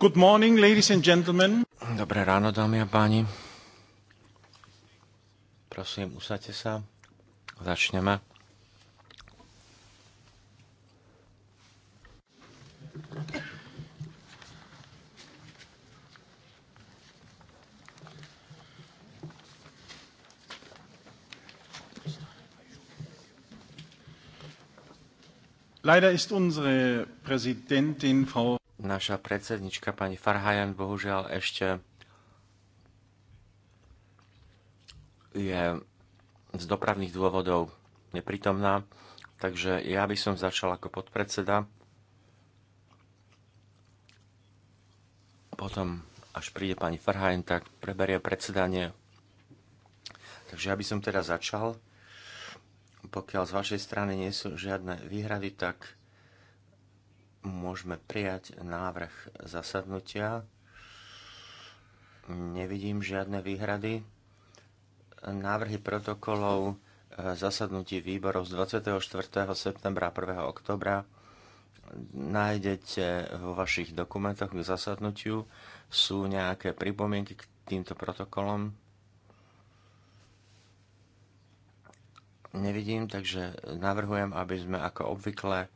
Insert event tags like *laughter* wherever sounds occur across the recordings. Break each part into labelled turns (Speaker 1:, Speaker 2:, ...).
Speaker 1: Good morning, ladies and gentlemen. Dobré ráno, dámy a páni. Prosím, usadte sa. Začneme. Leider ist unsere Präsidentin Frau Naša predsednička pani Farhajan bohužiaľ ešte je z dopravných dôvodov neprítomná, takže ja by som začal ako podpredseda. Potom, až príde pani Farhajen, tak preberie predsedanie. Takže ja by som teda začal. Pokiaľ z vašej strany nie sú žiadne výhrady, tak môžeme prijať návrh zasadnutia. Nevidím žiadne výhrady. Návrhy protokolov e, zasadnutí výborov z 24. septembra a 1. oktobra nájdete vo vašich dokumentoch k zasadnutiu. Sú nejaké pripomienky k týmto protokolom? Nevidím, takže navrhujem, aby sme ako obvykle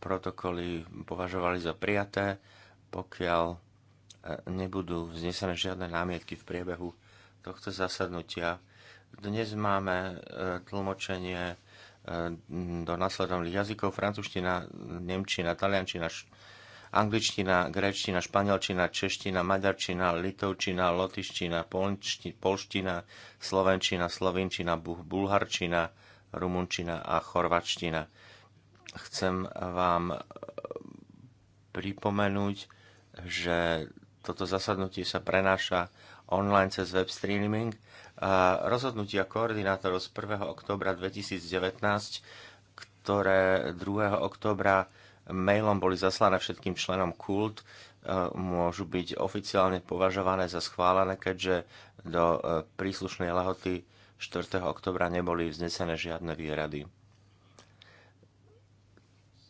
Speaker 1: protokoly považovali za prijaté, pokiaľ e, nebudú vznesené žiadne námietky v priebehu tohto zasadnutia. Dnes máme e, tlmočenie e, do následovných jazykov francúzština, nemčina, taliančina, angličtina, gréčtina, španielčina, čeština, maďarčina, litovčina, lotiština, polština, slovenčina, slovinčina, bulharčina, rumunčina a chorvačtina chcem vám e, pripomenúť, že toto zasadnutie sa prenáša online cez web streaming. rozhodnutia koordinátorov z 1. oktobra 2019, ktoré 2. oktobra mailom boli zaslané všetkým členom KULT, e, môžu byť oficiálne považované za schválené, keďže do e, príslušnej lehoty 4. oktobra neboli vznesené žiadne výrady.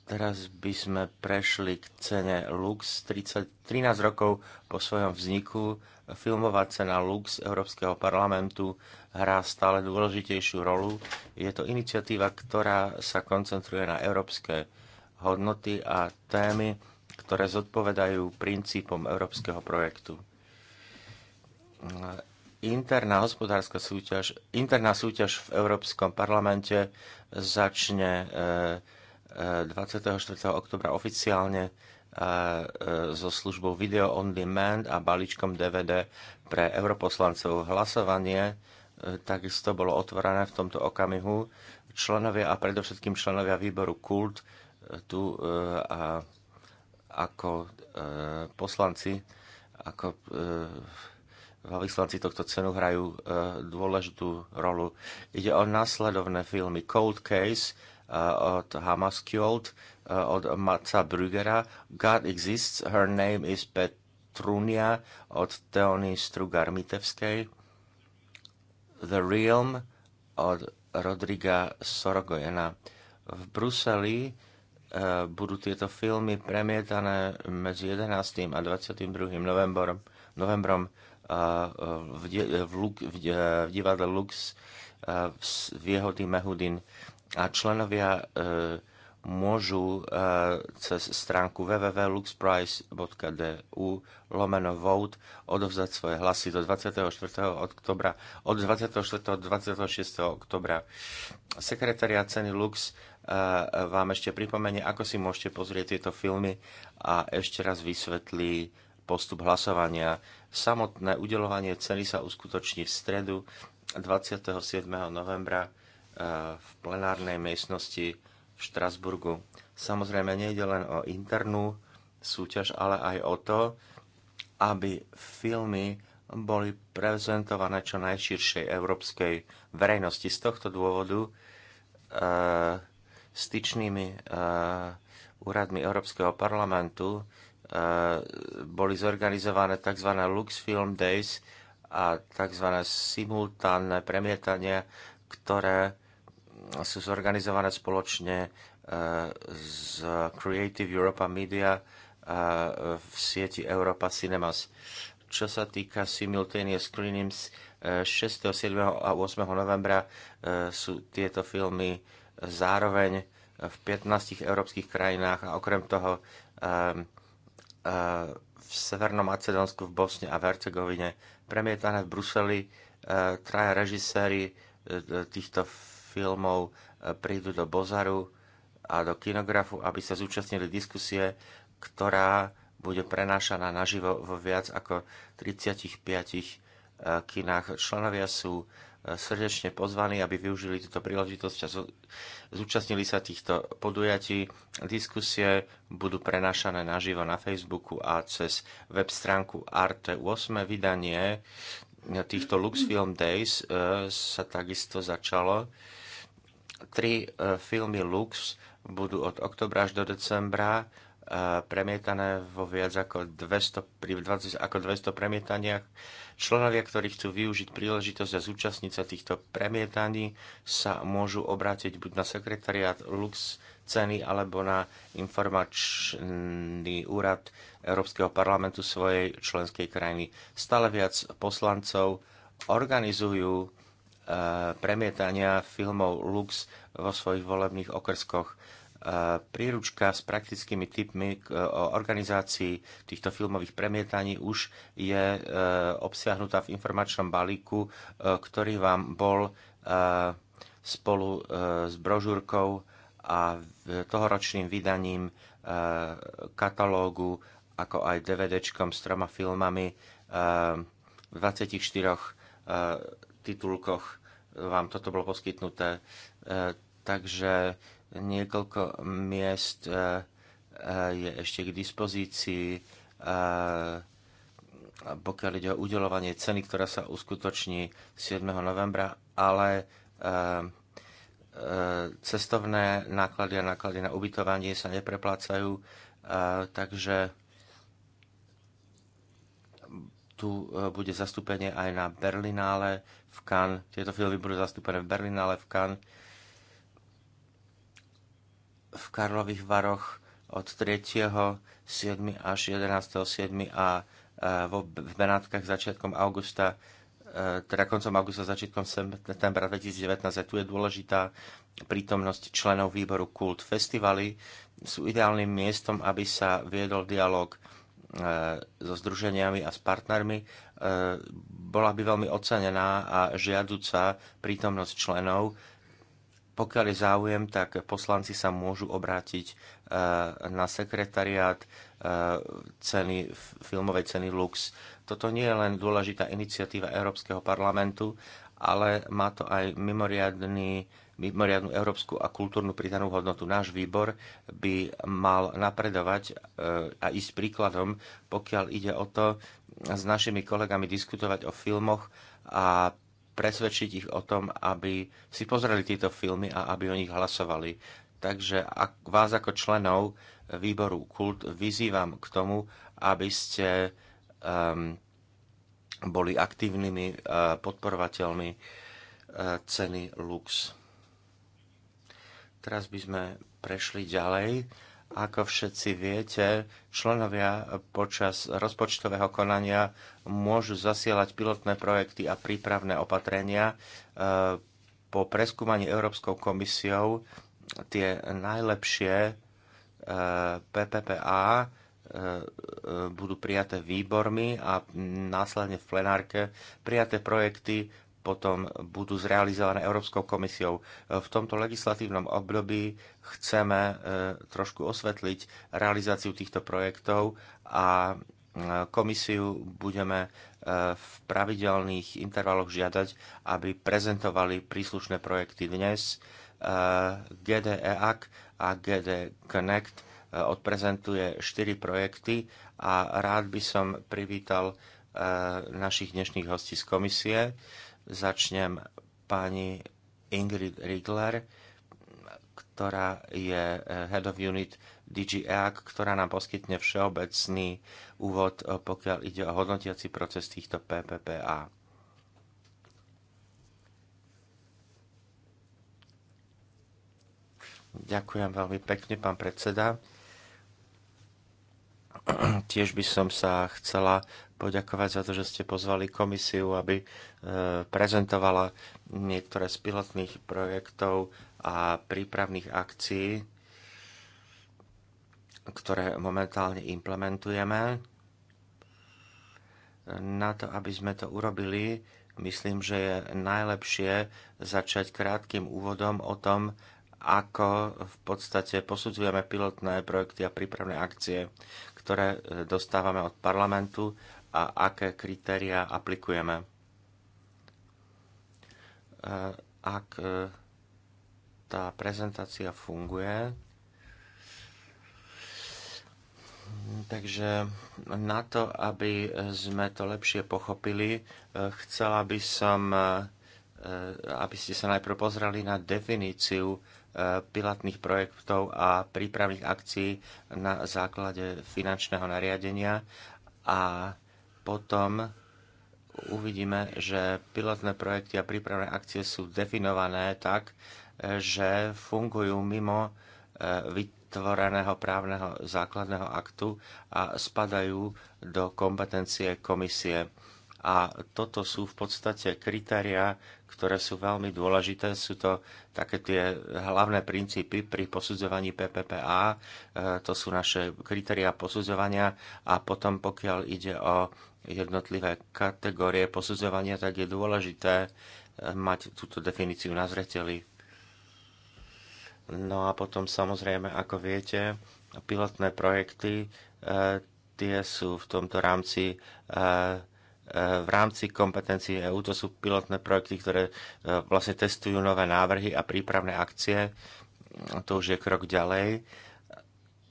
Speaker 1: Teraz by sme prešli k cene Lux. 30, 13 rokov po svojom vzniku filmová cena Lux Európskeho parlamentu hrá stále dôležitejšiu rolu. Je to iniciatíva, ktorá sa koncentruje na európske hodnoty a témy, ktoré zodpovedajú princípom európskeho projektu. Interná hospodárska súťaž, interná súťaž v Európskom parlamente začne e, 24. E, oktobra oficiálne e, e, so službou Video on Demand a balíčkom DVD pre europoslancov. Hlasovanie takisto bolo otvorené v tomto okamihu. Členovia a predovšetkým členovia výboru KULT tu a ako poslanci, ako vyslanci tohto cenu hrajú dôležitú rolu. Ide o následovné filmy Cold Case, Eh, od Hamaskjold, eh, od Matza Brügera. God Exists, Her Name is Petrunia od Teony Strugarmitevskej. The Realm od Rodriga Sorogojena. V Bruseli eh, budú tieto filmy premietané medzi 11. a 22. novembrom, novembrom v, v, v, v divadle Lux v jeho týme Hudin a členovia e, môžu e, cez stránku www.luxprice.du lomeno vote odovzdať svoje hlasy do 24. oktobra, od 24. do 26. oktobra. Sekretária ceny Lux e, vám ešte pripomenie, ako si môžete pozrieť tieto filmy a ešte raz vysvetlí postup hlasovania. Samotné udelovanie ceny sa uskutoční v stredu 27. novembra Eh, v plenárnej miestnosti v Štrasburgu. Samozrejme, nejde len o internú súťaž, ale aj o to, aby filmy boli prezentované čo najširšej európskej verejnosti. Z tohto dôvodu e, styčnými e, úradmi Európskeho parlamentu e, boli zorganizované tzv. Lux Film Days a tzv. simultánne premietania, ktoré sú zorganizované spoločne e, z Creative Europa Media e, v sieti Europa Cinemas. Čo sa týka simultaneous screenings, 6., e, 7. a 8. novembra sú tieto filmy zároveň v 15 európskych krajinách a okrem toho v Severnom Macedónsku, v Bosne a Vercegovine premietané v Bruseli, traja režiséri týchto filmov e, prídu do Bozaru a do kinografu, aby sa zúčastnili diskusie, ktorá bude prenášaná naživo vo viac ako 35 e, kinách. Členovia sú e, srdečne pozvaní, aby využili túto príležitosť a zúčastnili sa týchto podujatí. Diskusie budú prenášané naživo na Facebooku a cez web stránku Arte. 8. vydanie týchto Luxfilm Days sa takisto začalo. Tri e, filmy Lux budú od oktobra až do decembra e, premietané vo viac ako 200, pri 20, ako 200 premietaniach. Členovia, ktorí chcú využiť príležitosť a zúčastniť sa týchto premietaní, sa môžu obrátiť buď na sekretariát Lux ceny alebo na informačný úrad Európskeho parlamentu svojej členskej krajiny. Stále viac poslancov organizujú Eh, premietania filmov Lux vo svojich volebných okrskoch. Eh, príručka s praktickými typmi eh, o organizácii týchto filmových premietaní už je obsiahnutá v informačnom balíku, ktorý vám bol spolu s brožúrkou a tohoročným vydaním katalógu, ako aj DVD s troma filmami v 24 titulkoch vám toto bolo poskytnuté. E, takže niekoľko miest e, e, je ešte k dispozícii. Pokiaľ ide o udelovanie ceny, ktorá sa uskutoční 7. novembra, ale cestovné náklady a náklady na ubytovanie sa nepreplácajú, takže tu bude zastúpenie aj na Berlinále, v Cannes. Tieto filmy budú zastúpené v ale v Cannes, v Karlových Varoch od 3.7. až 11.7. a e, vo, v Benátkach začiatkom augusta, e, teda koncom augusta, začiatkom septembra 2019. A tu je dôležitá prítomnosť členov výboru Kult. Festivaly sú ideálnym miestom, aby sa viedol dialog E, so združeniami a s partnermi e, bola by veľmi ocenená a žiaduca prítomnosť členov. Pokiaľ je záujem, tak poslanci sa môžu obrátiť e, na sekretariát ceny, filmovej ceny Lux. Toto nie je len dôležitá iniciatíva Európskeho parlamentu, ale má to aj mimoriadný mimoriadnú európsku a kultúrnu pridanú hodnotu. Náš výbor by mal napredovať e, a ísť príkladom, pokiaľ ide o to s našimi kolegami diskutovať o filmoch a presvedčiť ich o tom, aby si pozreli tieto filmy a aby o nich hlasovali. Takže ak vás ako členov výboru Kult vyzývam k tomu, aby ste um, boli aktívnymi uh, podporovateľmi uh, ceny Lux. Teraz by sme prešli ďalej. Ako všetci viete, členovia počas rozpočtového konania môžu zasielať pilotné projekty a prípravné opatrenia e, po preskúmaní Európskou komisiou tie najlepšie e, PPPA e, budú prijaté výbormi a následne v plenárke prijaté projekty potom budú zrealizované Európskou komisiou. V tomto legislatívnom období chceme e, trošku osvetliť realizáciu týchto projektov a e, komisiu budeme e, v pravidelných intervaloch žiadať, aby prezentovali príslušné projekty dnes. GDEAC a GD Connect odprezentuje 4 projekty a rád by som privítal našich dnešných hostí z komisie. Začnem pani Ingrid Rigler, ktorá je eh, Head of Unit DGEAC, ktorá nám poskytne všeobecný úvod, eh, pokiaľ ide o hodnotiaci proces týchto PPPA. Ďakujem veľmi pekne, pán predseda. *clears throat* Tiež by som sa chcela poďakovať za to, že ste pozvali komisiu, aby e, prezentovala niektoré z pilotných projektov a prípravných akcií, ktoré momentálne implementujeme. Na to, aby sme to urobili, myslím, že je najlepšie začať krátkým úvodom o tom, ako v podstate posudzujeme pilotné projekty a prípravné akcie, ktoré e, dostávame od parlamentu a aké kritéria aplikujeme. E, ak e, tá prezentácia funguje, Takže na to, aby sme to lepšie pochopili, chcela by som, aby ste sa najprv pozreli na definíciu pilotných projektov a prípravných akcií na základe finančného nariadenia a potom uvidíme, že pilotné projekty a prípravné akcie sú definované tak, že fungujú mimo e, vytvoreného právneho základného aktu a spadajú do kompetencie komisie a toto sú v podstate kritéria, ktoré sú veľmi dôležité. Sú to také tie hlavné princípy pri posudzovaní PPPA. E, to sú naše kritéria posudzovania. A potom, pokiaľ ide o jednotlivé kategórie posudzovania, tak je dôležité e, mať túto definíciu na zreteli. No a potom samozrejme, ako viete, pilotné projekty, e, tie sú v tomto rámci Eh, v rámci kompetencií EÚ. To sú pilotné projekty, ktoré eh, vlastne testujú nové návrhy a prípravné akcie. To už je krok ďalej.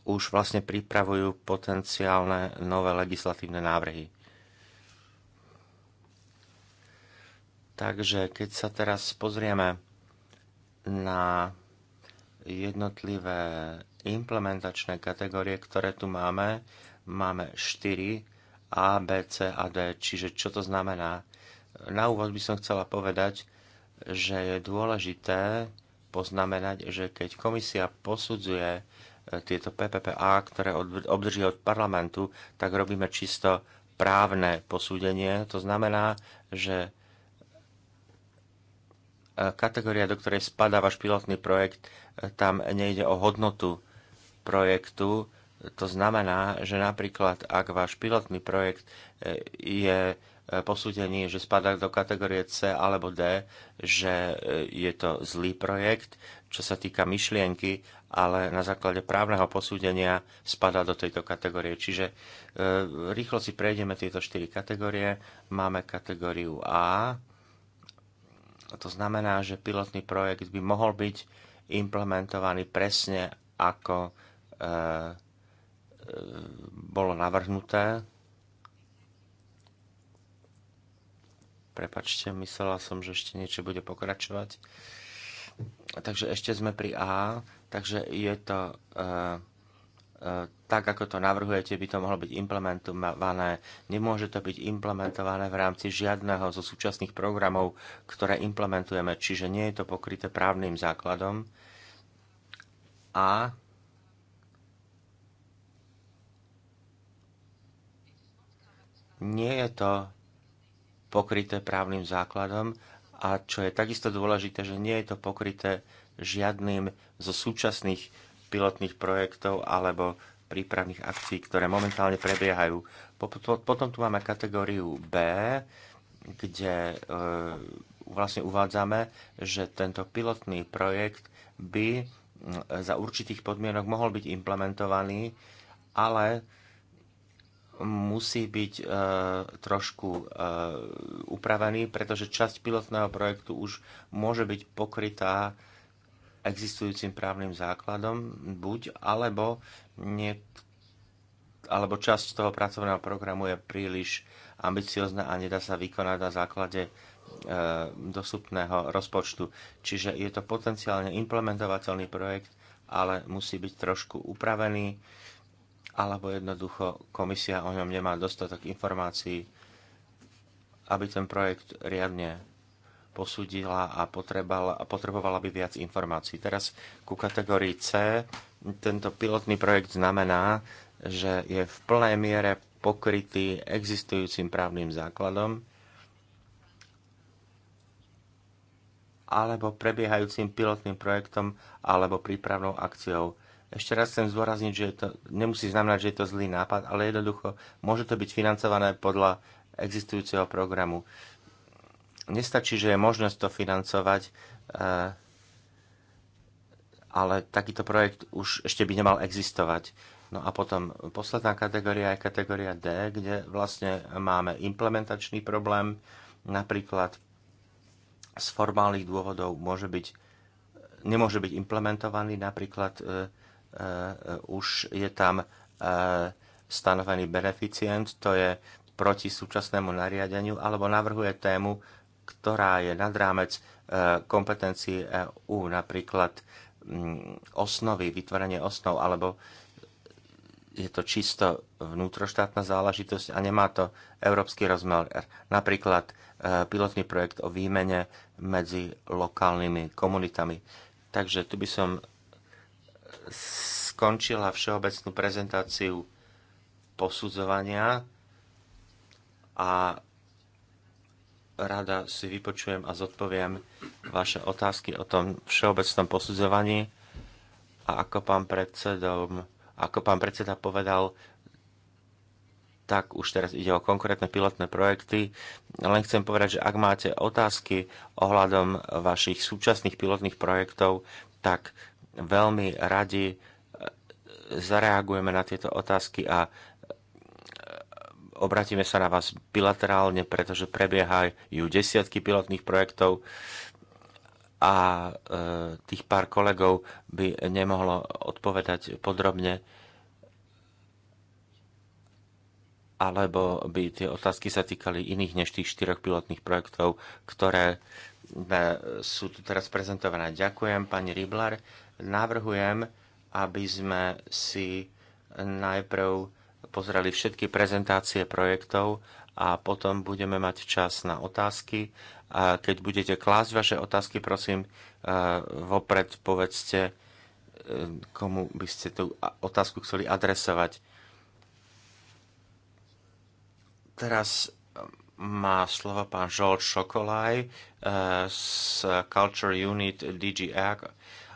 Speaker 1: Už vlastne pripravujú potenciálne nové legislatívne návrhy. Takže keď sa teraz pozrieme na jednotlivé implementačné kategórie, ktoré tu máme, máme 4 a, B, C a D. Čiže čo to znamená? Na úvod by som chcela povedať, že je dôležité poznamenať, že keď komisia posudzuje e, tieto PPPA, ktoré obdrží od parlamentu, tak robíme čisto právne posúdenie. To znamená, že e, kategória, do ktorej spadá váš pilotný projekt, e, tam nejde o hodnotu projektu, to znamená, že napríklad, ak váš pilotný projekt e, je e, posúdený, že spadá do kategórie C alebo D, že e, je to zlý projekt, čo sa týka myšlienky, ale na základe právneho posúdenia spadá do tejto kategórie. Čiže rýchlo si prejdeme tieto štyri kategórie. Máme kategóriu A, to znamená, že pilotný projekt by mohol byť implementovaný presne ako e, bolo navrhnuté. Prepačte, myslela som, že ešte niečo bude pokračovať. Takže ešte sme pri A, takže je to e, e, tak, ako to navrhujete, by to mohlo byť implementované. Nemôže to byť implementované v rámci žiadneho zo súčasných programov, ktoré implementujeme, čiže nie je to pokryté právnym základom. A nie je to pokryté právnym základom a čo je takisto dôležité, že nie je to pokryté žiadnym zo súčasných pilotných projektov alebo prípravných akcií, ktoré momentálne prebiehajú. Potom tu máme kategóriu B, kde e, vlastne uvádzame, že tento pilotný projekt by za určitých podmienok mohol byť implementovaný, ale musí byť e, trošku e, upravený, pretože časť pilotného projektu už môže byť pokrytá existujúcim právnym základom, buď, alebo, nie, alebo časť toho pracovného programu je príliš ambiciozna a nedá sa vykonať na základe e, dostupného rozpočtu. Čiže je to potenciálne implementovateľný projekt, ale musí byť trošku upravený alebo jednoducho komisia o ňom nemá dostatok informácií, aby ten projekt riadne posudila a potrebovala, potrebovala by viac informácií. Teraz ku kategórii C. Tento pilotný projekt znamená, že je v plnej miere pokrytý existujúcim právnym základom alebo prebiehajúcim pilotným projektom alebo prípravnou akciou. Ešte raz chcem zdôrazniť, že to nemusí znamenať, že je to zlý nápad, ale jednoducho môže to byť financované podľa existujúceho programu. Nestačí, že je možnosť to financovať, e, ale takýto projekt už ešte by nemal existovať. No a potom posledná kategória je kategória D, kde vlastne máme implementačný problém. Napríklad z formálnych dôvodov môže byť, nemôže byť implementovaný, napríklad e, Eh, už je tam eh, stanovený beneficient, to je proti súčasnému nariadeniu, alebo navrhuje tému, ktorá je nad rámec eh, kompetencií EU, napríklad mm, osnovy, vytvorenie osnov, alebo je to čisto vnútroštátna záležitosť a nemá to európsky rozmer. Napríklad pilotný projekt o výmene medzi lokálnymi komunitami. Takže tu by som skončila všeobecnú prezentáciu posudzovania a rada si vypočujem a zodpoviem vaše otázky o tom všeobecnom posudzovaní. A ako pán, predsedom, ako pán predseda povedal, tak už teraz ide o konkrétne pilotné projekty. Len chcem povedať, že ak máte otázky ohľadom vašich súčasných pilotných projektov, tak veľmi radi e, zareagujeme na tieto otázky a e, obratíme sa na vás bilaterálne, pretože prebiehajú desiatky pilotných projektov a e, tých pár kolegov by nemohlo odpovedať podrobne alebo by tie otázky sa týkali iných než tých štyroch pilotných projektov, ktoré sú tu teraz prezentované. Ďakujem, pani Riblar. Navrhujem, aby sme si najprv pozreli všetky prezentácie projektov a potom budeme mať čas na otázky. A keď budete klásť vaše otázky, prosím, e, vopred povedzte, e, komu by ste tú otázku chceli adresovať. Teraz má slovo pán George Šokolaj e, z Culture Unit DGA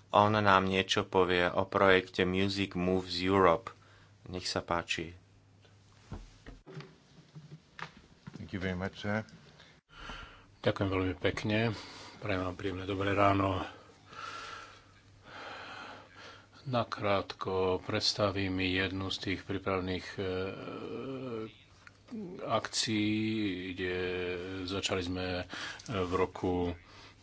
Speaker 1: on nám niečo povie o projekte Music Moves Europe. Nech sa páči. Thank you very much, sir.
Speaker 2: Ďakujem veľmi pekne. Prajem vám príjemné dobré ráno. Nakrátko predstavím jednu z tých prípravných e, akcií, kde začali sme e, v roku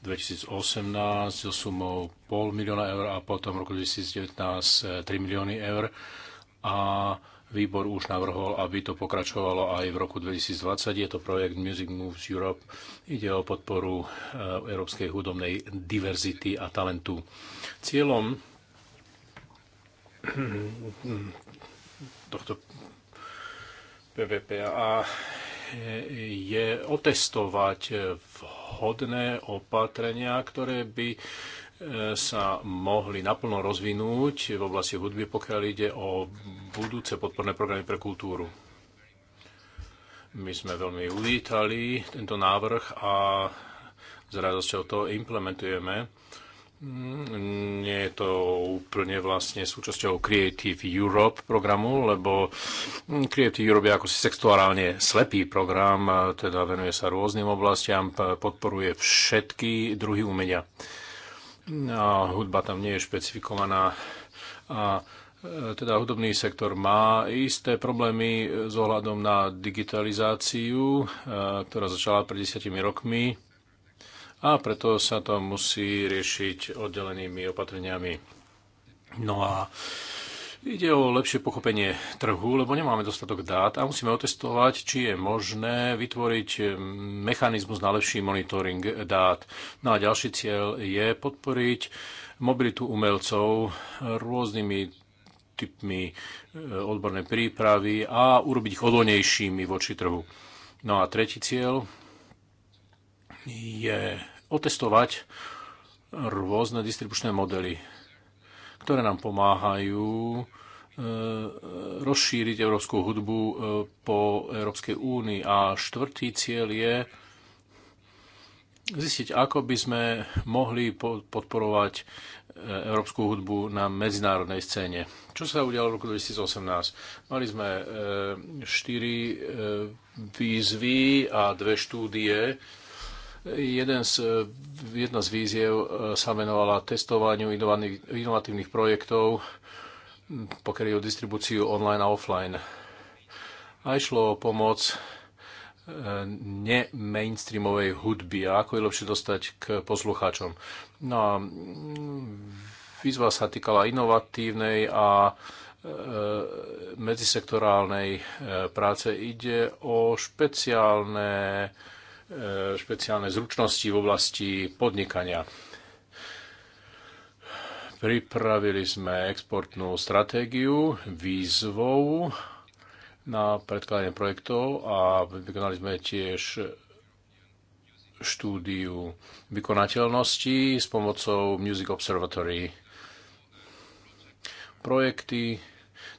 Speaker 2: 2018 so sumou pol milióna eur a potom v roku 2019 3 e, milióny eur a výbor už navrhol, aby to pokračovalo aj v roku 2020. Je to projekt Music Moves Europe. Ide o podporu e, európskej hudobnej diverzity a talentu. Cieľom tohto PVPA e, je otestovať vhodné opatrenia, ktoré by e, sa mohli naplno rozvinúť v oblasti hudby, pokiaľ ide o budúce podporné programy pre kultúru. My sme veľmi uvítali tento návrh a s radosťou to implementujeme Mm, nie je to úplne vlastne súčasťou Creative Europe programu, lebo Creative Europe je ako si sexuálne slepý program, teda venuje sa rôznym oblastiam, podporuje všetky druhy umenia. A hudba tam nie je špecifikovaná. A e, teda hudobný sektor má isté problémy s ohľadom na digitalizáciu, e, ktorá začala pred desiatimi rokmi a preto sa to musí riešiť oddelenými opatreniami. No a ide o lepšie pochopenie trhu, lebo nemáme dostatok dát a musíme otestovať, či je možné vytvoriť mechanizmus na lepší monitoring dát. No a ďalší cieľ je podporiť mobilitu umelcov rôznymi typmi e, odbornej prípravy a urobiť ich odolnejšími voči trhu. No a tretí cieľ je otestovať rôzne distribučné modely, ktoré nám pomáhajú e, rozšíriť európsku hudbu e, po Európskej únii. A štvrtý cieľ je zistiť, ako by sme mohli podporovať e, európsku hudbu na medzinárodnej scéne. Čo sa udialo v roku 2018? Mali sme štyri výzvy a dve štúdie, Jeden z, jedna z víziev e, sa venovala testovaniu inovatívnych projektov, pokiaľ o distribúciu online a offline. A išlo o pomoc e, ne-mainstreamovej hudby a ako je lepšie dostať k poslucháčom. No a mm, výzva sa týkala inovatívnej a e, medzisektorálnej práce. Ide o špeciálne E, špeciálne zručnosti v oblasti podnikania. Pripravili sme exportnú stratégiu výzvou na predkladanie projektov a vykonali sme tiež štúdiu vykonateľnosti s pomocou Music Observatory. Projekty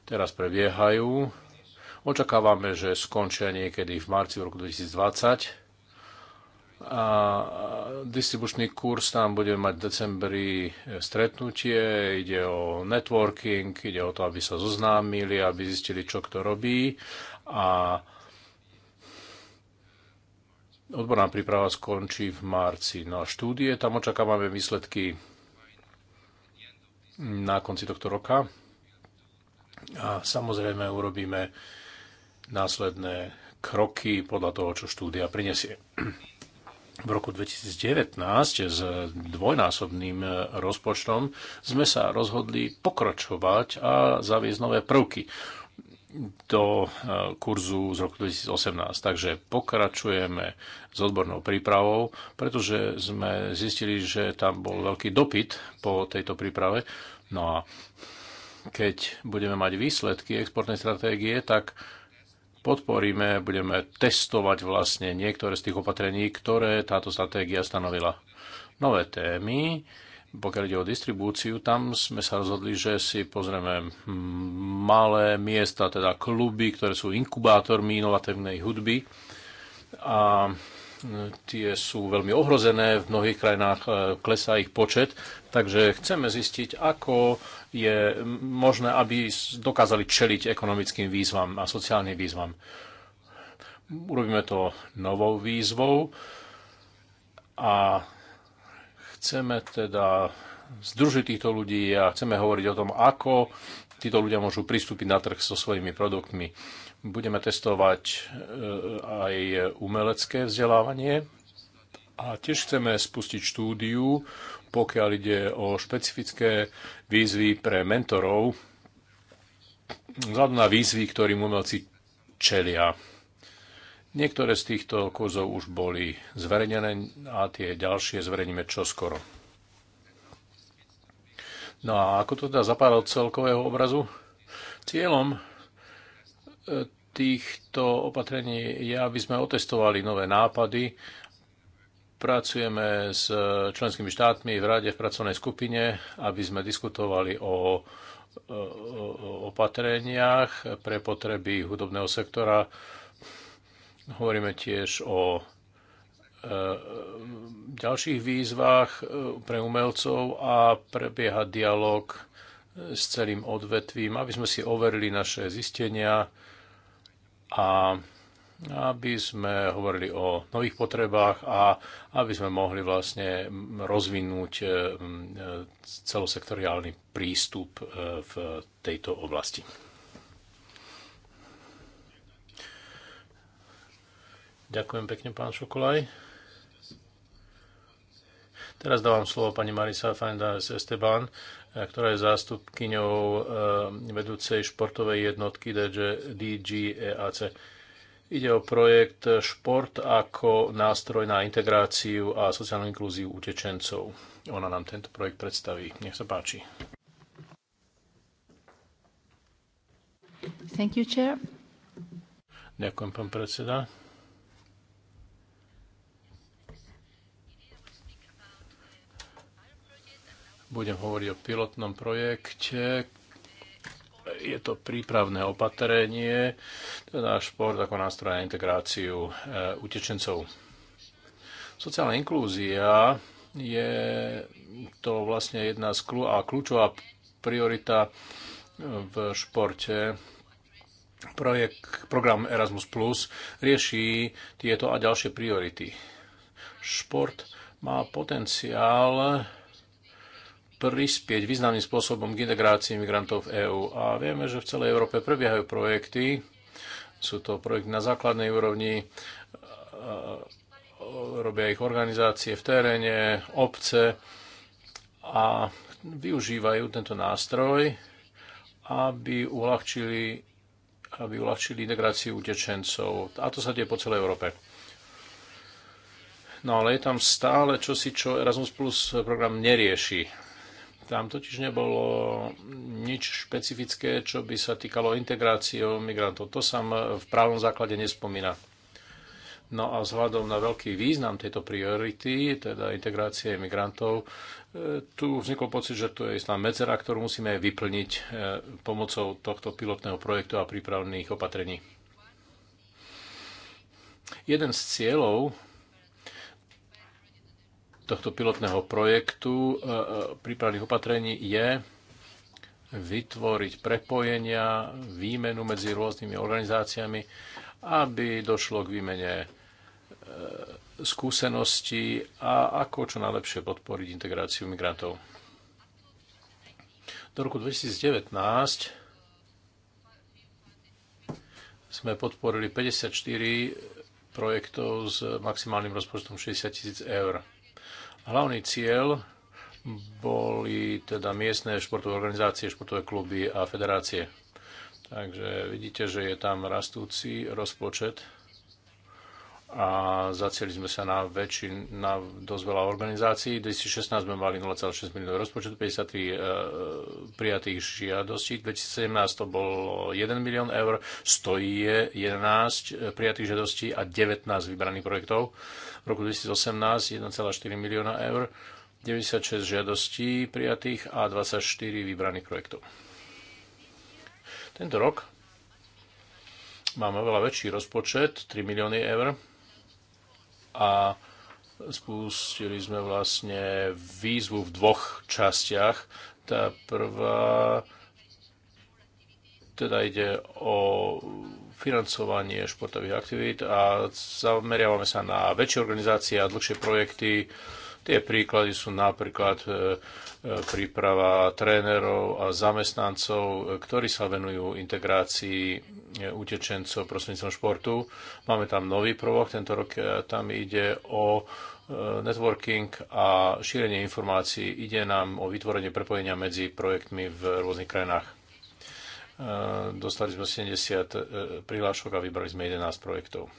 Speaker 2: teraz prebiehajú. Očakávame, že skončia niekedy v marci v roku 2020 a distribučný kurz tam budeme mať v decembri e, stretnutie, ide o networking, ide o to, aby sa zoznámili, aby zistili, čo kto robí. A odborná príprava skončí v marci. No a štúdie, tam očakávame výsledky na konci tohto roka. A samozrejme urobíme následné kroky podľa toho, čo štúdia prinesie v roku 2019 s dvojnásobným rozpočtom sme sa rozhodli pokračovať a zaviesť nové prvky do e, kurzu z roku 2018. Takže pokračujeme s odbornou prípravou, pretože sme zistili, že tam bol veľký dopyt po tejto príprave. No a keď budeme mať výsledky exportnej stratégie, tak podporíme, budeme testovať vlastne niektoré z tých opatrení, ktoré táto stratégia stanovila. Nové témy, pokiaľ ide o distribúciu, tam sme sa rozhodli, že si pozrieme malé miesta, teda kluby, ktoré sú inkubátormi inovatívnej hudby a tie sú veľmi ohrozené, v mnohých krajinách e, klesá ich počet, takže chceme zistiť, ako je možné, aby dokázali čeliť ekonomickým výzvam a sociálnym výzvam. Urobíme to novou výzvou a chceme teda združiť týchto ľudí a chceme hovoriť o tom, ako títo ľudia môžu pristúpiť na trh so svojimi produktmi. Budeme testovať e, aj umelecké vzdelávanie a tiež chceme spustiť štúdiu pokiaľ ide o špecifické výzvy pre mentorov, vzhľadom na výzvy, ktorým umelci čelia. Niektoré z týchto kurzov už boli zverejnené a tie ďalšie zverejníme čoskoro. No a ako to teda zapáda od celkového obrazu? Cieľom e, týchto opatrení je, aby sme otestovali nové nápady Pracujeme s e, členskými štátmi v rade v pracovnej skupine, aby sme diskutovali o opatreniach pre potreby hudobného sektora. Hovoríme tiež o e, ďalších výzvach e, pre umelcov a prebieha dialog s celým odvetvím, aby sme si overili naše zistenia a aby sme hovorili o nových potrebách a aby sme mohli vlastne rozvinúť e, e, celosektoriálny prístup e, v tejto oblasti. Ďakujem pekne, pán Šokolaj. Teraz dávam slovo pani Marisa Fajndas Esteban, ktorá je zástupkyňou vedúcej športovej jednotky DG, Ide o projekt Šport ako nástroj na integráciu a sociálnu inklúziu utečencov. Ona nám tento projekt predstaví. Nech sa páči.
Speaker 3: Thank you, chair.
Speaker 2: Ďakujem, pán predseda. Budem hovoriť o pilotnom projekte, je to prípravné opatrenie na teda šport ako nástroj na integráciu e, utečencov. Sociálna inklúzia je to vlastne jedna z kľú- a kľúčová priorita e, v športe. Projekt, program Erasmus Plus rieši tieto a ďalšie priority. Šport má potenciál prispieť významným spôsobom k integrácii migrantov v EÚ. A vieme, že v celej Európe prebiehajú projekty, sú to projekty na základnej úrovni, e, e, robia ich organizácie v teréne, obce a využívajú tento nástroj, aby uľahčili, aby uľahčili integráciu utečencov. A to sa deje po celej Európe. No ale je tam stále čosi, čo Erasmus Plus program nerieši tam totiž nebolo nič špecifické, čo by sa týkalo integrácie migrantov. To sa v právnom základe nespomína. No a vzhľadom na veľký význam tejto priority, teda integrácie migrantov, e, tu vznikol pocit, že to je istá medzera, ktorú musíme vyplniť e, pomocou tohto pilotného projektu a prípravných opatrení. Jeden z cieľov tohto pilotného projektu e, e, prípravných opatrení je vytvoriť prepojenia, výmenu medzi rôznymi organizáciami, aby došlo k výmene e, skúseností a ako čo najlepšie podporiť integráciu migrantov. Do roku 2019 sme podporili 54 projektov s maximálnym rozpočtom 60 tisíc eur. Hlavný cieľ boli teda miestne športové organizácie, športové kluby a federácie. Takže vidíte, že je tam rastúci rozpočet a zacieli sme sa na väčšin, na dosť veľa organizácií. V 2016 sme mali 0,6 miliónov rozpočet, 53 e, prijatých žiadostí, 2017 to bolo 1 milión eur, stojí 11 e, prijatých žiadostí a 19 vybraných projektov. V roku 2018 1,4 milióna eur, 96 žiadostí prijatých a 24 vybraných projektov. Tento rok máme veľa väčší rozpočet, 3 milióny eur, a spustili sme vlastne výzvu v dvoch častiach. Tá prvá teda ide o financovanie športových aktivít a zameriavame sa na väčšie organizácie a dlhšie projekty. Tie príklady sú napríklad e, e, príprava trénerov a zamestnancov, ktorí sa venujú integrácii utečencov prostredníctvom športu. Máme tam nový prvok, tento rok e, tam ide o e, networking a šírenie informácií. Ide nám o vytvorenie prepojenia medzi projektmi v rôznych krajinách. E, dostali sme 70 prihlášok a vybrali sme 11 projektov.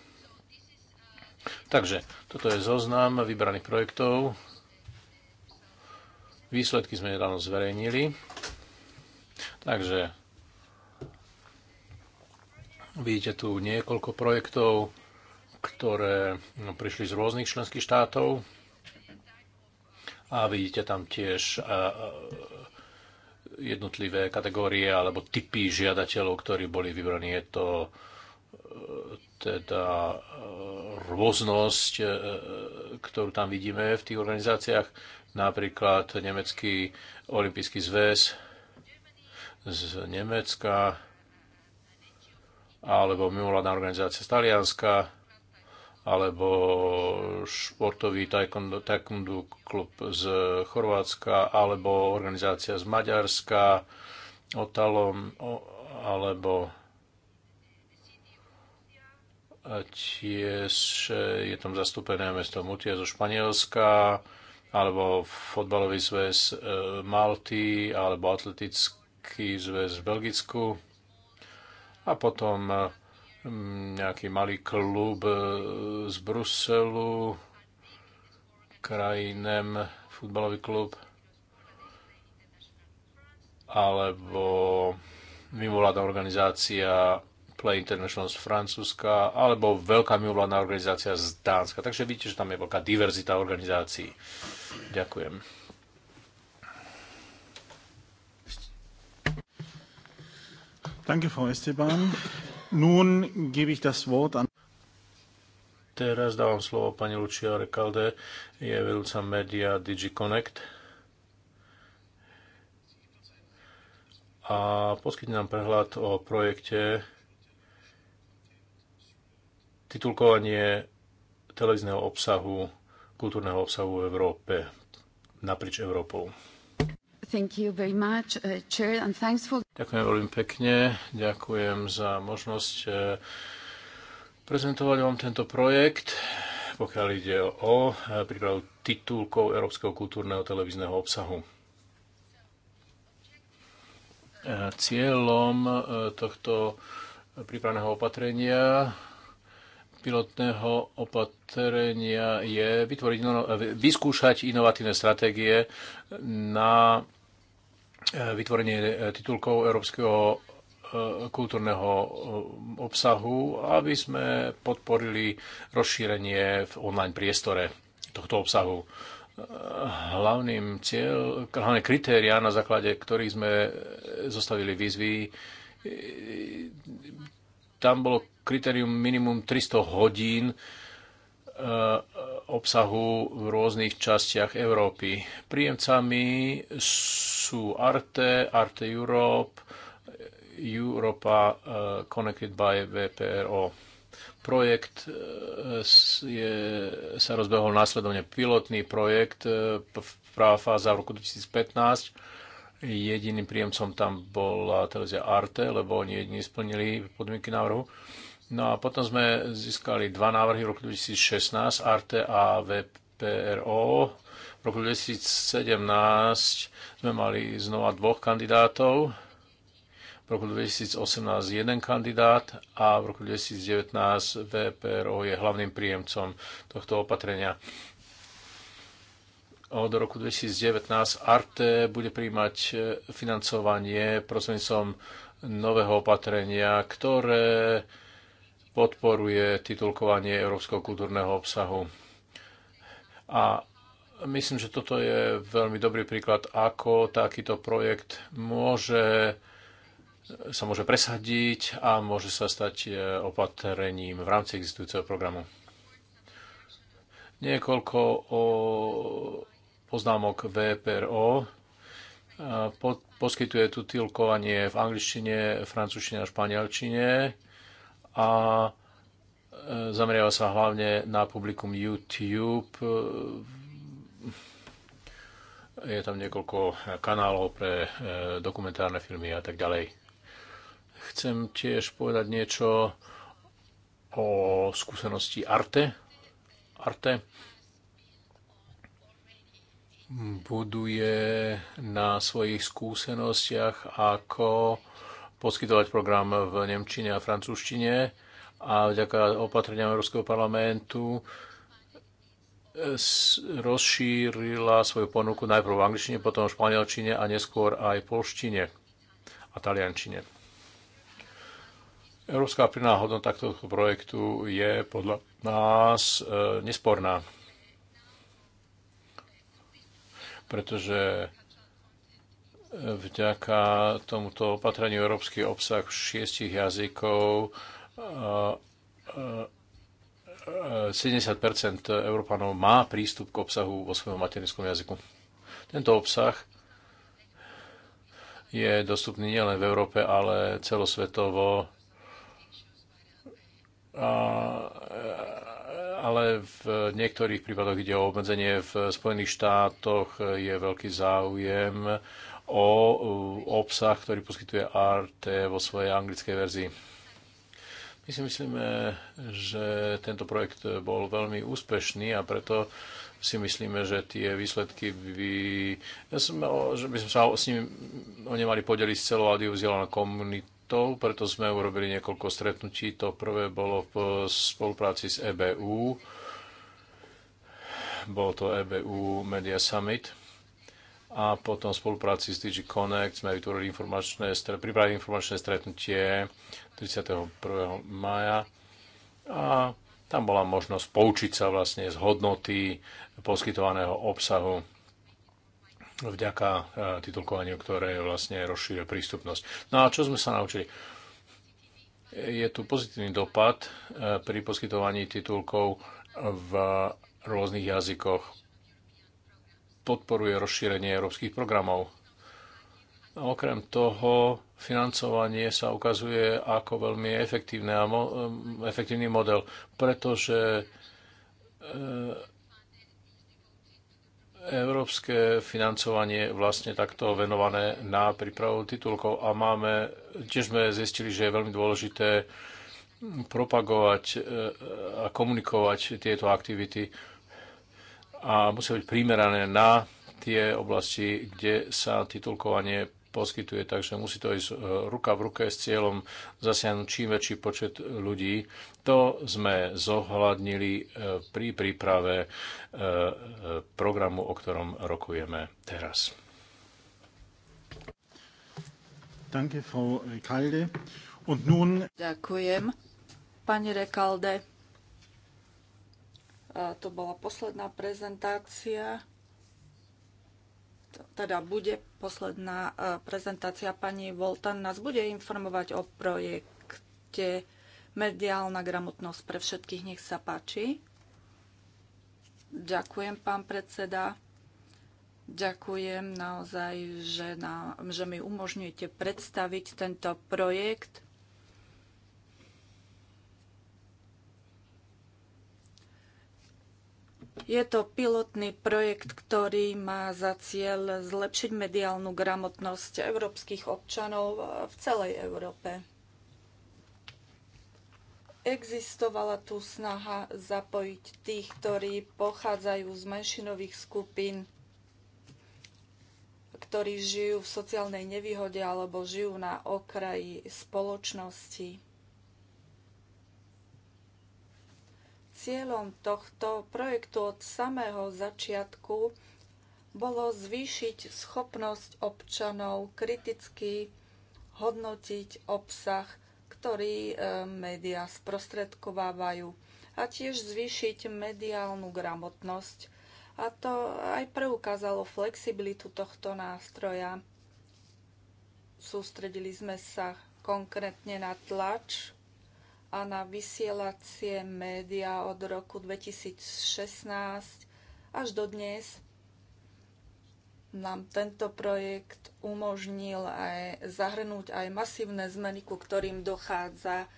Speaker 2: Takže toto je zoznam vybraných projektov. Výsledky sme nedávno zverejnili. Takže Vidíte tu niekoľko projektov, ktoré no, prišli z rôznych členských štátov a vidíte tam tiež jednotlivé kategórie alebo typy žiadateľov, ktorí boli vybraní. Je to e, teda e, rôznosť, e, ktorú tam vidíme v tých organizáciách, napríklad Nemecký olimpijský zväz z Nemecka, alebo mimovládna organizácia z Talianska, alebo športový taekwondo, taekwondo klub z Chorvátska, alebo organizácia z Maďarska, Otalom, alebo a tiež e, je tam zastúpené mesto Mutia zo Španielska, alebo fotbalový zväz e, Malty, alebo atletický zväz v Belgicku a potom eh, mm, nejaký malý klub eh, z Bruselu, krajinem futbalový klub, alebo mimovládna organizácia Play International z Francúzska, alebo veľká mimovládna organizácia z Dánska. Takže vidíte, že tam je veľká diverzita organizácií. Ďakujem.
Speaker 4: Danke, Frau Esteban. Nun gebe ich das Wort an...
Speaker 2: Teraz dávam slovo pani Lucia Recalde, je vedúca média DigiConnect. A poskytne nám prehľad o projekte titulkovanie televízneho obsahu, kultúrneho obsahu v Európe, naprieč Európou. Uh, Ďakujem veľmi pekne. Ďakujem za možnosť uh, prezentovať vám tento projekt, pokiaľ ide o uh, prípravu titulkov Európskeho kultúrneho televízneho obsahu. Cieľom tohto prípravného opatrenia pilotného opatrenia je vytvoriť, vyskúšať inovatívne stratégie na Eh, vytvorenie eh, titulkov európskeho eh, kultúrneho obsahu, aby sme podporili rozšírenie v online priestore tohto obsahu. Hlavným cieľ, hlavné kritéria, na základe ktorých sme zostavili výzvy, tam bolo kritérium minimum 300 hodín obsahu v rôznych častiach Európy. Príjemcami sú Arte, Arte Europe, Europa eh, Connected by VPRO. Projekt eh, je, sa rozbehol následovne pilotný projekt, eh, prvá fáza v roku 2015. Jediným príjemcom tam bola televízia Arte, lebo oni jediní splnili podmienky návrhu. No a potom sme získali dva návrhy v roku 2016, ARTE a VPRO. V roku 2017 sme mali znova dvoch kandidátov, v roku 2018 jeden kandidát a v roku 2019 VPRO je hlavným príjemcom tohto opatrenia. Od roku 2019 ARTE bude príjmať e, financovanie prostredníctvom nového opatrenia, ktoré podporuje titulkovanie európskeho kultúrneho obsahu. A myslím, že toto je veľmi dobrý príklad, ako takýto projekt môže sa môže presadiť a môže sa stať e, opatrením v rámci existujúceho programu. Niekoľko o poznámok VPRO. E, poskytuje tu tilkovanie v angličtine, francúzštine a španielčine a e, zameriava sa hlavne na publikum YouTube. E, je tam niekoľko kanálov pre e, dokumentárne filmy a tak ďalej. Chcem tiež povedať niečo o skúsenosti Arte. Arte buduje na svojich skúsenostiach ako poskytovať program v Nemčine a Francúzštine a vďaka opatreniam Európskeho parlamentu eh, rozšírila svoju ponuku najprv v angličtine, potom v španielčine a neskôr aj v polštine a taliančine. Európska pridaná hodnota tohto projektu je podľa nás eh, nesporná, pretože Vďaka tomuto opatreniu európsky obsah v šiestich jazykov 70 eh, eh, eh, Európanov má prístup k obsahu vo svojom materinskom jazyku. Tento obsah je dostupný nielen v Európe, ale celosvetovo. A, ale v niektorých prípadoch ide o obmedzenie. V Spojených štátoch je veľký záujem o obsah, ktorý poskytuje RT vo svojej anglickej verzii. My si myslíme, že tento projekt bol veľmi úspešný a preto si myslíme, že tie výsledky by, ja som, že by sme sa s nimi o ne mali podeliť s celou audiovizionálnou komunitou, preto sme urobili niekoľko stretnutí. To prvé bolo v spolupráci s EBU, bolo to EBU Media Summit a potom v spolupráci s DG Connect sme vytvorili informačné, pripravili informačné stretnutie 31. maja a tam bola možnosť poučiť sa vlastne z hodnoty poskytovaného obsahu vďaka e, titulkovaniu, ktoré vlastne rozšíruje prístupnosť. No a čo sme sa naučili? Je tu pozitívny dopad e, pri poskytovaní titulkov v rôznych jazykoch podporuje rozšírenie európskych programov. A okrem toho financovanie sa ukazuje ako veľmi efektívne a mo- efektívny model, pretože e, európske financovanie vlastne takto venované na prípravu titulkov a máme, tiež sme zistili, že je veľmi dôležité propagovať e, a komunikovať tieto aktivity a musia byť primerané na tie oblasti, kde sa titulkovanie poskytuje, takže musí to ísť e, ruka v ruke s cieľom zasiahnuť čím väčší počet ľudí. To sme zohľadnili e, pri príprave e, programu, o ktorom rokujeme teraz.
Speaker 3: Ďakujem, pani Rekalde. To bola posledná prezentácia, teda bude posledná e, prezentácia pani Voltan. Nás bude informovať o projekte Mediálna gramotnosť pre všetkých. Nech sa páči. Ďakujem, pán predseda. Ďakujem naozaj, že, nám, že mi umožňujete predstaviť tento projekt. Je to pilotný projekt, ktorý má za cieľ zlepšiť mediálnu gramotnosť európskych občanov v celej Európe. Existovala tu snaha zapojiť tých, ktorí pochádzajú z menšinových skupín, ktorí žijú v sociálnej nevýhode alebo žijú na okraji spoločnosti. Cieľom tohto projektu od samého začiatku bolo zvýšiť schopnosť občanov kriticky hodnotiť obsah, ktorý e, médiá sprostredkovávajú a tiež zvýšiť mediálnu gramotnosť. A to aj preukázalo flexibilitu tohto nástroja. Sústredili sme sa konkrétne na tlač, a na vysielacie médiá od roku 2016 až do dnes nám tento projekt umožnil aj zahrnúť aj masívne zmeny, ku ktorým dochádza e,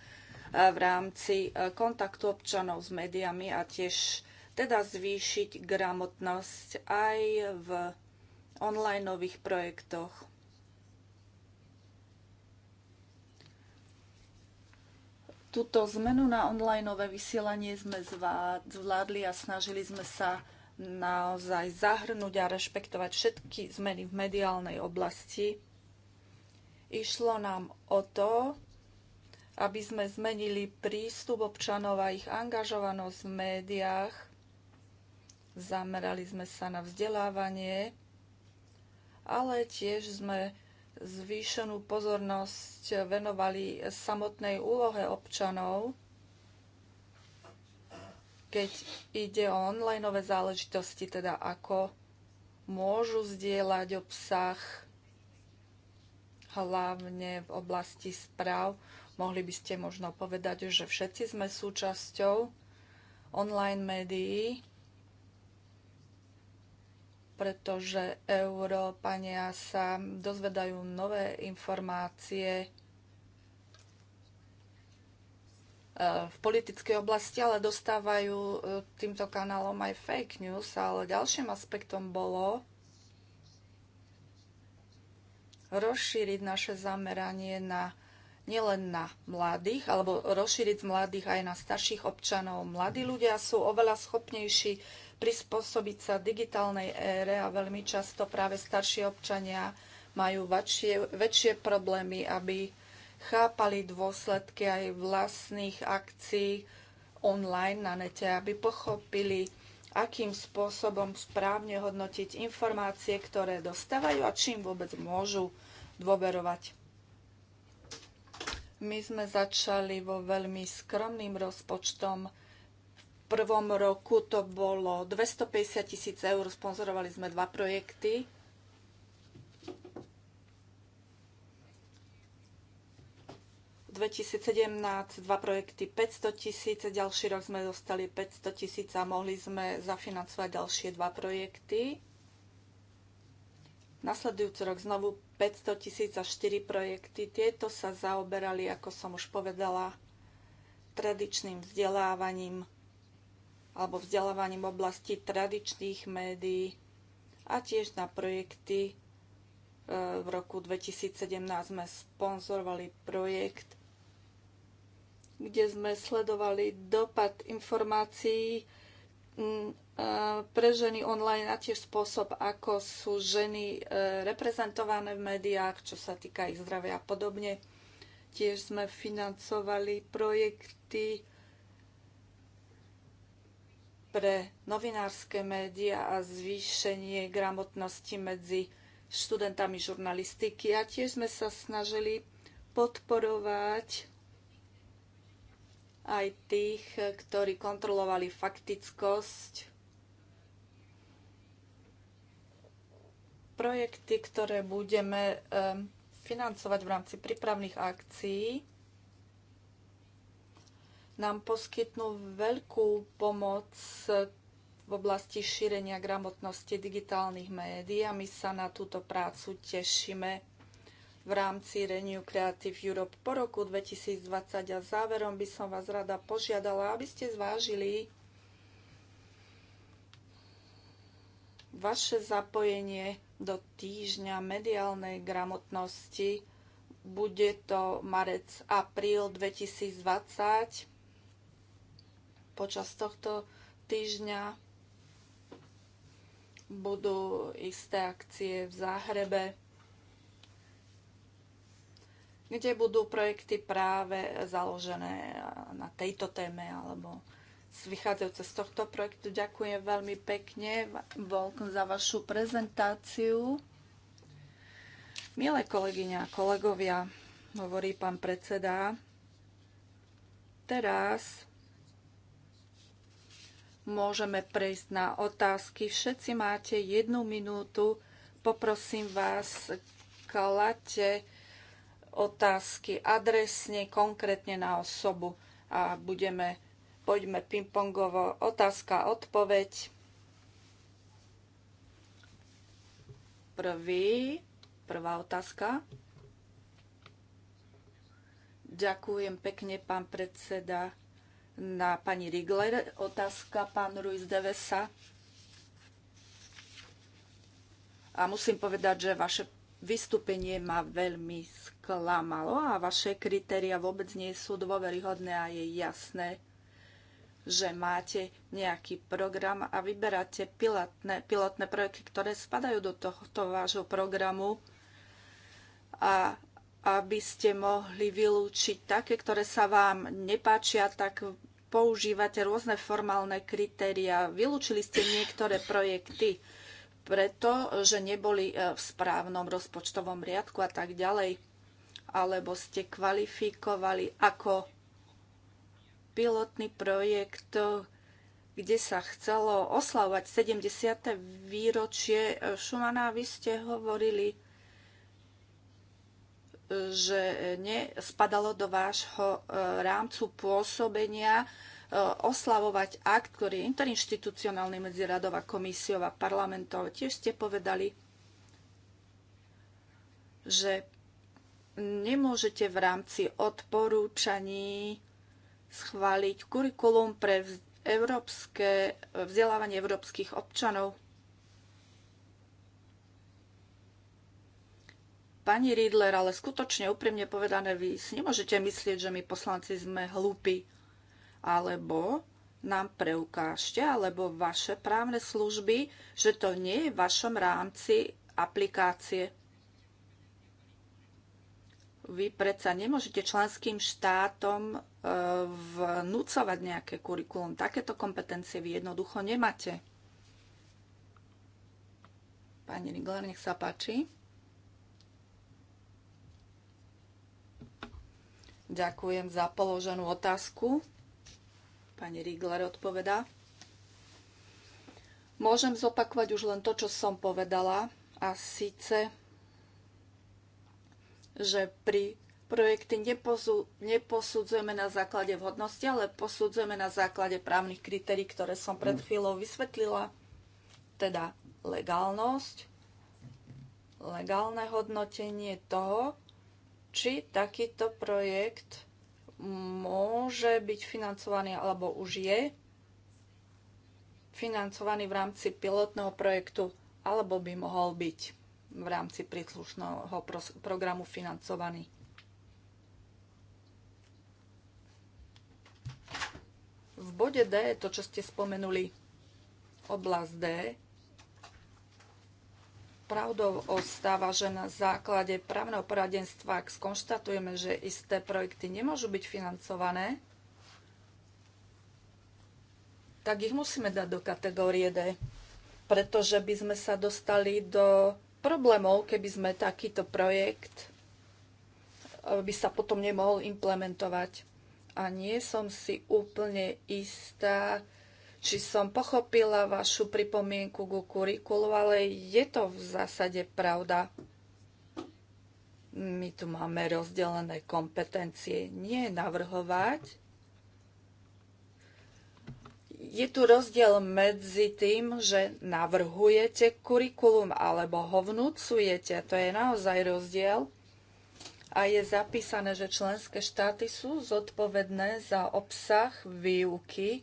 Speaker 3: v rámci e, kontaktu občanov s médiami a tiež teda zvýšiť gramotnosť aj v online projektoch. Tuto zmenu na onlineové vysielanie sme zvládli a snažili sme sa naozaj zahrnúť a rešpektovať všetky zmeny v mediálnej oblasti. Išlo nám o to, aby sme zmenili prístup občanov a ich angažovanosť v médiách. Zamerali sme sa na vzdelávanie, ale tiež sme zvýšenú pozornosť venovali samotnej úlohe občanov, keď ide o onlineové záležitosti, teda ako môžu zdieľať obsah, hlavne v oblasti správ. Mohli by ste možno povedať, že všetci sme súčasťou online médií pretože Európania sa dozvedajú nové informácie e, v politickej oblasti, ale dostávajú e, týmto kanálom aj fake news. Ale ďalším aspektom bolo rozšíriť naše zameranie na nielen na mladých, alebo rozšíriť z mladých aj na starších občanov. Mladí ľudia sú oveľa schopnejší prispôsobiť sa digitálnej ére a veľmi často práve starší občania majú väčšie, väčšie problémy, aby chápali dôsledky aj vlastných akcií online na nete, aby pochopili, akým spôsobom správne hodnotiť informácie, ktoré dostávajú a čím vôbec môžu dôverovať. My sme začali vo veľmi skromným rozpočtom prvom roku to bolo 250 tisíc eur, sponzorovali sme dva projekty. V 2017 dva projekty 500 tisíc, ďalší rok sme dostali 500 tisíc a mohli sme zafinancovať ďalšie dva projekty. Nasledujúci rok znovu 500 tisíc a 4 projekty. Tieto sa zaoberali, ako som už povedala, tradičným vzdelávaním alebo vzdelávaním v oblasti tradičných médií a tiež na projekty. E, v roku 2017 sme sponzorovali projekt, kde sme sledovali dopad informácií e, pre ženy online a tiež spôsob, ako sú ženy e, reprezentované v médiách, čo sa týka ich zdravia a podobne. Tiež sme financovali projekty pre novinárske médiá a zvýšenie gramotnosti medzi študentami žurnalistiky. A tiež sme sa snažili podporovať aj tých, ktorí kontrolovali faktickosť projekty, ktoré budeme eh, financovať v rámci prípravných akcií nám poskytnú veľkú pomoc v oblasti šírenia gramotnosti digitálnych médií a my sa na túto prácu tešíme v rámci Renew Creative Europe po roku 2020 a záverom by som vás rada požiadala, aby ste zvážili vaše zapojenie do týždňa mediálnej gramotnosti. Bude to marec-apríl 2020 počas tohto týždňa budú isté akcie v Záhrebe, kde budú projekty práve založené na tejto téme alebo vychádzajúce z tohto projektu. Ďakujem veľmi pekne, Volkom, za vašu prezentáciu. Milé kolegyňa a kolegovia, hovorí pán predseda, teraz môžeme prejsť na otázky. Všetci máte jednu minútu. Poprosím vás, kladte otázky adresne, konkrétne na osobu a budeme, poďme pingpongovo otázka, odpoveď. Prvý, prvá otázka. Ďakujem pekne, pán predseda na pani Rigler. Otázka pán Ruiz de Vesa. A musím povedať, že vaše vystúpenie ma veľmi sklamalo a vaše kritéria vôbec nie sú dôveryhodné a je jasné, že máte nejaký program a vyberáte pilotné, pilotné projekty, ktoré spadajú do tohto vášho programu a aby ste mohli vylúčiť také, ktoré sa vám nepáčia, tak používate rôzne formálne kritéria. Vylúčili ste niektoré projekty preto, že neboli e, v správnom rozpočtovom riadku a tak ďalej. Alebo ste kvalifikovali ako pilotný projekt, kde sa chcelo oslavovať 70. výročie Šumana. Vy ste hovorili že nespadalo do vášho e, rámcu pôsobenia e, oslavovať akt, ktorý je interinstitucionálny medzi radová komisiou a parlamentov. Tiež ste povedali, že nemôžete v rámci odporúčaní schváliť kurikulum pre európske e, vzdelávanie európskych občanov. Pani Riedler, ale skutočne úprimne povedané, vy si nemôžete myslieť, že my poslanci sme hlúpi. Alebo nám preukážte, alebo vaše právne služby, že to nie je v vašom rámci aplikácie. Vy predsa nemôžete členským štátom e, vnúcovať nejaké kurikulum. Takéto kompetencie vy jednoducho nemáte. Pani Rigler, nech sa páči. Ďakujem za položenú otázku. Pani Rigler odpovedá. Môžem zopakovať už len to, čo som povedala, a síce, že pri projekty neposudzujeme na základe vhodnosti, ale posudzujeme na základe právnych kritérií, ktoré som pred mm. chvíľou vysvetlila, teda legálnosť, legálne hodnotenie toho, či takýto projekt môže byť financovaný alebo už je financovaný v rámci pilotného projektu alebo by mohol byť v rámci príslušného programu financovaný. V bode D, to čo ste spomenuli, oblasť D, pravdou ostáva, že na základe právneho poradenstva, ak skonštatujeme, že isté projekty nemôžu byť financované, tak ich musíme dať do kategórie D, pretože by sme sa dostali do problémov, keby sme takýto projekt eh, by sa potom nemohol implementovať. A nie som si úplne istá, či som pochopila vašu pripomienku ku kurikulu, ale je to v zásade pravda. My tu máme rozdelené kompetencie. Nie navrhovať. Je tu rozdiel medzi tým, že navrhujete kurikulum alebo ho vnúcujete. To je naozaj rozdiel. A je zapísané, že členské štáty sú zodpovedné za obsah výuky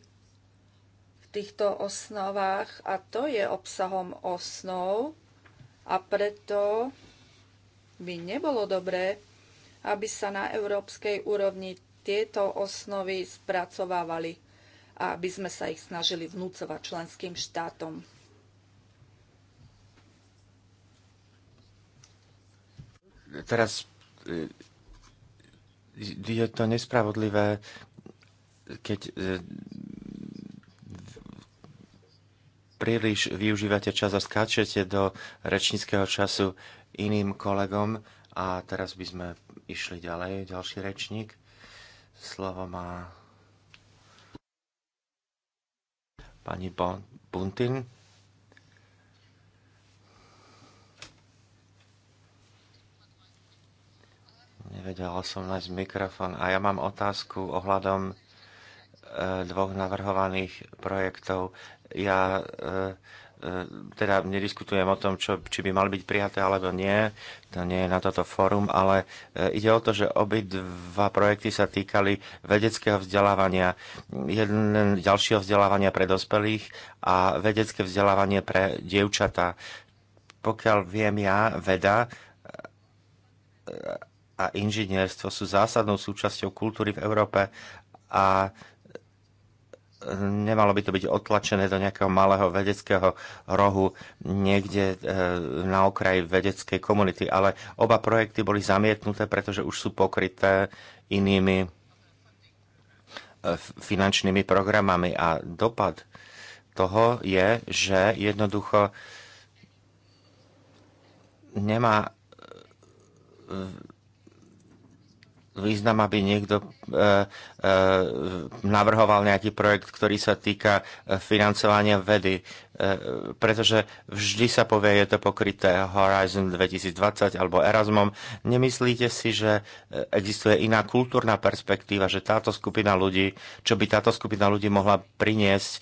Speaker 3: týchto osnovách a to je obsahom osnov a preto by nebolo dobré, aby sa na európskej úrovni tieto osnovy spracovávali a aby sme sa ich snažili vnúcovať členským štátom.
Speaker 1: Teraz e, je to nespravodlivé, keď e, príliš využívate čas a skáčete do rečníckého času iným kolegom. A teraz by sme išli ďalej. Ďalší rečník. Slovo má pani Buntin. Nevedela som nájsť mikrofón. A ja mám otázku ohľadom Eh, dvoch navrhovaných projektov. Ja eh, eh, teda nediskutujem o tom, čo, či by mali byť prijaté alebo nie, to nie je na toto fórum, ale ide o to, že obidva projekty sa týkali vedeckého vzdelávania, jeden ďalšieho vzdelávania pre dospelých a vedecké vzdelávanie pre dievčatá. Pokiaľ viem ja, veda a inžinierstvo sú zásadnou súčasťou kultúry v Európe a nemalo by to byť otlačené do nejakého malého vedeckého rohu niekde e, na okraji vedeckej komunity, ale oba projekty boli zamietnuté, pretože už sú pokryté inými e, finančnými programami a dopad toho je, že jednoducho nemá e, význam, aby niekto e, e, navrhoval nejaký projekt, ktorý sa týka e, financovania vedy, pretože vždy sa povie, je to pokryté Horizon 2020 alebo Erasmom. Nemyslíte si, že existuje iná kultúrna perspektíva, že táto skupina ľudí, čo by táto skupina ľudí mohla priniesť,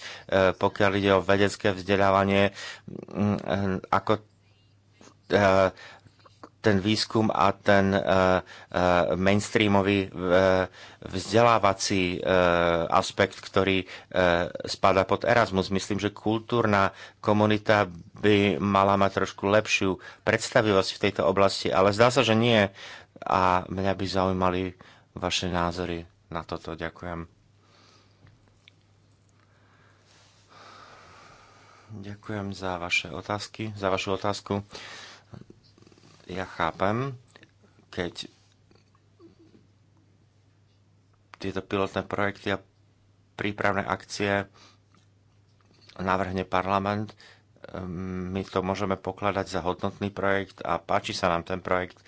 Speaker 1: pokiaľ ide o vedecké vzdelávanie, ako ten výskum a ten e, e, mainstreamový e, vzdelávací aspekt, ktorý spada pod Erasmus. Myslím, že kultúrna komunita by mala mať trošku lepšiu predstavivosť v tejto oblasti, ale zdá sa, že nie. A mňa by zaujímali vaše názory na toto. Ďakujem. Ďakujem za vaše otázky, za vašu otázku. Ja chápem, keď tieto pilotné projekty a prípravné akcie navrhne parlament, ehm, my to môžeme pokladať za hodnotný projekt a páči sa nám ten projekt,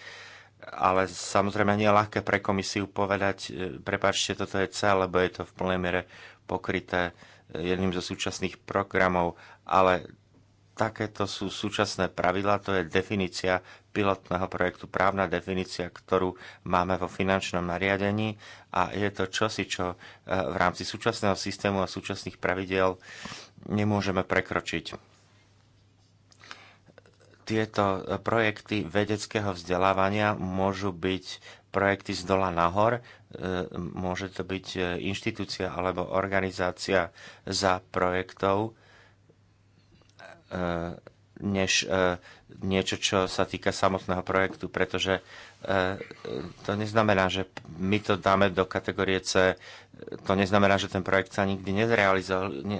Speaker 1: ale samozrejme nie je ľahké pre komisiu povedať, e, prepáčte, toto je cel, lebo je to v plnej miere pokryté e, jedným zo súčasných programov, ale Takéto sú súčasné pravidlá, to je definícia pilotného projektu, právna definícia, ktorú máme vo finančnom nariadení a je to čosi, čo e, v rámci súčasného systému a súčasných pravidel nemôžeme prekročiť. Tieto projekty vedeckého vzdelávania môžu byť projekty z dola nahor, e, môže to byť e, inštitúcia alebo organizácia za projektov, E, než e, niečo, čo sa týka samotného projektu, pretože e, to neznamená, že my to dáme do kategórie C, to neznamená, že ten projekt sa nikdy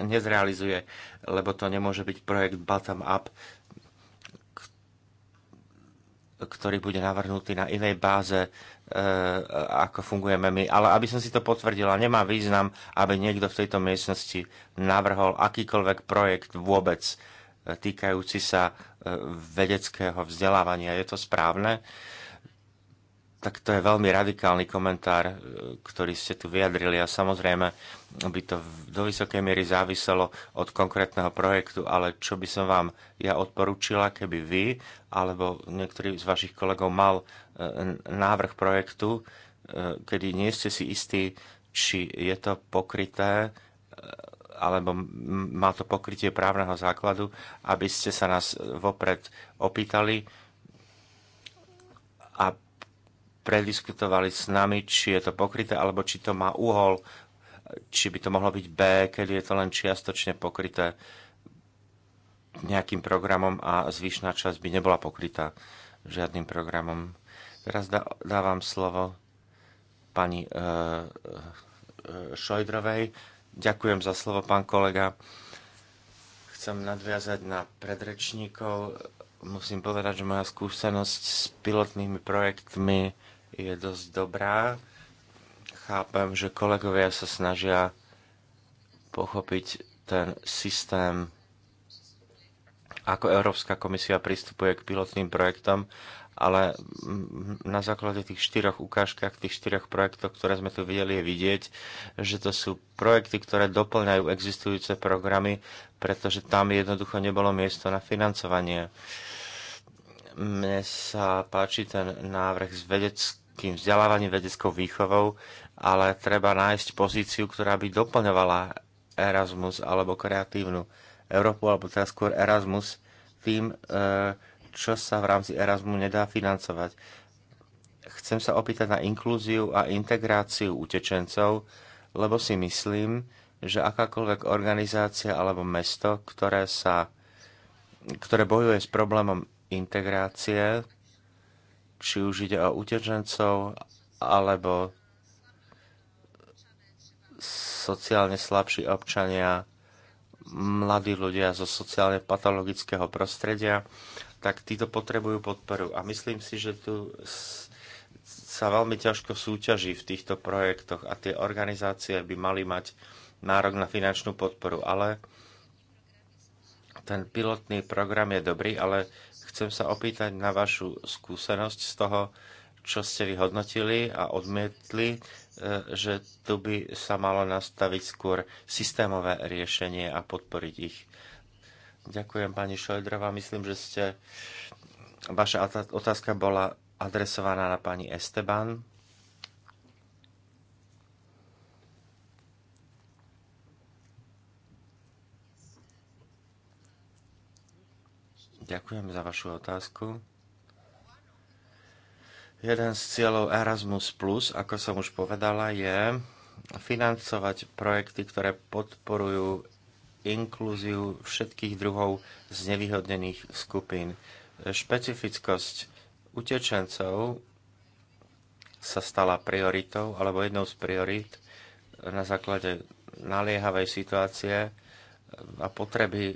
Speaker 1: nezrealizuje, lebo to nemôže byť projekt bottom-up, ktorý bude navrhnutý na inej báze, ako fungujeme my. Ale aby som si to potvrdila, nemá význam, aby niekto v tejto miestnosti navrhol akýkoľvek projekt vôbec týkajúci sa e, vedeckého vzdelávania. Je to správne? Tak to je veľmi radikálny komentár, e, ktorý ste tu vyjadrili a samozrejme by to do vysokej miery záviselo od konkrétneho projektu, ale čo by som vám ja odporúčila, keby vy alebo niektorý z vašich kolegov mal e, návrh projektu, kedy nie ste si istí, či je to pokryté alebo má to pokrytie právneho základu, aby ste sa nás vopred opýtali a prediskutovali s nami, či je to pokryté, alebo či to má uhol, či by to mohlo byť B, kedy je to len čiastočne pokryté nejakým programom a zvyšná časť by nebola pokrytá žiadnym programom. Teraz dávam slovo pani e, Šojdrovej Ďakujem za slovo, pán kolega. Chcem nadviazať na predrečníkov. Musím povedať, že moja skúsenosť s pilotnými projektmi je dosť dobrá. Chápem, že kolegovia sa snažia pochopiť ten systém, ako Európska komisia pristupuje k pilotným projektom ale na základe tých štyroch ukážkach, tých štyroch projektov, ktoré sme tu videli, je vidieť, že to sú projekty, ktoré doplňajú existujúce programy, pretože tam jednoducho nebolo miesto na financovanie. Mne sa páči ten návrh s vedeckým vzdelávaním, vedeckou výchovou, ale treba nájsť pozíciu, ktorá by doplňovala Erasmus alebo kreatívnu Európu, alebo teraz skôr Erasmus, tým, e, čo sa v rámci Erasmu nedá financovať. Chcem sa opýtať na inklúziu a integráciu utečencov, lebo si myslím, že akákoľvek organizácia alebo mesto, ktoré, sa, ktoré bojuje s problémom integrácie, či už ide o utečencov alebo sociálne slabší občania, mladí ľudia zo sociálne patologického prostredia, tak títo potrebujú podporu. A myslím si, že tu sa veľmi ťažko súťaží v týchto projektoch a tie organizácie by mali mať nárok na finančnú podporu. Ale ten pilotný program je dobrý, ale chcem sa opýtať na vašu skúsenosť z toho, čo ste vyhodnotili a odmietli, e, že tu by sa malo nastaviť skôr systémové riešenie a podporiť ich Ďakujem pani Šojdrová. Myslím, že ste, vaša otázka bola adresovaná na pani Esteban. Ďakujem za vašu otázku. Jeden z cieľov Erasmus, ako som už povedala, je financovať projekty, ktoré podporujú inklúziu všetkých druhov znevýhodnených skupín. Špecifickosť utečencov sa stala prioritou alebo jednou z priorit na základe naliehavej situácie a potreby e,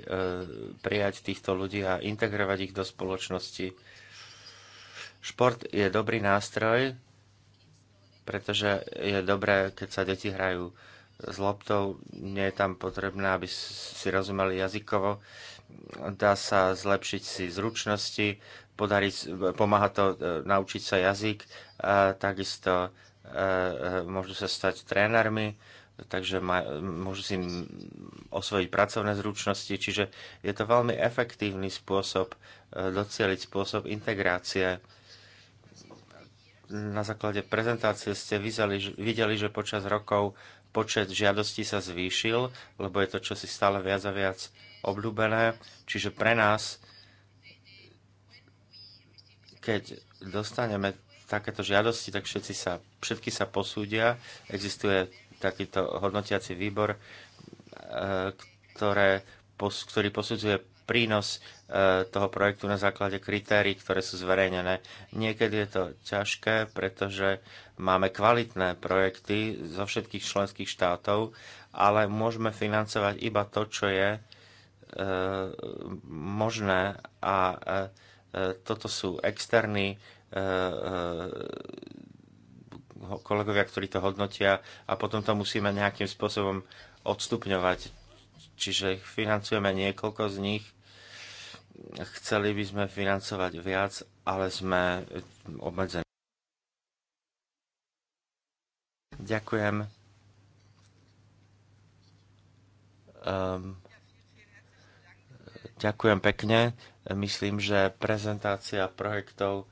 Speaker 1: prijať týchto ľudí a integrovať ich do spoločnosti. Šport je dobrý nástroj, pretože je dobré, keď sa deti hrajú s loptou, nie je tam potrebné, aby si rozumeli jazykovo. Dá sa zlepšiť si zručnosti, podarí, pomáha to e, naučiť sa jazyk, a takisto e, e, môžu sa stať trénermi, takže môžu si osvojiť pracovné zručnosti, čiže je to veľmi efektívny spôsob docieliť spôsob integrácie. Na základe prezentácie ste videli, videli že počas rokov počet žiadostí sa zvýšil, lebo je to čosi stále viac a viac obľúbené. Čiže pre nás, keď dostaneme takéto žiadosti, tak všetci sa, všetky sa posúdia. Existuje takýto hodnotiaci výbor, e, ktoré, ktorý posudzuje prínos e, toho projektu na základe kritérií, ktoré sú zverejnené. Niekedy je to ťažké, pretože máme kvalitné projekty zo všetkých členských štátov, ale môžeme financovať iba to, čo je e, možné a e, toto sú externí kolegovia, ktorí to hodnotia a potom to musíme nejakým spôsobom odstupňovať. Čiže financujeme niekoľko z nich Chceli by sme financovať viac, ale sme obmedzení. Ďakujem. Um, ďakujem pekne. Myslím, že prezentácia projektov,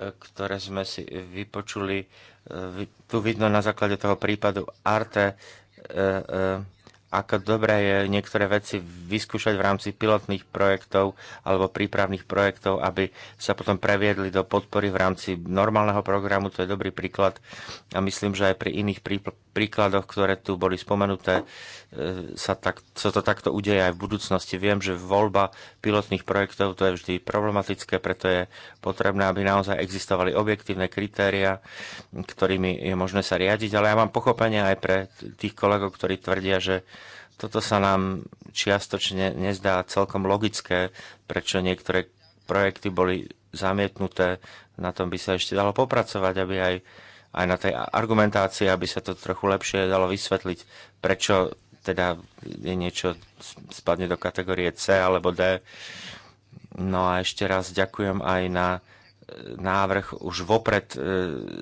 Speaker 1: e, ktoré sme si vypočuli, e, tu vidno na základe toho prípadu Arte, uh, uh, ako dobré je niektoré veci vyskúšať v rámci pilotných projektov alebo prípravných projektov, aby sa potom previedli do podpory v rámci normálneho programu. To je dobrý príklad a myslím, že aj pri iných príkladoch, ktoré tu boli spomenuté, e, sa, tak, sa to takto udeje aj v budúcnosti. Viem, že voľba pilotných projektov to je vždy problematické, preto je potrebné, aby naozaj existovali objektívne kritéria, ktorými je možné sa riadiť. Ale ja mám pochopenie aj pre tých kolegov, ktorí tvrdia, že toto sa nám čiastočne nezdá celkom logické, prečo niektoré projekty boli zamietnuté. Na tom by sa ešte dalo popracovať, aby aj aj na tej argumentácii, aby sa to trochu lepšie dalo vysvetliť, prečo teda je niečo spadne do kategórie C alebo D. No a ešte raz ďakujem aj na e, návrh už vopred e,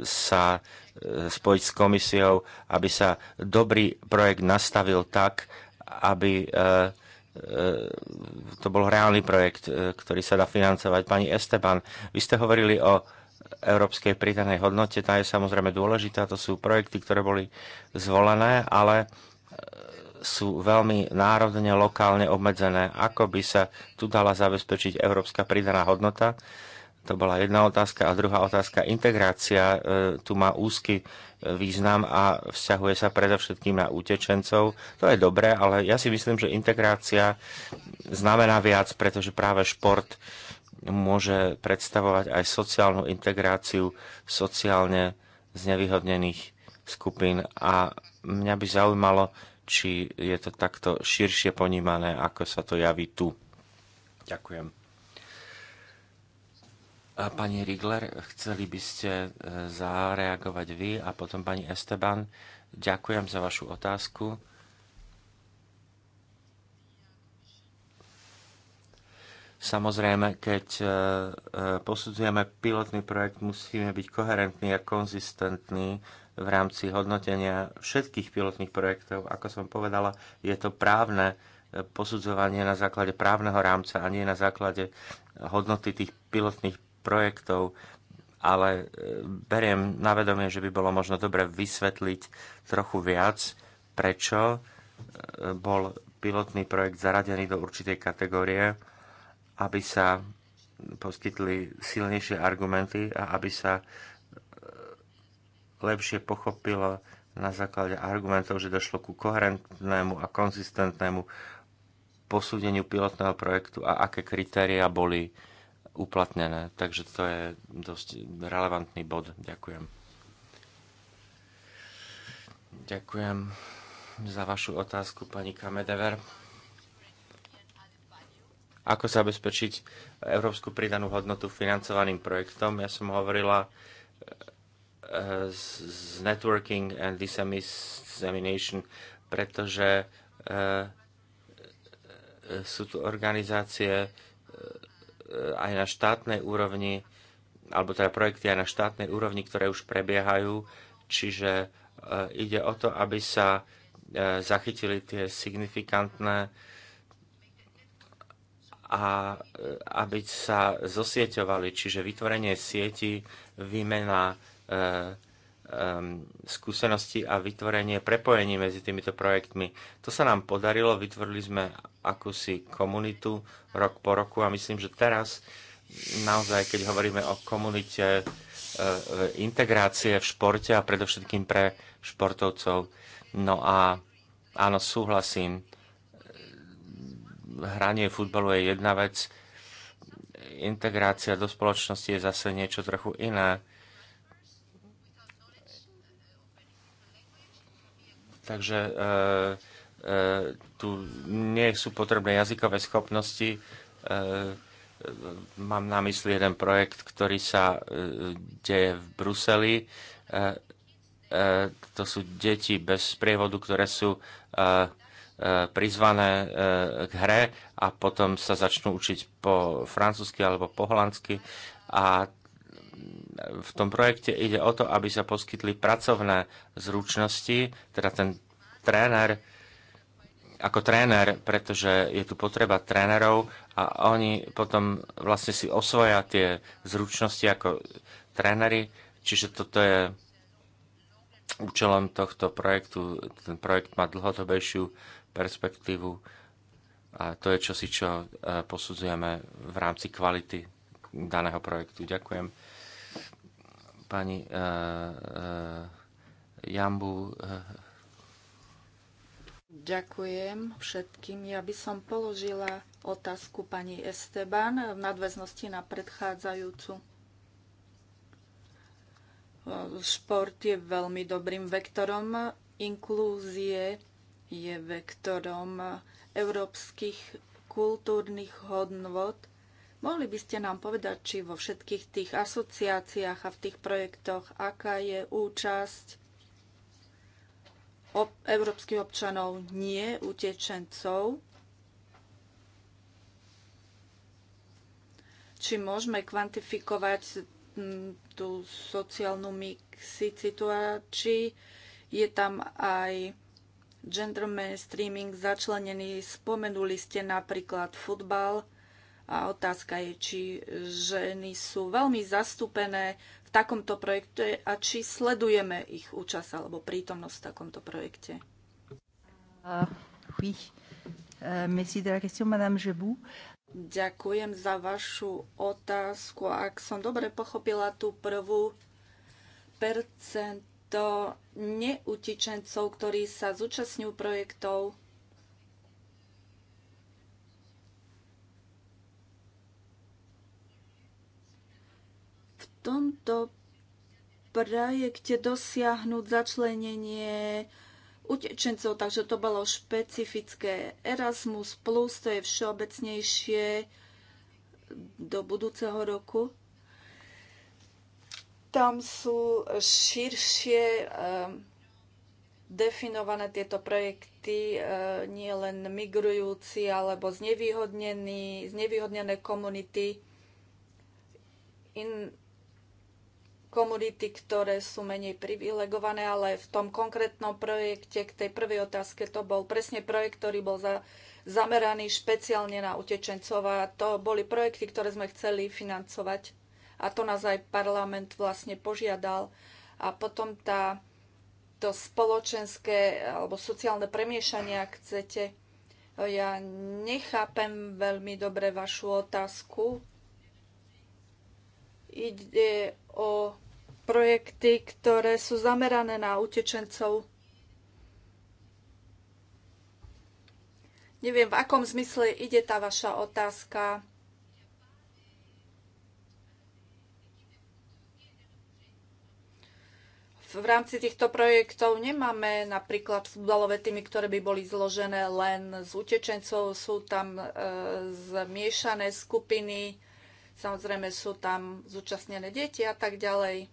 Speaker 1: sa e, spojiť s komisiou, aby sa dobrý projekt nastavil tak, aby to bol reálny projekt, ktorý sa dá financovať. Pani Esteban, vy ste hovorili o európskej pridanej hodnote. Tá je samozrejme dôležitá, to sú projekty, ktoré boli zvolené, ale e, sú veľmi národne, lokálne obmedzené. Ako by sa tu dala zabezpečiť európska pridaná hodnota? To bola jedna otázka. A druhá otázka, integrácia e, tu má úzky e, význam a vzťahuje sa predovšetkým na utečencov. To je dobré, ale ja si myslím, že integrácia znamená viac, pretože práve šport môže predstavovať aj sociálnu integráciu sociálne znevýhodnených skupín a mňa by zaujímalo, či je to takto širšie ponímané, ako sa to javí tu. Ďakujem. A pani Rigler, chceli by ste e, zareagovať vy a potom pani Esteban. Ďakujem za vašu otázku. Samozrejme, keď e, e, posudzujeme pilotný projekt, musíme byť koherentní a konzistentní v rámci hodnotenia všetkých pilotných projektov. Ako som povedala, je to právne e, posudzovanie na základe právneho rámca a nie na základe hodnoty tých pilotných projektov, ale beriem na vedomie, že by bolo možno dobre vysvetliť trochu viac, prečo bol pilotný projekt zaradený do určitej kategórie aby sa poskytli silnejšie argumenty a aby sa e, lepšie pochopilo na základe argumentov, že došlo ku koherentnému a konzistentnému posúdeniu pilotného projektu a aké kritéria boli uplatnené. Takže to je dosť relevantný bod. Ďakujem. Ďakujem za vašu otázku, pani Kamedever ako zabezpečiť európsku pridanú hodnotu financovaným projektom. Ja som hovorila z eh, networking and dissemination, pretože eh, sú tu organizácie eh, aj na štátnej úrovni, alebo teda projekty aj na štátnej úrovni, ktoré už prebiehajú, čiže ide o to, aby sa zachytili tie signifikantné a e, aby sa zosieťovali, čiže vytvorenie sieti, výmena e, e, skúseností a vytvorenie prepojení medzi týmito projektmi. To sa nám podarilo, vytvorili sme akúsi komunitu rok po roku a myslím, že teraz naozaj, keď hovoríme o komunite e, e integrácie v športe a predovšetkým pre športovcov, no a áno, súhlasím, hranie futbalu je jedna vec, integrácia do spoločnosti je zase niečo trochu iné. Takže e, e, tu nie sú potrebné jazykové schopnosti. E, mám na mysli jeden projekt, ktorý sa e, deje v Bruseli. E, e, to sú deti bez prievodu, ktoré sú e, E, prizvané e, k hre a potom sa začnú učiť po francúzsky alebo po holandsky. A v tom projekte ide o to, aby sa poskytli pracovné zručnosti, teda ten tréner ako tréner, pretože je tu potreba trénerov a oni potom vlastne si osvoja tie zručnosti ako tréneri, čiže toto je účelom tohto projektu. Ten projekt má dlhodobejšiu perspektívu a to je čosi, čo e, posudzujeme v rámci kvality daného projektu. Ďakujem pani uh, uh, Jambu.
Speaker 3: Ďakujem všetkým. Ja by som položila otázku pani Esteban v nadväznosti na predchádzajúcu. Šport je veľmi dobrým vektorom inklúzie je vektorom európskych kultúrnych hodnot. Mohli by ste nám povedať, či vo všetkých tých asociáciách a v tých projektoch, aká je účasť ob- európskych občanov, nie utečencov? Či môžeme kvantifikovať hm, tú sociálnu mixicitu a či je tam aj gender mainstreaming začlenený. Spomenuli ste napríklad futbal a otázka je, či ženy sú veľmi zastúpené v takomto projekte a či sledujeme ich účasť alebo prítomnosť v takomto projekte. Uh, oui. uh, merci de la question, Madame Jebou. Ďakujem za vašu otázku. Ak som dobre pochopila tú prvú, percento neutičencov, ktorí sa zúčastňujú projektov. V tomto projekte dosiahnuť začlenenie utečencov, takže to bolo špecifické. Erasmus Plus, to je všeobecnejšie do budúceho roku. Tam sú širšie ehm, definované tieto projekty, eh, nie len migrujúci alebo znevýhodnené komunity, in, komunity, ktoré sú menej privilegované, ale v tom konkrétnom projekte k tej prvej otázke to bol presne projekt, ktorý bol za, zameraný špeciálne na utečencov a to boli projekty, ktoré sme chceli financovať a to nás aj parlament vlastne požiadal. A potom tá, to spoločenské alebo sociálne premiešanie, ak chcete. Ja nechápem veľmi dobre vašu otázku. Ide o projekty, ktoré sú zamerané na utečencov. Neviem, v akom zmysle ide tá vaša otázka. v rámci týchto projektov nemáme napríklad futbalové týmy, ktoré by boli zložené len z utečencov, sú tam e, zmiešané skupiny, samozrejme sú tam zúčastnené deti a tak ďalej.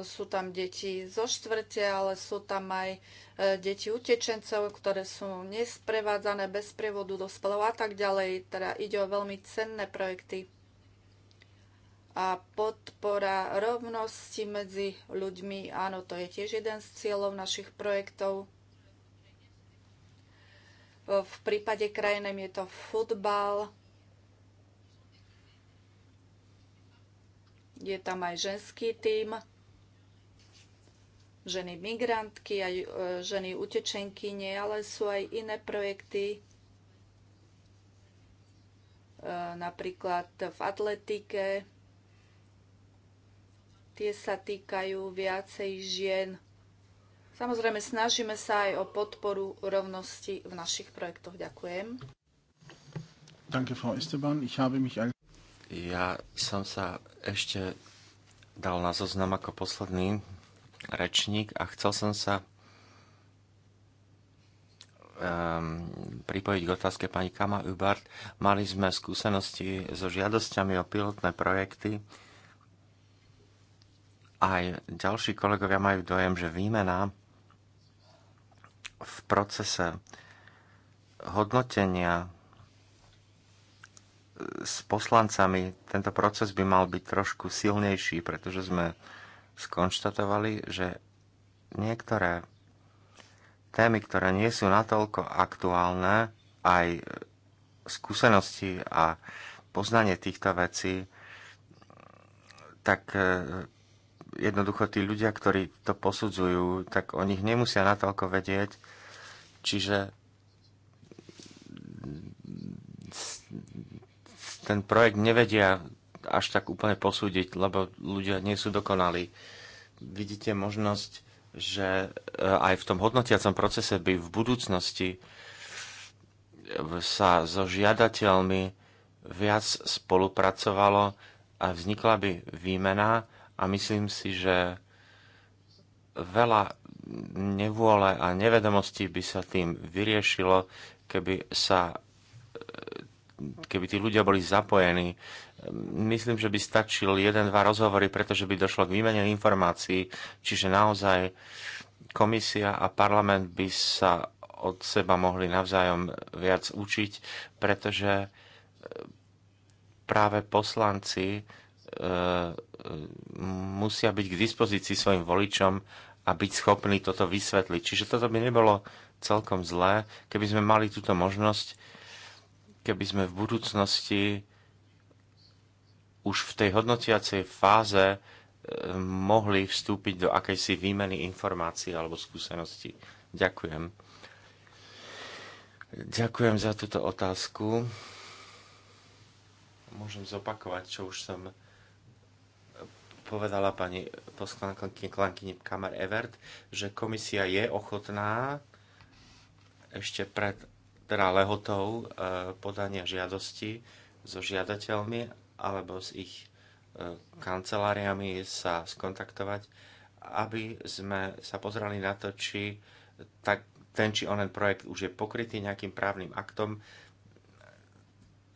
Speaker 3: Sú tam deti zo štvrte, ale sú tam aj e, deti utečencov, ktoré sú nesprevádzané bez prievodu do spolov a tak ďalej. Teda ide o veľmi cenné projekty a podpora rovnosti medzi ľuďmi. Áno, to je tiež jeden z cieľov našich projektov. V prípade krajinem je to futbal. Je tam aj ženský tím, ženy migrantky, aj e, ženy nie, ale sú aj iné projekty, e, napríklad v atletike, Tie sa týkajú viacej žien. Samozrejme, snažíme sa aj o podporu rovnosti v našich projektoch. Ďakujem.
Speaker 4: Danke, Frau Esteban. Ich habe mich...
Speaker 1: Ja som sa ešte dal na zoznam ako posledný rečník a chcel som sa um, pripojiť k otázke pani Kama Ubart. Mali sme skúsenosti so žiadosťami o pilotné projekty, aj ďalší kolegovia majú dojem, že výmena v procese hodnotenia s poslancami tento proces by mal byť trošku silnejší, pretože sme skonštatovali, že niektoré témy, ktoré nie sú natoľko aktuálne, aj skúsenosti a poznanie týchto vecí, tak jednoducho tí ľudia, ktorí to posudzujú, tak o nich nemusia natoľko vedieť. Čiže ten projekt nevedia až tak úplne posúdiť, lebo ľudia nie sú dokonalí. Vidíte možnosť, že e, aj v tom hodnotiacom procese by v budúcnosti sa so žiadateľmi viac spolupracovalo a vznikla by výmena a myslím si, že veľa nevôle a nevedomostí by sa tým vyriešilo, keby sa keby tí ľudia boli zapojení. Myslím, že by stačil jeden, dva rozhovory, pretože by došlo k výmene informácií, čiže naozaj komisia a parlament by sa od seba mohli navzájom viac učiť, pretože práve poslanci E, e, musia byť k dispozícii svojim voličom a byť schopní toto vysvetliť. Čiže toto by nebolo celkom zlé, keby sme mali túto možnosť, keby sme v budúcnosti už v tej hodnotiacej fáze e, mohli vstúpiť do akejsi výmeny informácií alebo skúseností. Ďakujem. Ďakujem za túto otázku. Môžem zopakovať, čo už som povedala pani poslankyni Kamer Evert, že komisia je ochotná ešte pred teda lehotou e, podania žiadosti so žiadateľmi alebo s ich e, kanceláriami sa skontaktovať, aby sme sa pozreli na to, či tak, ten či onen projekt už je pokrytý nejakým právnym aktom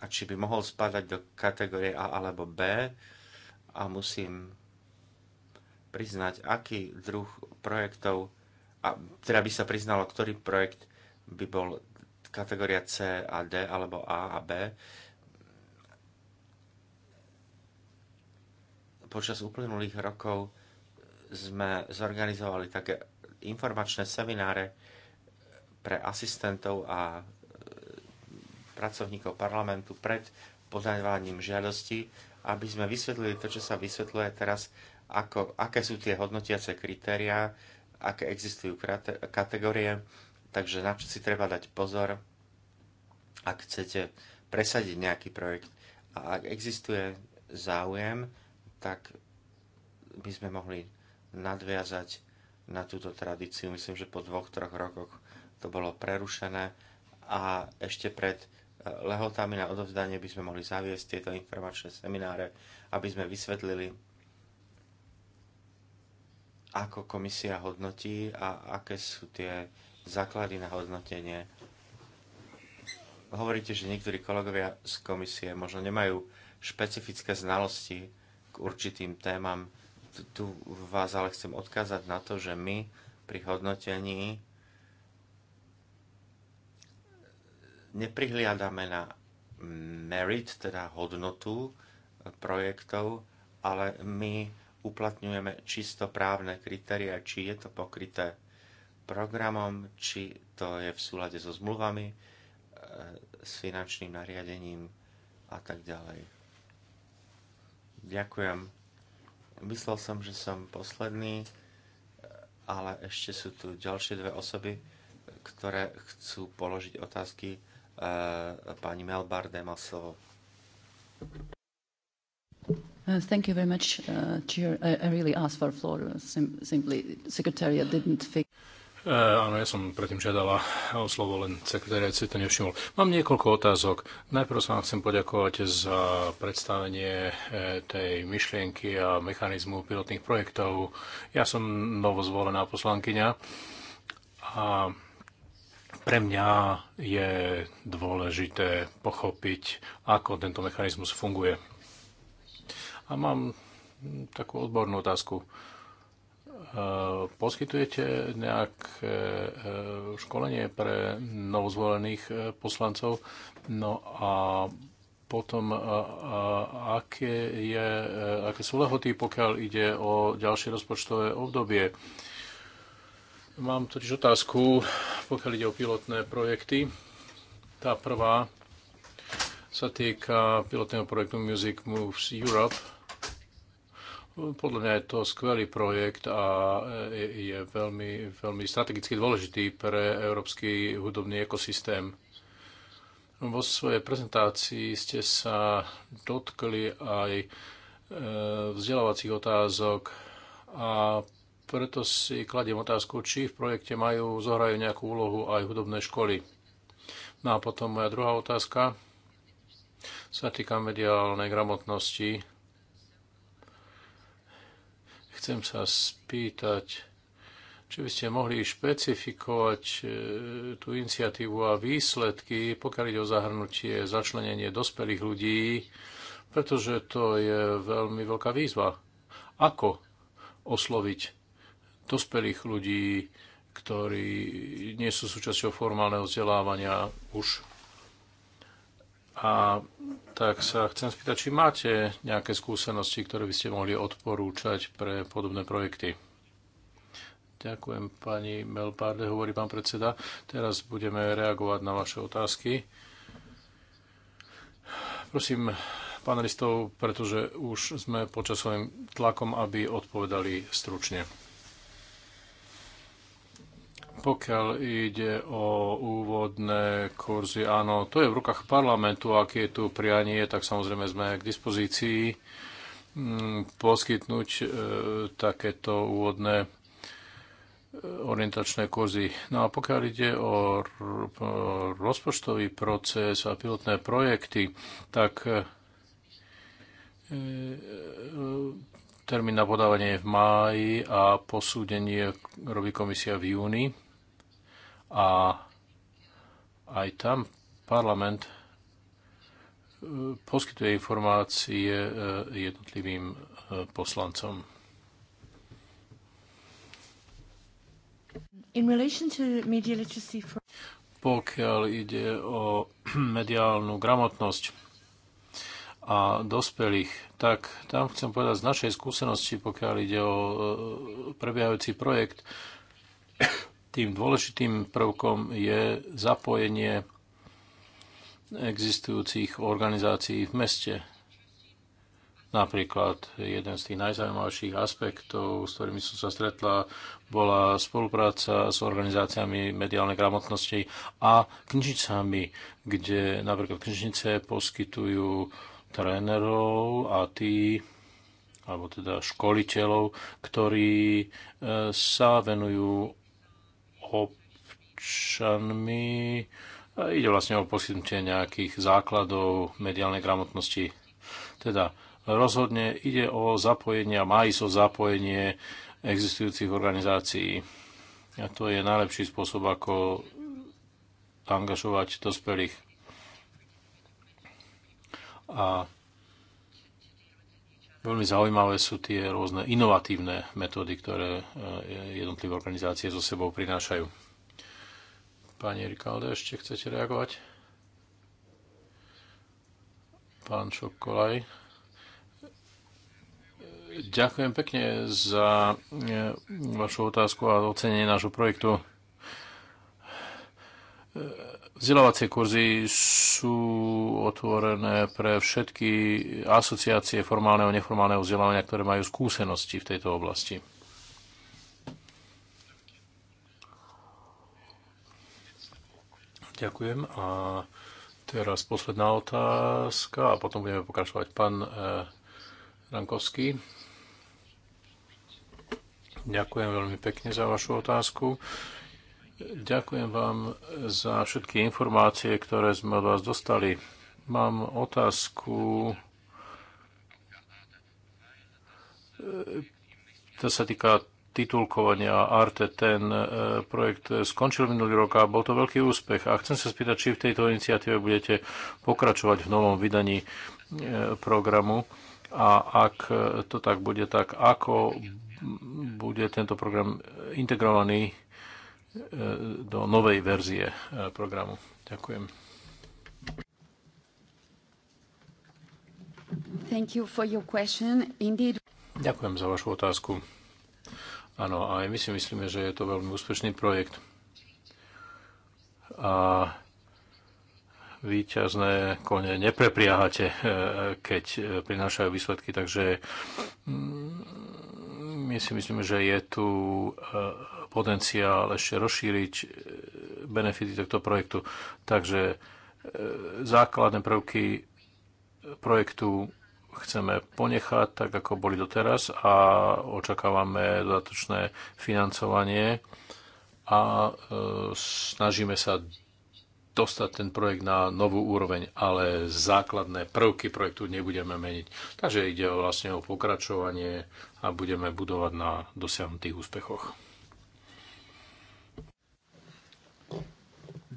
Speaker 1: a či by mohol spadať do kategórie A alebo B a musím priznať, aký druh projektov, a teda by sa priznalo, ktorý projekt by bol kategória C a D alebo A a B. Počas uplynulých rokov sme zorganizovali také informačné semináre pre asistentov a e, pracovníkov parlamentu pred podávaním žiadosti, aby sme vysvetlili to, čo sa vysvetľuje teraz ako, aké sú tie hodnotiace kritériá, aké existujú kategórie, takže na čo si treba dať pozor, ak chcete presadiť nejaký projekt. A ak existuje záujem, tak by sme mohli nadviazať na túto tradíciu. Myslím, že po dvoch, troch rokoch to bolo prerušené a ešte pred e, lehotami na odovzdanie by sme mohli zaviesť tieto informačné semináre, aby sme vysvetlili ako komisia hodnotí a aké sú tie základy na hodnotenie. Hovoríte, že niektorí kolegovia z komisie možno nemajú špecifické znalosti k určitým témam. Tu vás ale chcem odkázať na to, že my pri hodnotení neprihliadame na merit, teda hodnotu projektov, ale my uplatňujeme čisto právne kritéria, či je to pokryté programom, či to je v súlade so zmluvami, e, s finančným nariadením a tak ďalej. Ďakujem. Myslel som, že som posledný, e, ale ešte sú tu ďalšie dve osoby, ktoré chcú položiť otázky. E, pani Melbar, dá slovo.
Speaker 3: Uh, thank you very much, uh, Chair. I, I really asked for floor. Uh, sim, simply, Secretariat didn't fix.
Speaker 2: Uh, áno, ja som predtým žiadala o slovo, len sekretariat si to nevšimol. Mám niekoľko otázok. Najprv sa vám chcem poďakovať za predstavenie uh, tej myšlienky a mechanizmu pilotných projektov. Ja som novozvolená poslankyňa a pre mňa je dôležité pochopiť, ako tento mechanizmus funguje a mám hm, takú odbornú otázku. E, poskytujete nejaké e, školenie pre novozvolených e, poslancov? No a potom, aké, je, aké sú lehoty, pokiaľ ide o ďalšie rozpočtové obdobie? Mám totiž otázku, pokiaľ ide o pilotné projekty. Tá prvá sa týka pilotného projektu Music Moves Europe, podľa mňa je to skvelý projekt a e, je veľmi, veľmi strategicky dôležitý pre európsky hudobný ekosystém. Vo svojej prezentácii ste sa dotkli aj e, vzdelávacích otázok a preto si kladiem otázku, či v projekte majú, zohrajú nejakú úlohu aj hudobné školy. No a potom moja druhá otázka sa týka mediálnej gramotnosti Chcem sa spýtať, či by ste mohli špecifikovať e, tú iniciatívu a výsledky, pokiaľ ide o zahrnutie, začlenenie dospelých ľudí, pretože to je veľmi veľká výzva. Ako osloviť dospelých ľudí, ktorí nie sú súčasťou formálneho vzdelávania už a tak sa chcem spýtať, či máte nejaké skúsenosti, ktoré by ste mohli odporúčať pre podobné projekty. Ďakujem pani Melparde, hovorí pán predseda. Teraz budeme reagovať na vaše otázky. Prosím panelistov, pretože už sme pod časovým tlakom, aby odpovedali stručne. Pokiaľ ide o úvodné kurzy, áno, to je v rukách parlamentu, ak je tu prianie, tak samozrejme sme k dispozícii mm, poskytnúť e, takéto úvodné e, orientačné kurzy. No a pokiaľ ide o rozpočtový proces a pilotné projekty, tak e, termín na podávanie je v máji a posúdenie robí komisia v júni a aj tam parlament
Speaker 4: eh,
Speaker 2: poskytuje informácie eh, jednotlivým eh, poslancom. Pokiaľ ide o *clears throat* mediálnu gramotnosť a dospelých, tak tam chcem povedať z našej skúsenosti, pokiaľ ide o prebiehajúci projekt, tým dôležitým prvkom je zapojenie existujúcich organizácií v meste. Napríklad jeden z tých najzaujímavších aspektov, s ktorými som sa stretla, bola spolupráca s organizáciami mediálnej gramotnosti a knižnicami, kde napríklad knižnice poskytujú trénerov a tí, alebo teda školiteľov, ktorí e, sa venujú občanmi. Ide vlastne o poskytnutie nejakých základov mediálnej gramotnosti. Teda rozhodne ide o zapojenie a má ísť o zapojenie existujúcich organizácií. A to je najlepší spôsob, ako angažovať dospelých. A Veľmi zaujímavé sú tie rôzne inovatívne metódy, ktoré e, jednotlivé organizácie so sebou prinášajú. Pani Rikalde, ešte chcete reagovať? Pán Čokolaj. Ďakujem pekne za e, vašu otázku a ocenenie nášho projektu e, Vzdelávacie kurzy sú otvorené pre všetky asociácie formálneho a neformálneho vzdelávania, ktoré majú skúsenosti v tejto oblasti. Ďakujem. A teraz posledná otázka a potom budeme pokračovať. Pán eh, Rankovský. Ďakujem veľmi pekne za vašu otázku. Ďakujem vám za všetky informácie, ktoré sme od vás dostali. Mám otázku, to sa týka titulkovania RT, Ten projekt skončil minulý rok a bol to veľký úspech. A chcem sa spýtať, či v tejto iniciatíve budete pokračovať v novom vydaní e, programu. A ak to tak bude, tak ako bude tento program integrovaný do novej verzie e, programu. Ďakujem.
Speaker 3: Thank you for your question. Indeed.
Speaker 2: Ďakujem za vašu otázku. Áno, aj my si myslíme, že je to veľmi úspešný projekt. A výťazné kone neprepriahate, e, keď e, prinášajú výsledky, takže mm, my si myslíme, že je tu potenciál ešte rozšíriť e, benefity tohto projektu. Takže e, základné prvky projektu chceme ponechať tak, ako boli doteraz a očakávame dodatočné financovanie a e, snažíme sa dostať ten projekt na novú úroveň, ale základné prvky projektu nebudeme meniť. Takže ide vlastne o pokračovanie a budeme budovať na dosiahnutých úspechoch.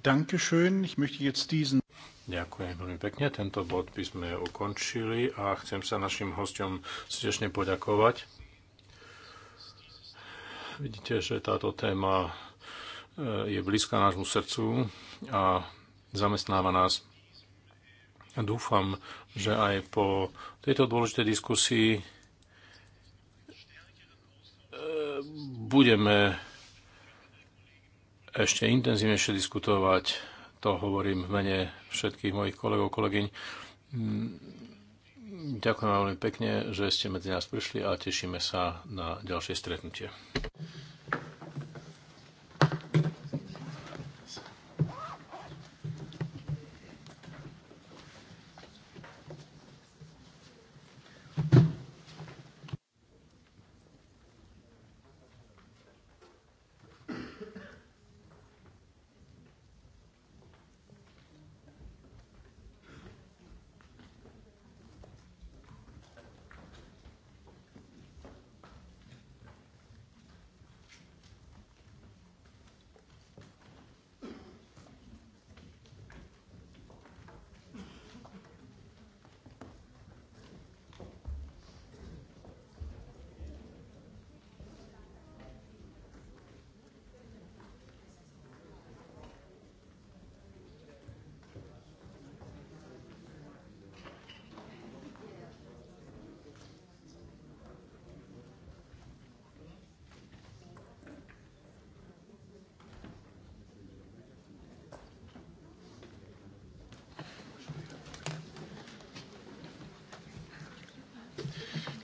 Speaker 4: Dankeschön. Ich möchte jetzt diesen...
Speaker 2: Ďakujem veľmi pekne. Tento bod by sme ukončili a chcem sa našim hostom srdečne poďakovať. Vidíte, že táto téma eh, je blízka nášmu srdcu a zamestnáva nás. Dúfam, že aj po tejto dôležitej diskusii eh, budeme ešte intenzívnejšie diskutovať. To hovorím v mene všetkých mojich kolegov, kolegyň. Mm, ďakujem veľmi pekne, že ste medzi nás prišli a tešíme sa na ďalšie stretnutie.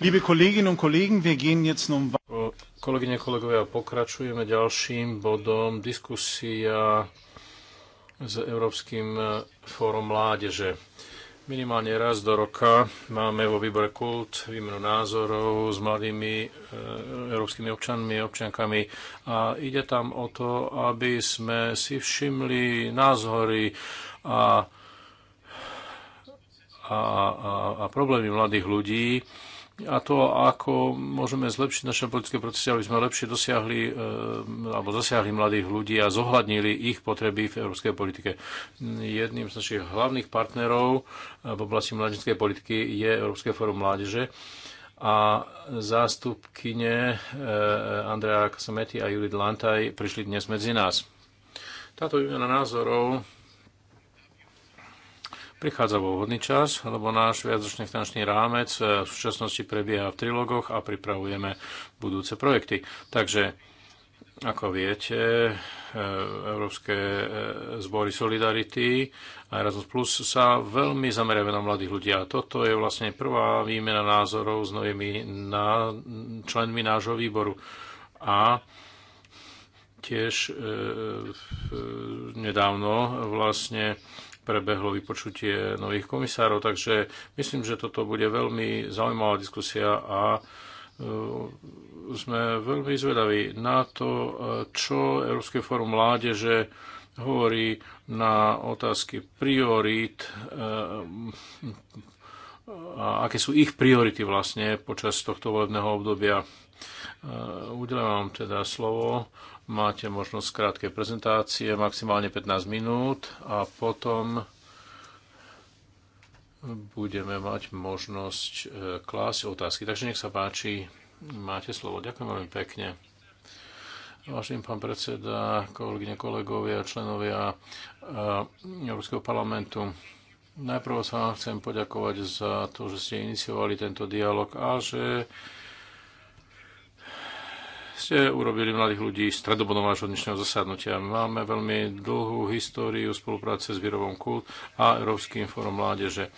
Speaker 4: Liebe Kolleginnen und Kollegen, wir gehen jetzt nun...
Speaker 2: Kolegyne, kolegovia, pokračujeme ďalším bodom. Diskusia s Európskym e, fórom mládeže. Minimálne raz do roka máme vo výbore kult výmenu názorov s mladými e, európskymi občanmi, občankami a ide tam o to, aby sme si všimli názory a, a, a, a problémy mladých ľudí a to, ako môžeme zlepšiť naše politické procesy, aby sme lepšie dosiahli eh, alebo zasiahli mladých ľudí a zohľadnili ich potreby v európskej politike. Jedným z našich hlavných partnerov eh, v oblasti mladinskej politiky je Európske fórum mládeže a zástupkyne eh, Andrea Kasamety a Judith Lantaj prišli dnes medzi nás. Táto výmena názorov prichádza vo vhodný čas, lebo náš viacročný finančný rámec e, v súčasnosti prebieha v trilogoch a pripravujeme budúce projekty. Takže ako viete, e, Európske e, zbory Solidarity a Erasmus Plus sa veľmi zameriavajú na mladých ľudí. A toto je vlastne prvá výmena názorov s novými na, členmi nášho výboru. A tiež e, e, nedávno vlastne prebehlo vypočutie nových komisárov, takže myslím, že toto bude veľmi zaujímavá diskusia a e, sme veľmi zvedaví na to, e, čo Európske fórum mládeže hovorí na otázky priorít e, a aké sú ich priority vlastne počas tohto volebného obdobia. Udelám vám teda slovo Máte možnosť krátke prezentácie, maximálne 15 minút a potom budeme mať možnosť e, klásť otázky. Takže nech sa páči, máte slovo. Ďakujem veľmi pekne. Vážený pán predseda, kolegyne, kolegovia, členovia e, Európskeho parlamentu, najprv sa vám chcem poďakovať za to, že ste iniciovali tento dialog a že ste urobili mladých ľudí stredobodom vášho dnešného zasadnutia. Máme veľmi dlhú históriu spolupráce s Virovom kult a Európskym fórom mládeže.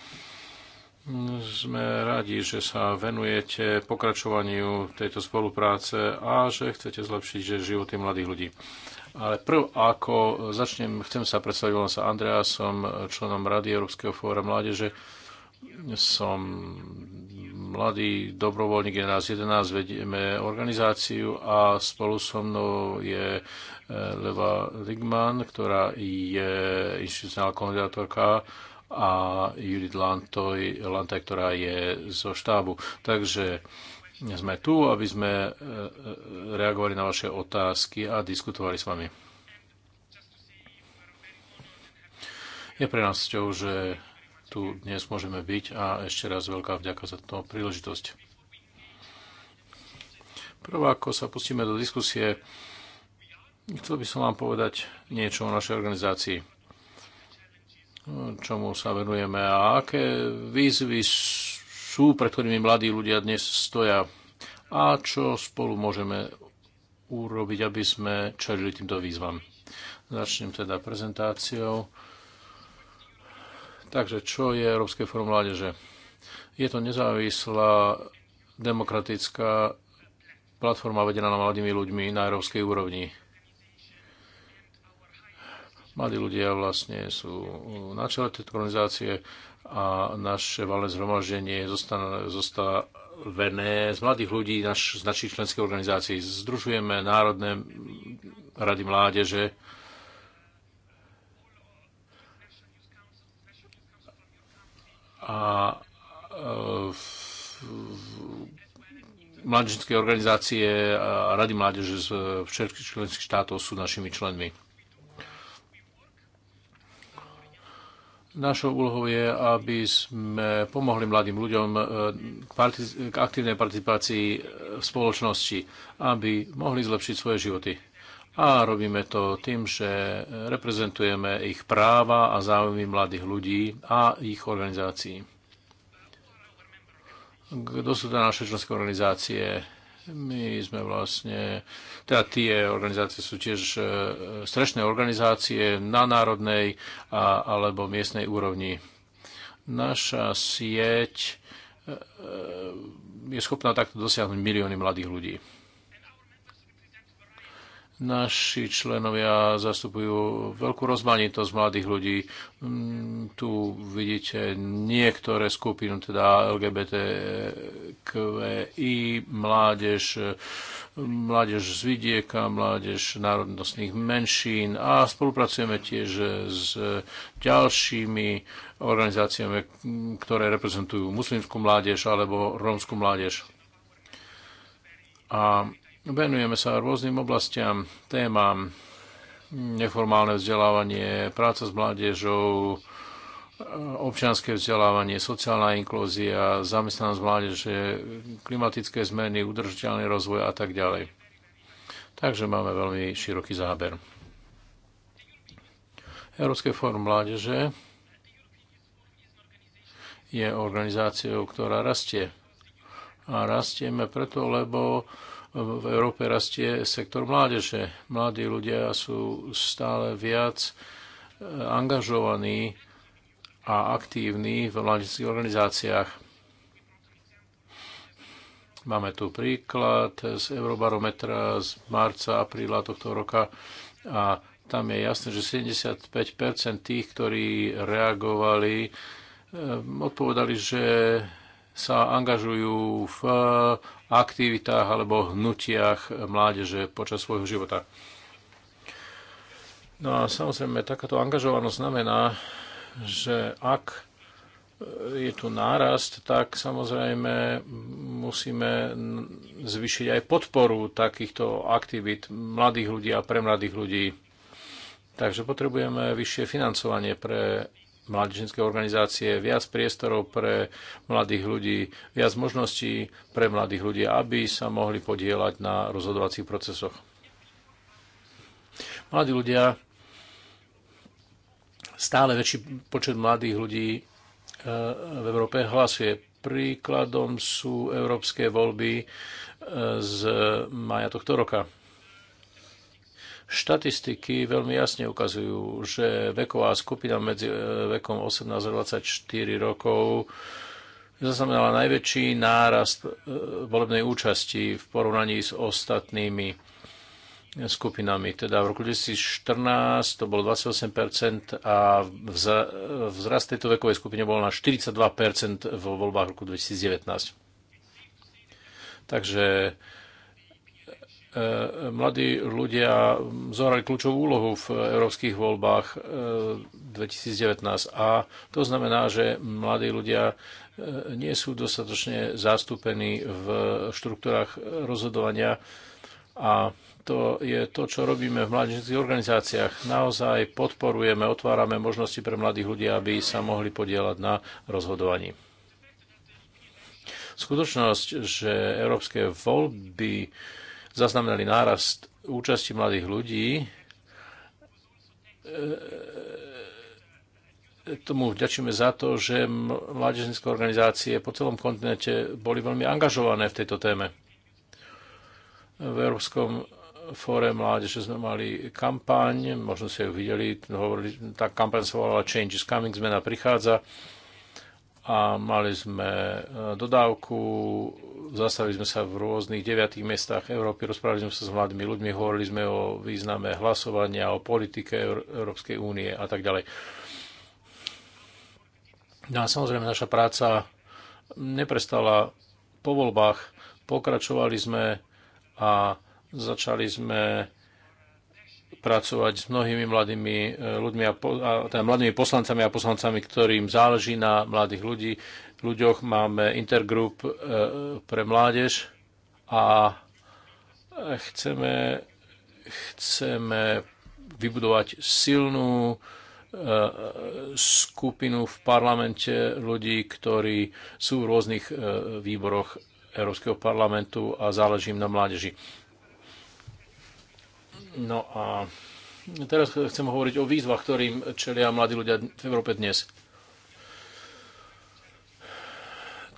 Speaker 2: Sme radi, že sa venujete pokračovaniu tejto spolupráce a že chcete zlepšiť že životy mladých ľudí. Ale prv, ako začnem, chcem sa predstaviť, volám sa Andrea, som členom Rady Európskeho fóra mládeže, som mladý dobrovoľník je nás 11, vedieme organizáciu a spolu so mnou je e, Leva Ligman, ktorá je inštitucionálna kandidátorka a Judith Lantoj, Lantaj, ktorá je zo štábu. Takže sme tu, aby sme e, e, reagovali na vaše otázky a diskutovali s vami. Je pre nás ťou, že tu dnes môžeme byť a ešte raz veľká vďaka za túto príležitosť. Prvá, ako sa pustíme do diskusie, chcel by som vám povedať niečo o našej organizácii, čomu sa venujeme a aké výzvy sú, pred ktorými mladí ľudia dnes stoja a čo spolu môžeme urobiť, aby sme čelili týmto výzvam. Začnem teda prezentáciou Takže čo je Európske fórum mládeže? Je to nezávislá demokratická platforma vedená na mladými ľuďmi na európskej úrovni. Mladí ľudia vlastne sú na čele tejto organizácie a naše valné zhromaždenie zostáva vené z mladých ľudí naš, z našich členských organizácií. Združujeme národné rady mládeže, a e, mládežnické organizácie a rady mládeže z všetkých členských štátov sú našimi členmi. Našou úlohou je, aby sme pomohli mladým ľuďom e, k, partic- k aktívnej participácii v spoločnosti, aby mohli zlepšiť svoje životy a robíme to tým, že reprezentujeme ich práva a záujmy mladých ľudí a ich organizácií. Kto sú to naše členské organizácie? My sme vlastne, teda tie organizácie sú tiež e, strešné organizácie na národnej a, alebo miestnej úrovni. Naša sieť e, e, je schopná takto dosiahnuť milióny mladých ľudí. Naši členovia zastupujú veľkú rozmanitosť mladých ľudí. Mm, tu vidíte niektoré skupiny, teda LGBTQI, e mládež, mládež z vidieka, mládež národnostných menšín a spolupracujeme tiež s ďalšími organizáciami, ktoré reprezentujú muslimskú mládež alebo rómskú mládež. A Venujeme sa rôznym oblastiam, témam, neformálne vzdelávanie, práca s mládežou, občianske vzdelávanie, sociálna inklúzia, zamestnanosť mládeže, klimatické zmeny, udržiteľný rozvoj a tak ďalej. Takže máme veľmi široký záber. Európske fórum mládeže je organizáciou, ktorá rastie. A rastieme preto, lebo v Európe rastie sektor mládeže. Mladí ľudia sú stále viac e, angažovaní a aktívni v mládežských organizáciách. Máme tu príklad z Eurobarometra z marca, apríla tohto roka a tam je jasné, že 75 tých, ktorí reagovali, e, odpovedali, že sa angažujú v aktivitách alebo hnutiach mládeže počas svojho života. No a samozrejme, takáto angažovanosť znamená, že ak je tu nárast, tak samozrejme musíme zvyšiť aj podporu takýchto aktivít mladých ľudí a pre mladých ľudí. Takže potrebujeme vyššie financovanie pre mládežnické organizácie, viac priestorov pre mladých ľudí, viac možností pre mladých ľudí, aby sa mohli podielať na rozhodovacích procesoch. Mladí ľudia, stále väčší počet mladých ľudí e, v Európe hlasuje. Príkladom sú európske voľby e, z maja tohto roka. Štatistiky veľmi jasne ukazujú, že veková skupina medzi e, vekom 18 a 24 rokov zaznamenala najväčší nárast e, volebnej účasti v porovnaní s ostatnými skupinami. Teda v roku 2014 to bolo 28% a vzrast tejto vekovej skupine bol na 42% vo voľbách roku 2019. Takže E, mladí ľudia zohrali kľúčovú úlohu v európskych voľbách 2019 e, a to znamená, že mladí ľudia e, nie sú dostatočne zastúpení v štruktúrach rozhodovania a to je to, čo robíme v mládežnických organizáciách. Naozaj podporujeme, otvárame možnosti pre mladých ľudí, aby sa mohli podielať na rozhodovaní. Skutočnosť, že európske voľby zaznamenali nárast účasti mladých ľudí. E, e, tomu vďačíme za to, že mládežnické organizácie po celom kontinente boli veľmi angažované v tejto téme. V Európskom fóre mládeže sme mali kampaň, možno ste ju videli, hovorili, tá kampaň sa volala Change is coming, zmena prichádza a mali sme e, dodávku zastavili sme sa v rôznych deviatých mestách Európy, rozprávali sme sa s mladými ľuďmi, hovorili sme o význame hlasovania, o politike Európskej únie a tak ďalej. No a samozrejme naša práca neprestala po voľbách, pokračovali sme a začali sme pracovať s mnohými mladými e, ľuďmi a, po, a teda mladými poslancami a poslancami, ktorým záleží na mladých ľudí ľuďoch, máme intergroup e, pre mládež a chceme, chceme vybudovať silnú e, skupinu v parlamente ľudí, ktorí sú v rôznych e, výboroch Európskeho parlamentu a záleží na mládeži. No a teraz chcem hovoriť o výzvach, ktorým čelia mladí ľudia v Európe dnes.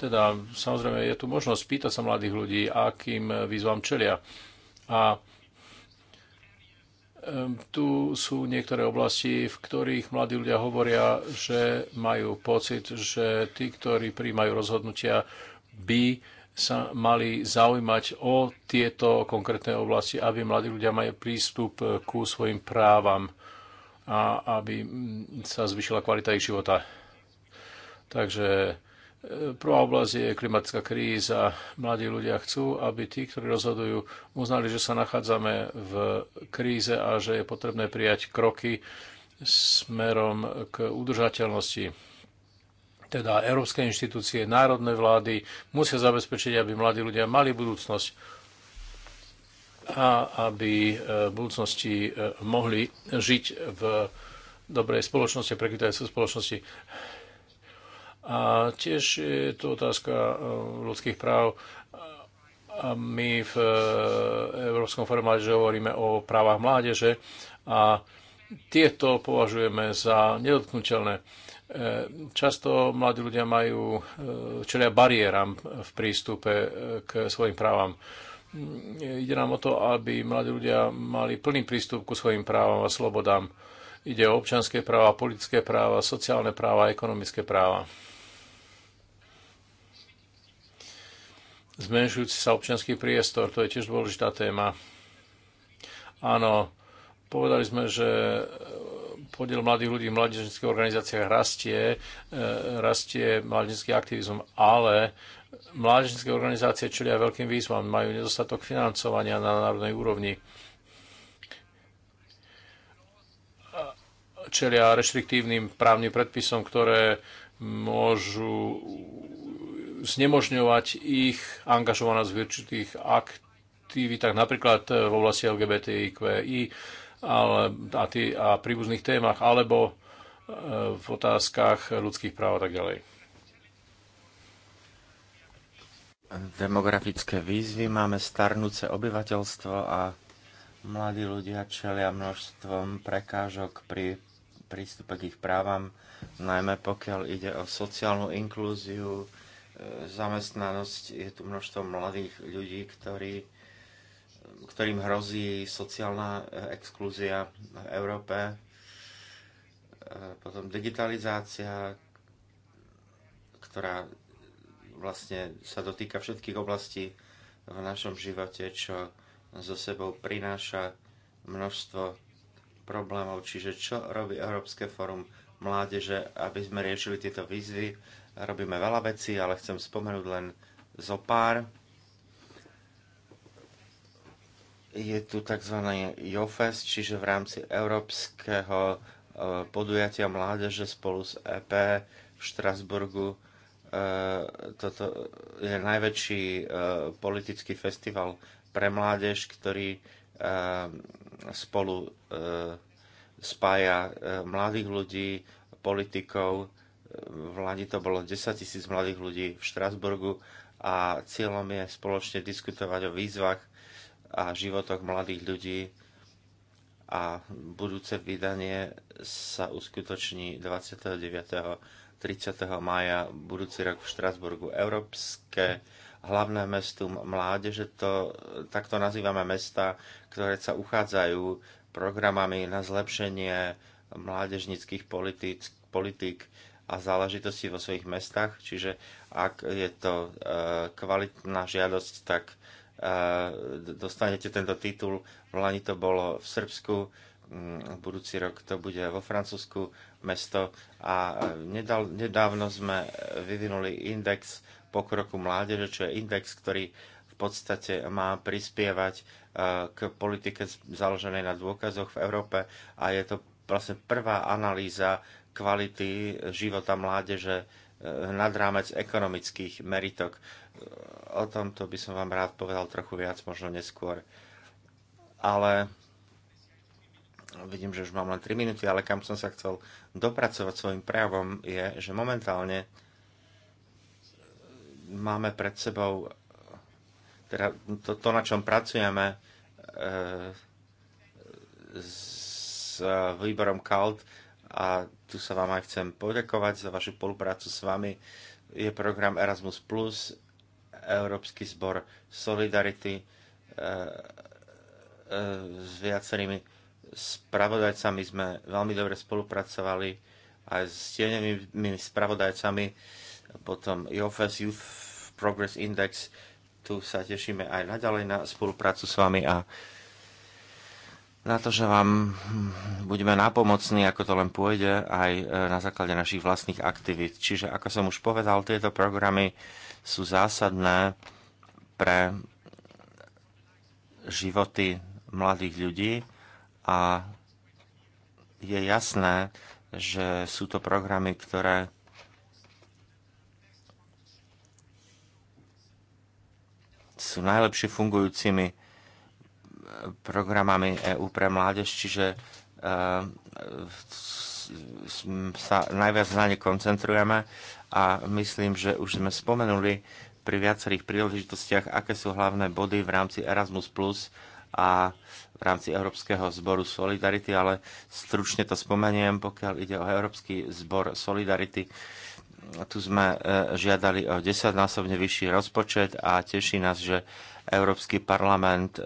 Speaker 2: Teda samozrejme je tu možnosť pýtať sa mladých ľudí, akým výzvam čelia. A tu sú niektoré oblasti, v ktorých mladí ľudia hovoria, že majú pocit, že tí, ktorí príjmajú rozhodnutia, by sa mali zaujímať o tieto konkrétne oblasti, aby mladí ľudia mali prístup ku svojim právam a aby mm, sa zvyšila kvalita ich života. Takže E, prvá oblasť je klimatická kríza. Mladí ľudia chcú, aby tí, ktorí rozhodujú, uznali, že sa nachádzame v kríze a že je potrebné prijať kroky smerom k udržateľnosti. Teda európske inštitúcie, národné vlády musia zabezpečiť, aby mladí ľudia mali budúcnosť a aby e, v budúcnosti e, mohli žiť v dobrej spoločnosti, prekvitajúcej spoločnosti a tiež je to otázka e, ľudských práv. A my v e, Európskom fóre mládeže hovoríme o právach mládeže a tieto považujeme za nedotknutelné. E, často mladí ľudia majú čelia bariéram v prístupe k svojim právam. Ide nám o to, aby mladí ľudia mali plný prístup ku svojim právam a slobodám. Ide o občanské práva, politické práva, sociálne práva, ekonomické práva. zmenšujúci sa občianský priestor, to je tiež dôležitá téma. Áno, povedali sme, že podiel mladých ľudí v mládežnických organizáciách rastie, e, rastie mládežnický aktivizm, ale mládežnické organizácie čelia veľkým výzvam, majú nedostatok financovania na národnej úrovni. Čelia reštriktívnym právnym predpisom, ktoré môžu znemožňovať ich angažovanosť v určitých aktivitách, napríklad eh, v oblasti LGBTIQI ale, a, tý, a príbuzných témach, alebo eh, v otázkach ľudských práv a tak ďalej.
Speaker 1: Demografické výzvy, máme starnúce obyvateľstvo a mladí ľudia čelia množstvom prekážok pri prístupe k ich právam, najmä pokiaľ ide o sociálnu inklúziu, zamestnanosť, je tu množstvo mladých ľudí, ktorí, ktorým hrozí sociálna eh, exklúzia v Európe, eh, potom digitalizácia, ktorá vlastne sa dotýka všetkých oblastí v našom živote, čo so sebou prináša množstvo problémov. Čiže čo robí Európske fórum mládeže, aby sme riešili tieto výzvy Robíme veľa vecí, ale chcem spomenúť len zo pár. Je tu tzv. JOFES, čiže v rámci Európskeho e, podujatia mládeže spolu s EP v Štrasburgu. E, toto je najväčší e, politický festival pre mládež, ktorý spolu spája mladých ľudí, politikov, v Lani to bolo 10 tisíc mladých ľudí v Štrasburgu a cieľom je spoločne diskutovať o výzvach a životoch mladých ľudí a budúce vydanie sa uskutoční 29. 30. maja budúci rok v Štrasburgu. Európske hlavné mesto mládeže, to, takto nazývame mesta, ktoré sa uchádzajú programami na zlepšenie mládežnických politík, politík a záležitosti vo svojich mestách, čiže ak je to e, kvalitná žiadosť, tak e, dostanete tento titul. V Lani to bolo v Srbsku, mm, budúci rok to bude vo Francúzsku mesto a e, nedávno sme vyvinuli index pokroku mládeže, čo je index, ktorý v podstate má prispievať k politike založenej na dôkazoch v Európe a je to vlastne prvá analýza kvality života mládeže eh, nad rámec ekonomických meritok. Eh, o tomto by som vám rád povedal trochu viac, možno neskôr. Ale vidím, že už mám len 3 minúty, ale kam som sa chcel dopracovať svojim prejavom je, že momentálne eh, máme pred sebou teda to, to na čom pracujeme e, s výborom CALT a tu sa vám aj chcem poďakovať za vašu spoluprácu s vami. Je program Erasmus+, Európsky zbor Solidarity e, e, s viacerými spravodajcami sme veľmi dobre spolupracovali aj s tieňovými spravodajcami, potom IOFES Youth Progress Index, tu sa tešíme aj naďalej na spoluprácu s vami a na to, že vám budeme napomocní, ako to len pôjde, aj e, na základe našich vlastných aktivít. Čiže, ako som už povedal, tieto programy sú zásadné pre životy mladých ľudí a je jasné, že sú to programy, ktoré sú najlepšie fungujúcimi programami EÚ pre mládež, čiže e, sa najviac na ne koncentrujeme a myslím, že už sme spomenuli pri viacerých príležitostiach, aké sú hlavné body v rámci Erasmus+, a v rámci Európskeho zboru Solidarity, ale stručne to spomeniem, pokiaľ ide o Európsky zbor Solidarity. Tu sme e, žiadali o 10-násobne vyšší rozpočet a teší nás, že Európsky parlament e,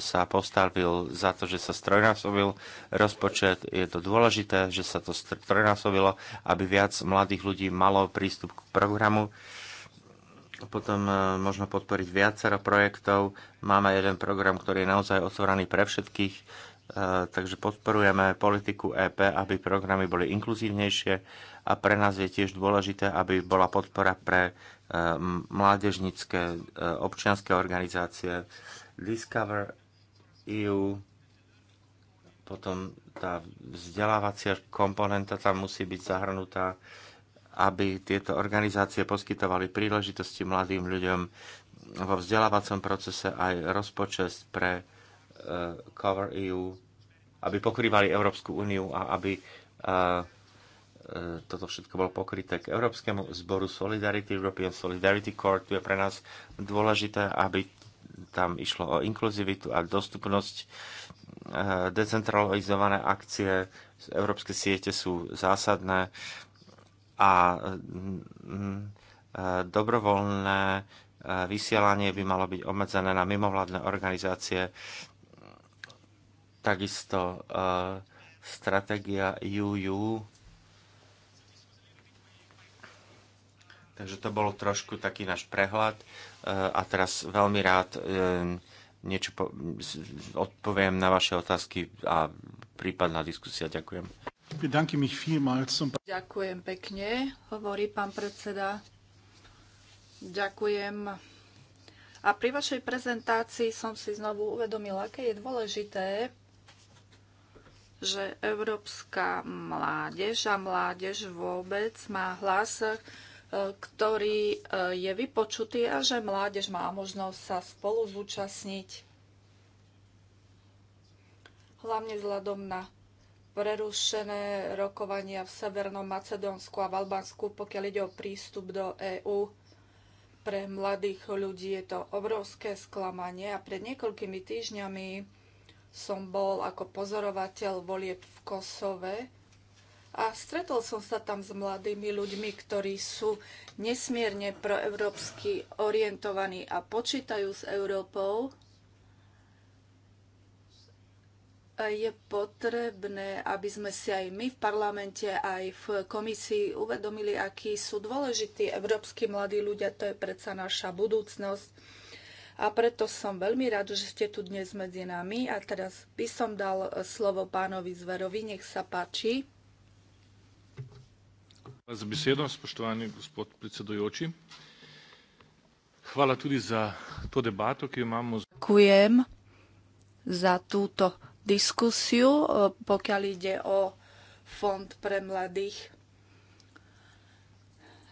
Speaker 1: sa postavil za to, že sa strojnásobil rozpočet. Je to dôležité, že sa to strojnásobilo, aby viac mladých ľudí malo prístup k programu. Potom e, možno podporiť viacero projektov. Máme jeden program, ktorý je naozaj otvorený pre všetkých, e, takže podporujeme politiku EP, aby programy boli inkluzívnejšie a pre nás je tiež dôležité, aby bola podpora pre Eh, mládežnické eh, občianské organizácie Discover EU, potom tá vzdelávacia komponenta tam musí byť zahrnutá, aby tieto organizácie poskytovali príležitosti mladým ľuďom vo vzdelávacom procese aj rozpočet pre eh, Cover EU, aby pokrývali Európsku úniu a aby E, toto všetko bolo pokryté k Európskemu zboru Solidarity, European Solidarity Court. Tu je pre nás dôležité, aby tam išlo o inkluzivitu a dostupnosť. E, decentralizované akcie, európske siete sú zásadné a mm, e, dobrovoľné vysielanie by malo byť obmedzené na mimovládne organizácie. Takisto stratégia UU Takže to bol trošku taký náš prehľad e, a teraz veľmi rád e, niečo po- odpoviem na vaše otázky a prípadná diskusia. Ďakujem.
Speaker 3: Ďakujem pekne, hovorí pán predseda. Ďakujem. A pri vašej prezentácii som si znovu uvedomila, aké je dôležité, že európska mládež a mládež vôbec má hlas, ktorý eh, je vypočutý a že mládež má možnosť sa spolu zúčastniť. Hlavne vzhľadom na prerušené rokovania v Severnom Macedónsku a v Albánsku, pokiaľ ide o prístup do EÚ. Pre mladých ľudí je to obrovské sklamanie a pred niekoľkými týždňami som bol ako pozorovateľ volieb v Kosove a stretol som sa tam s mladými ľuďmi, ktorí sú nesmierne proeurópsky orientovaní a počítajú s Európou. Je potrebné, aby sme si aj my v parlamente, aj v komisii uvedomili, akí sú dôležití európsky mladí ľudia. To je predsa naša budúcnosť. A preto som veľmi rád, že ste tu dnes medzi nami. A teraz by som dal slovo pánovi Zverovi. Nech sa páči.
Speaker 2: Hvala Za besedo, spoštovani gospod predsedujoči. Hvala tudi za to debato, ki jo imamo.
Speaker 3: Ďakujem za túto diskusiu, pokiaľ ide o Fond pre mladých.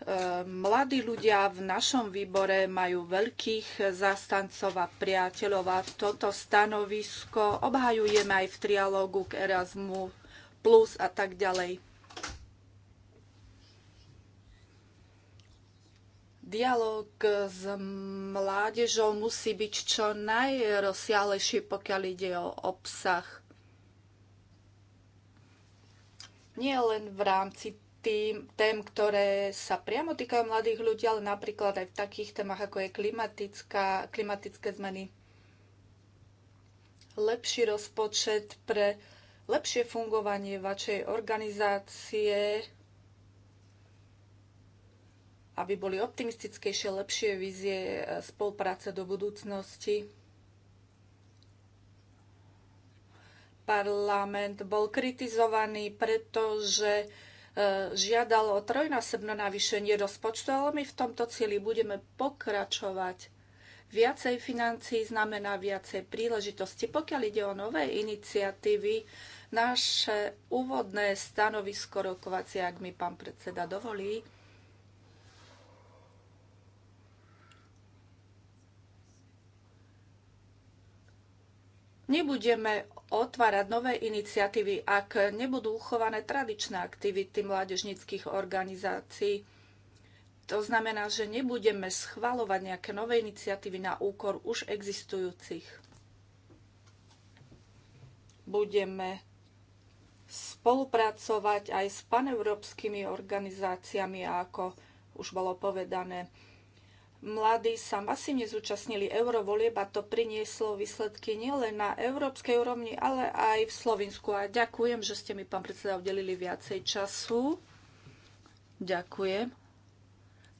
Speaker 3: E, mladí ľudia v našom výbore majú veľkých zastancov a priateľov a toto stanovisko obhajujeme aj v trialógu k Erasmu plus a tak ďalej. Dialog s mládežou musí byť čo najrozsiahlejší, pokiaľ ide o obsah. Nie len v rámci tým, tém, ktoré sa priamo týkajú mladých ľudí, ale napríklad aj v takých témach, ako je klimatická, klimatické zmeny. Lepší rozpočet pre lepšie fungovanie vašej organizácie, aby boli optimistickejšie, lepšie vízie e, spolupráce do budúcnosti. Parlament bol kritizovaný, pretože e, žiadal o trojnásobné navýšenie rozpočtu, ale my v tomto cieli budeme pokračovať. Viacej financií znamená viacej príležitosti. Pokiaľ ide o nové iniciatívy, naše úvodné stanovisko rokovacia, ak mi pán predseda dovolí, Nebudeme otvárať nové iniciatívy, ak nebudú uchované tradičné aktivity mládežnických organizácií. To znamená, že nebudeme schvalovať nejaké nové iniciatívy na úkor už existujúcich. Budeme spolupracovať aj s paneurópskymi organizáciami a ako už bolo povedané, Mladí sa masívne zúčastnili eurovolieb a to prinieslo výsledky nielen na európskej úrovni, ale aj v Slovensku. A ďakujem, že ste mi, pán predseda, udelili viacej času. Ďakujem.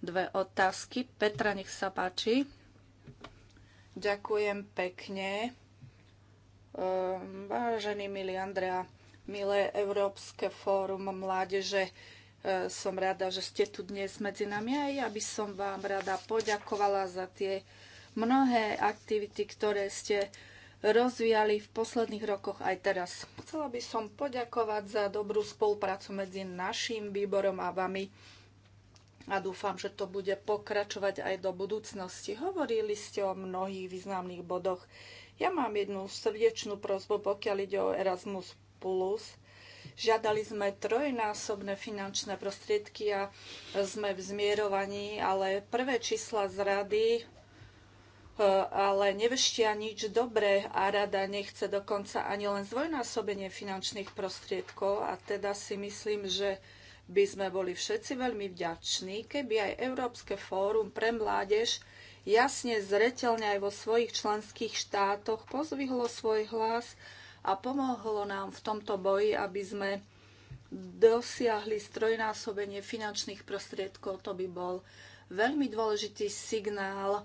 Speaker 3: Dve otázky. Petra, nech sa páči. Ďakujem pekne. Ehm, vážený milý Andrea, milé Európske fórum mládeže, Eh, som rada, že ste tu dnes medzi nami a ja by som vám rada poďakovala za tie mnohé aktivity, ktoré ste rozvíjali v posledných rokoch aj teraz. Chcela by som poďakovať za dobrú spoluprácu medzi našim výborom a vami a dúfam, že to bude pokračovať aj do budúcnosti. Hovorili ste o mnohých významných bodoch. Ja mám jednu srdečnú prozbu, pokiaľ ide o Erasmus+. Plus Žiadali sme trojnásobné finančné prostriedky a sme v zmierovaní, ale prvé čísla z rady e, ale neveštia nič dobré a rada nechce dokonca ani len zvojnásobenie finančných prostriedkov a teda si myslím, že by sme boli všetci veľmi vďační, keby aj Európske fórum pre mládež jasne zretelne aj vo svojich členských štátoch pozvihlo svoj hlas a pomohlo nám v tomto boji, aby sme dosiahli strojnásobenie finančných prostriedkov. To by bol veľmi dôležitý signál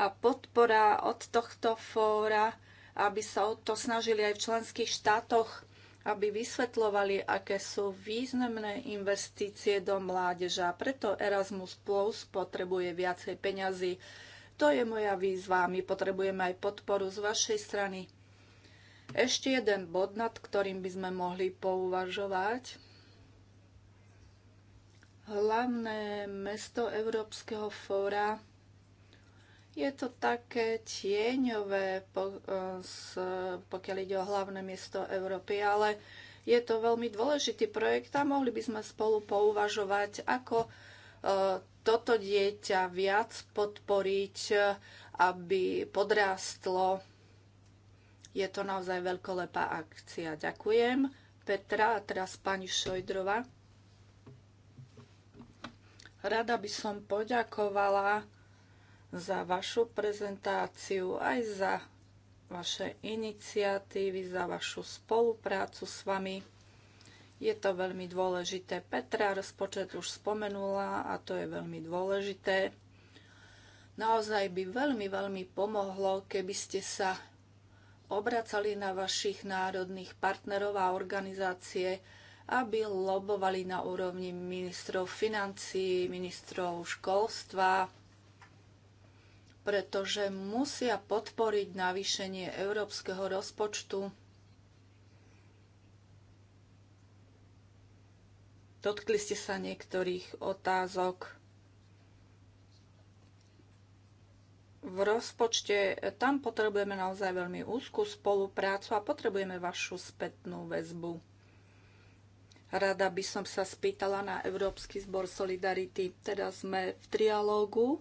Speaker 3: a podpora od tohto fóra, aby sa o to snažili aj v členských štátoch, aby vysvetľovali, aké sú významné investície do mládeža. preto Erasmus Plus potrebuje viacej peňazí to je moja výzva. My potrebujeme aj podporu z vašej strany. Ešte jeden bod, nad ktorým by sme mohli pouvažovať. Hlavné mesto Európskeho fóra je to také tieňové, e, pokiaľ ide o hlavné miesto Európy, ale je to veľmi dôležitý projekt a mohli by sme spolu pouvažovať, ako toto dieťa viac podporiť, aby podrástlo. Je to naozaj veľkolepá akcia. Ďakujem. Petra a teraz pani Šojdrova. Rada by som poďakovala za vašu prezentáciu, aj za vaše iniciatívy, za vašu spoluprácu s vami. Je to veľmi dôležité. Petra rozpočet už spomenula a to je veľmi dôležité. Naozaj by veľmi, veľmi pomohlo, keby ste sa obracali na vašich národných partnerov a organizácie, aby lobovali na úrovni ministrov financí, ministrov školstva, pretože musia podporiť navýšenie európskeho rozpočtu Dotkli ste sa niektorých otázok. V rozpočte tam potrebujeme naozaj veľmi úzkú spoluprácu a potrebujeme vašu spätnú väzbu. Rada by som sa spýtala na Európsky zbor Solidarity. Teda sme v trialógu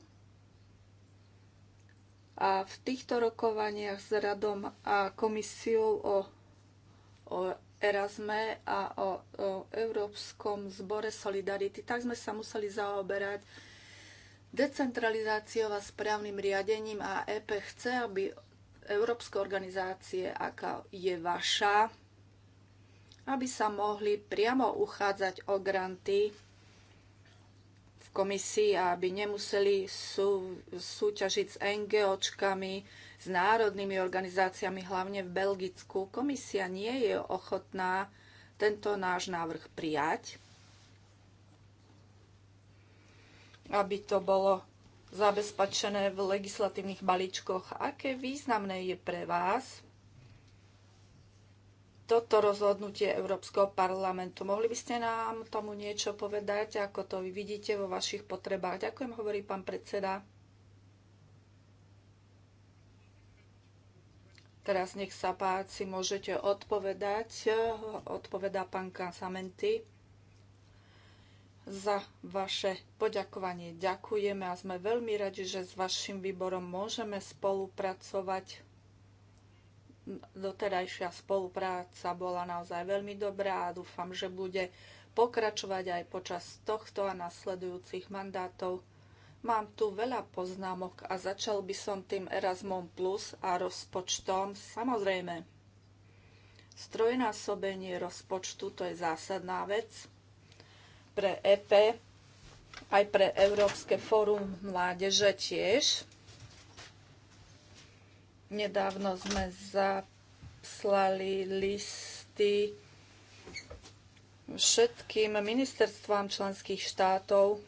Speaker 3: a v týchto rokovaniach s radom a komisiou o, o Erasme a o, o Európskom zbore Solidarity, tak sme sa museli zaoberať decentralizáciou a správnym riadením a EP chce, aby európske organizácie, aká je vaša, aby sa mohli priamo uchádzať o granty v komisii a aby nemuseli sú, súťažiť s NGOčkami, s národnými organizáciami, hlavne v Belgicku. Komisia nie je ochotná tento náš návrh prijať, aby to bolo zabezpečené v legislatívnych balíčkoch. Aké významné je pre vás toto rozhodnutie Európskeho parlamentu? Mohli by ste nám tomu niečo povedať, ako to vy vidíte vo vašich potrebách? Ďakujem, hovorí pán predseda. Teraz nech sa páci, môžete odpovedať. Odpovedá pán Kansamenty za vaše poďakovanie. Ďakujeme a sme veľmi radi, že s vašim výborom môžeme spolupracovať. Doterajšia spolupráca bola naozaj veľmi dobrá a dúfam, že bude pokračovať aj počas tohto a nasledujúcich mandátov. Mám tu veľa poznámok a začal by som tým Erasmom Plus a rozpočtom. Samozrejme, strojnásobenie rozpočtu to je zásadná vec pre EP, aj pre Európske fórum mládeže tiež. Nedávno sme zaslali listy všetkým ministerstvám členských štátov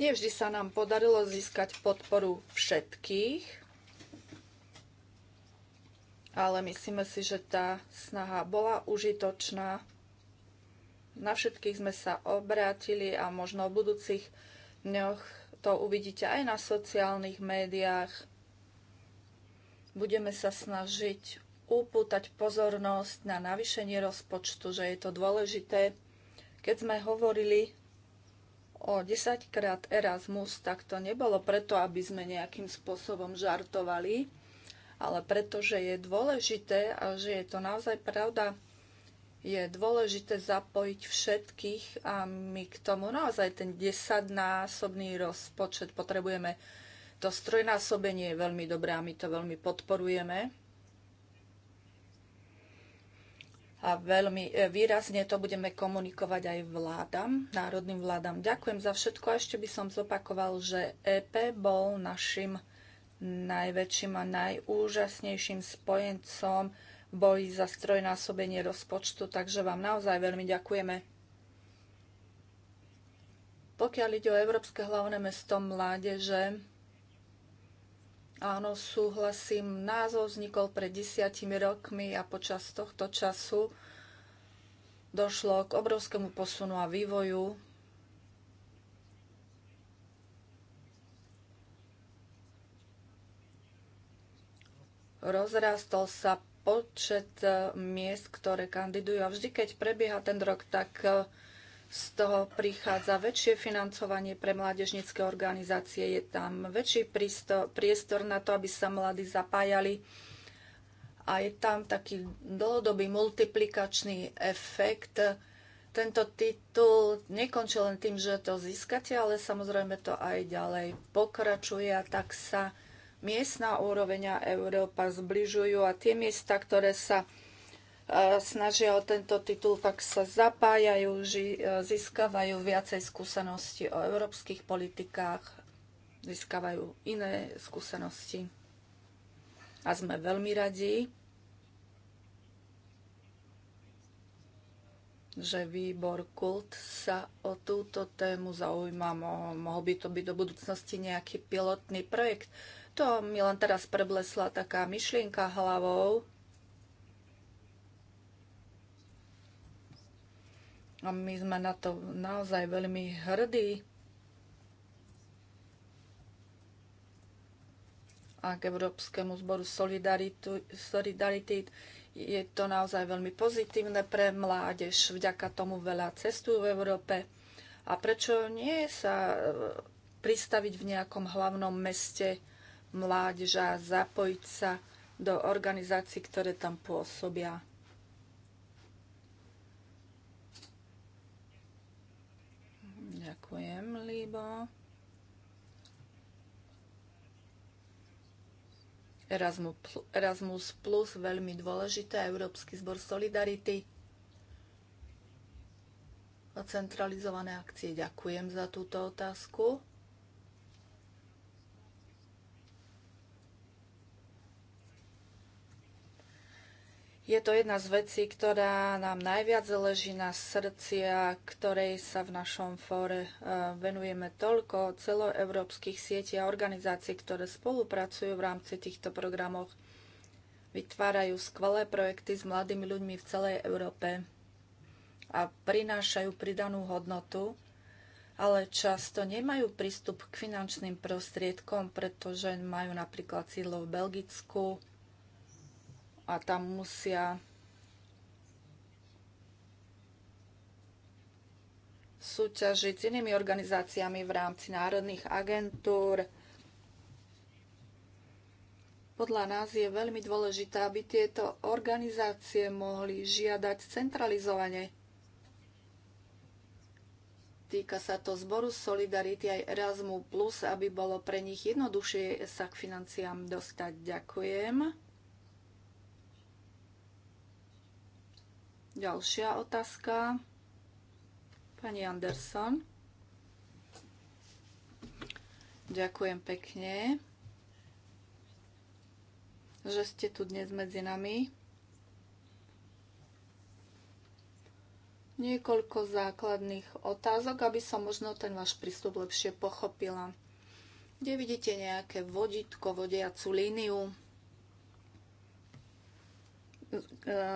Speaker 3: Nie vždy sa nám podarilo získať podporu všetkých, ale myslíme si, že tá snaha bola užitočná. Na všetkých sme sa obrátili a možno v budúcich dňoch to uvidíte aj na sociálnych médiách. Budeme sa snažiť upútať pozornosť na navýšenie rozpočtu, že je to dôležité. Keď sme hovorili o 10 krát Erasmus, tak to nebolo preto, aby sme nejakým spôsobom žartovali, ale preto, že je dôležité a že je to naozaj pravda, je dôležité zapojiť všetkých a my k tomu naozaj ten desaťnásobný rozpočet potrebujeme. To strojnásobenie je veľmi dobré a my to veľmi podporujeme. a veľmi e, výrazne to budeme komunikovať aj vládam, národným vládam. Ďakujem za všetko a ešte by som zopakoval, že EP bol našim najväčším a najúžasnejším spojencom v boji za strojnásobenie rozpočtu, takže vám naozaj veľmi ďakujeme. Pokiaľ ide o Európske hlavné mesto mládeže, Áno, súhlasím. Názov vznikol pred desiatimi rokmi a počas tohto času došlo k obrovskému posunu a vývoju. Rozrastol sa počet miest, ktoré kandidujú. A vždy, keď prebieha ten rok, tak z toho prichádza väčšie financovanie pre mládežnícke organizácie, je tam väčší priestor na to, aby sa mladí zapájali a je tam taký dlhodobý multiplikačný efekt. Tento titul nekončí len tým, že to získate, ale samozrejme to aj ďalej pokračuje a tak sa miestna úroveň a Európa zbližujú a tie miesta, ktoré sa snažia o tento titul, tak sa zapájajú, e, získavajú viacej skúsenosti o európskych politikách, získavajú iné skúsenosti. A sme veľmi radi, že výbor Kult sa o túto tému zaujíma. Mohol by to byť do budúcnosti nejaký pilotný projekt. To mi len teraz preblesla taká myšlienka hlavou, A my sme na to naozaj veľmi hrdí. A k Európskemu zboru Solidarity, Solidarity je to naozaj veľmi pozitívne pre mládež. Vďaka tomu veľa cestujú v Európe. A prečo nie sa e, pristaviť v nejakom hlavnom meste mládeža, zapojiť sa do organizácií, ktoré tam pôsobia. Ďakujem, Líbo. Erasmus Plus, veľmi dôležité, Európsky zbor Solidarity a centralizované akcie. Ďakujem za túto otázku. Je to jedna z vecí, ktorá nám najviac leží na srdci a ktorej sa v našom fóre e, venujeme toľko celoevropských sietí a organizácií, ktoré spolupracujú v rámci týchto programoch. Vytvárajú skvelé projekty s mladými ľuďmi v celej Európe a prinášajú pridanú hodnotu, ale často nemajú prístup k finančným prostriedkom, pretože majú napríklad sídlo v Belgicku, a tam musia súťažiť s inými organizáciami v rámci národných agentúr. Podľa nás je veľmi dôležité, aby tieto organizácie mohli žiadať centralizovane. Týka sa to zboru Solidarity aj Erasmu+, aby bolo pre nich jednoduchšie sa k financiám dostať. Ďakujem. Ďalšia otázka. Pani Anderson. Ďakujem pekne, že ste tu dnes medzi nami. Niekoľko základných otázok, aby som možno ten váš prístup lepšie pochopila. Kde vidíte nejaké vodítko, vodiacu líniu?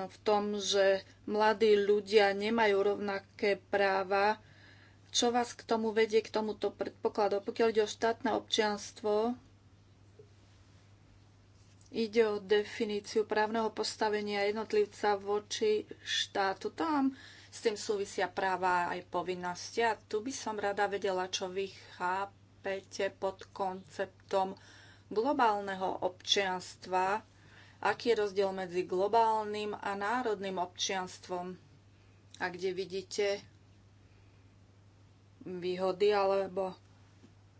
Speaker 3: v tom, že mladí ľudia nemajú rovnaké práva. Čo vás k tomu vedie, k tomuto predpokladu? Pokiaľ ide o štátne občianstvo, ide o definíciu právneho postavenia jednotlivca voči štátu. Tam s tým súvisia práva aj povinnosti. A tu by som rada vedela, čo vy chápete pod konceptom globálneho občianstva aký je rozdiel medzi globálnym a národným občianstvom a kde vidíte výhody alebo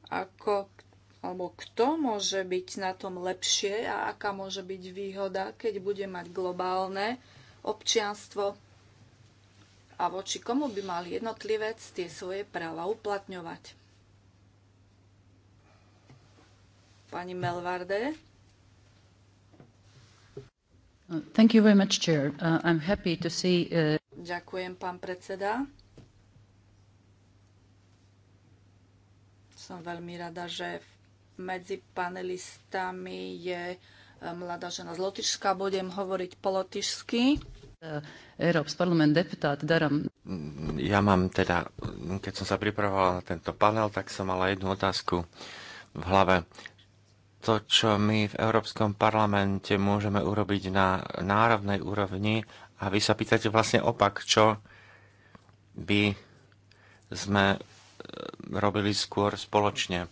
Speaker 3: ako alebo kto môže byť na tom lepšie a aká môže byť výhoda, keď bude mať globálne občianstvo a voči komu by mal jednotlivec tie svoje práva uplatňovať. Pani Melvarde. Thank you very much, Chair. Uh, I'm happy to see... Uh... Ďakujem, pán predseda. Som veľmi rada, že medzi panelistami je eh, mladá žena z Lotyšska. Budem hovoriť po lotyšsky. Uh, parlament deputát Daram. Mm, ja
Speaker 1: mám teda, mm, keď som sa pripravovala na tento panel, tak som mala jednu otázku v hlave to, čo my v Európskom parlamente môžeme urobiť na národnej úrovni a vy sa pýtate vlastne opak, čo by sme e, robili skôr spoločne.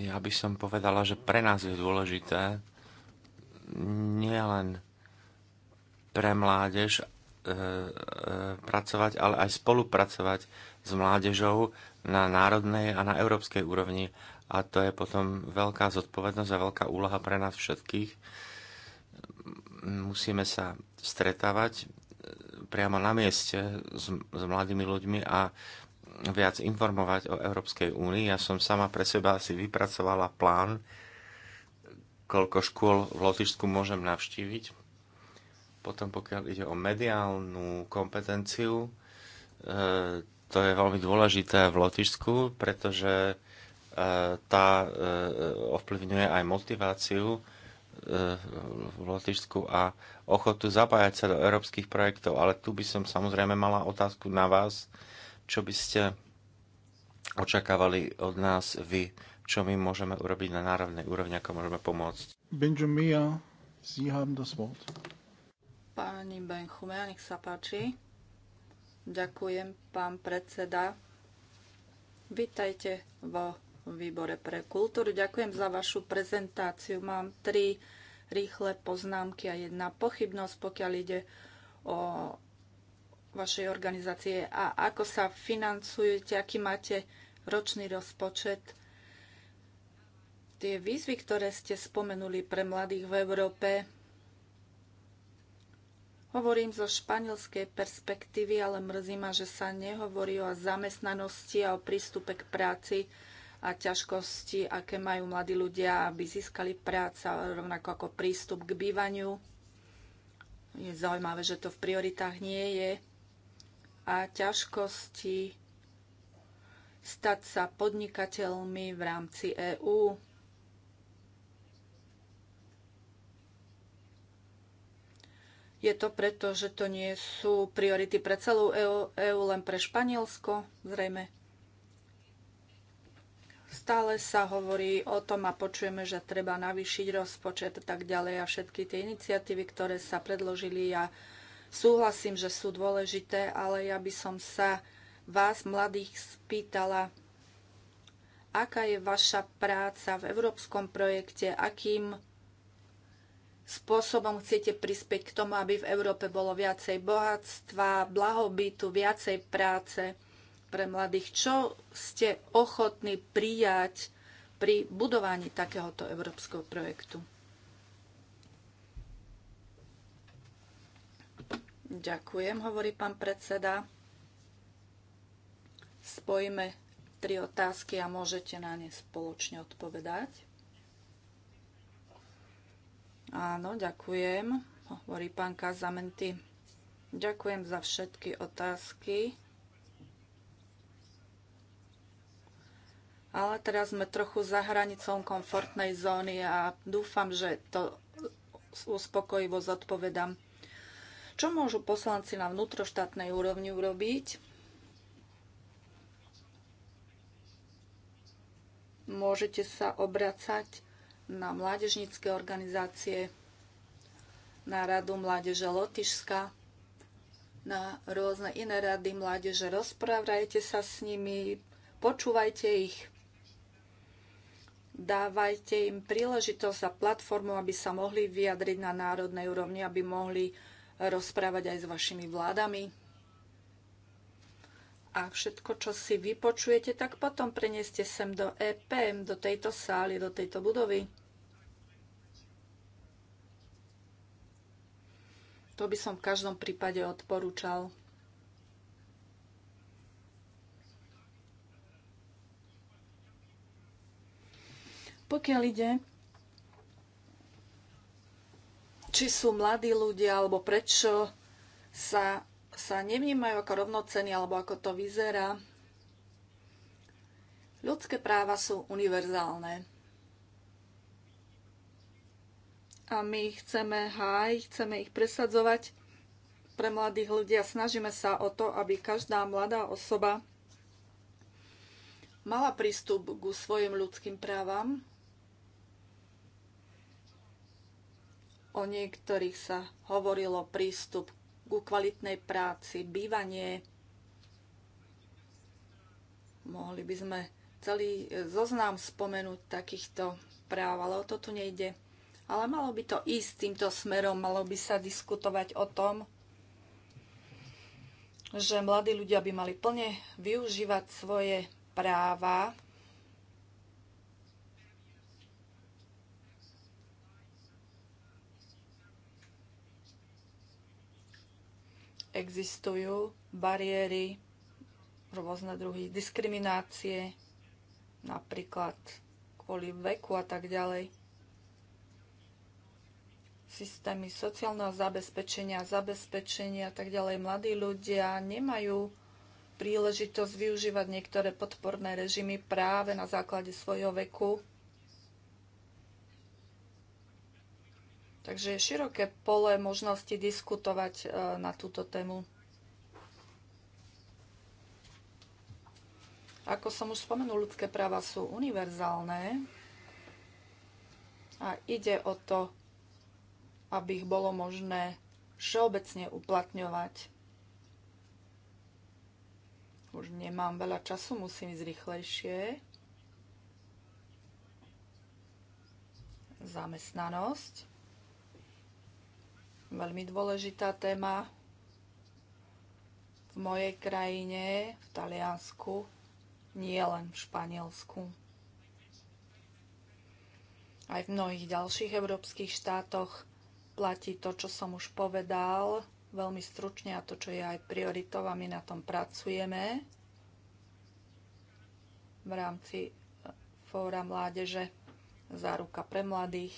Speaker 1: Ja by som povedala, že pre nás je dôležité nielen pre mládež e, e, pracovať, ale aj spolupracovať s mládežou na národnej a na európskej úrovni. A to je potom veľká zodpovednosť a veľká úloha pre nás všetkých. Musíme sa stretávať e, priamo na mieste s, s mladými ľuďmi a viac informovať o Európskej únii. Ja som sama pre seba si vypracovala plán, koľko škôl v Lotyšsku môžem navštíviť. Potom pokiaľ ide o mediálnu kompetenciu, e, to je veľmi dôležité v Lotyšsku, pretože e, tá e, ovplyvňuje aj motiváciu e, v Lotyšsku a ochotu zapájať sa do európskych projektov. Ale tu by som samozrejme mala otázku na vás, čo by ste očakávali od nás vy, čo my môžeme urobiť na národnej úrovni, ako môžeme pomôcť.
Speaker 4: Benjamin, Sie haben das Wort.
Speaker 3: Pani Benchumea, nech sa páči. Ďakujem, pán predseda. Vítajte vo výbore pre kultúru. Ďakujem za vašu prezentáciu. Mám tri rýchle poznámky a jedna pochybnosť, pokiaľ ide o vašej organizácie a ako sa financujete, aký máte ročný rozpočet. Tie výzvy, ktoré ste spomenuli pre mladých v Európe, Hovorím zo španielskej perspektívy, ale mrzí ma, že sa nehovorí o zamestnanosti a o prístupe k práci a ťažkosti, aké majú mladí ľudia, aby získali práca, rovnako ako prístup k bývaniu. Je zaujímavé, že to v prioritách nie je. A ťažkosti stať sa podnikateľmi v rámci EÚ Je to preto, že to nie sú priority pre celú EU, EU len pre Španielsko? Zrejme. Stále sa hovorí o tom a počujeme, že treba navýšiť rozpočet a tak ďalej a všetky tie iniciatívy, ktoré sa predložili. Ja súhlasím, že sú dôležité, ale ja by som sa vás, mladých, spýtala, aká je vaša práca v európskom projekte, akým spôsobom chcete prispieť k tomu, aby v Európe bolo viacej bohatstva, blahobytu, viacej práce pre mladých. Čo ste ochotní prijať pri budovaní takéhoto európskeho projektu? Ďakujem, hovorí pán predseda. Spojíme tri otázky a môžete na ne spoločne odpovedať. Áno, ďakujem, hovorí pán Kazamenty. Ďakujem za všetky otázky. Ale teraz sme trochu za hranicou komfortnej zóny a dúfam, že to uspokojivo zodpovedám. Čo môžu poslanci na vnútroštátnej úrovni urobiť? Môžete sa obracať na mládežnícke organizácie, na Radu mládeže Lotyšska, na rôzne iné rady mládeže. Rozprávajte sa s nimi, počúvajte ich, dávajte im príležitosť a platformu, aby sa mohli vyjadriť na národnej úrovni, aby mohli rozprávať aj s vašimi vládami. A všetko, čo si vypočujete, tak potom preneste sem do EPM do tejto sály, do tejto budovy. To by som v každom prípade odporúčal. Pokiaľ ide, či sú mladí ľudia, alebo prečo sa, sa nevnímajú ako rovnocení, alebo ako to vyzerá, ľudské práva sú univerzálne. a my ich chceme hájiť, chceme ich presadzovať pre mladých ľudí a snažíme sa o to, aby každá mladá osoba mala prístup ku svojim ľudským právam. O niektorých sa hovorilo prístup ku kvalitnej práci, bývanie. Mohli by sme celý zoznam spomenúť takýchto práv, ale o to tu nejde. Ale malo by to ísť týmto smerom, malo by sa diskutovať o tom, že mladí ľudia by mali plne využívať svoje práva existujú bariéry, rôzne druhy diskriminácie, napríklad kvôli veku a tak ďalej systémy sociálneho zabezpečenia, zabezpečenia a tak ďalej. Mladí ľudia nemajú príležitosť využívať niektoré podporné režimy práve na základe svojho veku. Takže je široké pole možnosti diskutovať e, na túto tému. Ako som už spomenul, ľudské práva sú univerzálne a ide o to aby ich bolo možné všeobecne uplatňovať. Už nemám veľa času, musím ísť rýchlejšie. Zamestnanosť. Veľmi dôležitá téma. V mojej krajine, v Taliansku, nie len v Španielsku. Aj v mnohých ďalších európskych štátoch platí to, čo som už povedal veľmi stručne a to, čo je aj prioritou a my na tom pracujeme v rámci e, Fóra mládeže Záruka pre mladých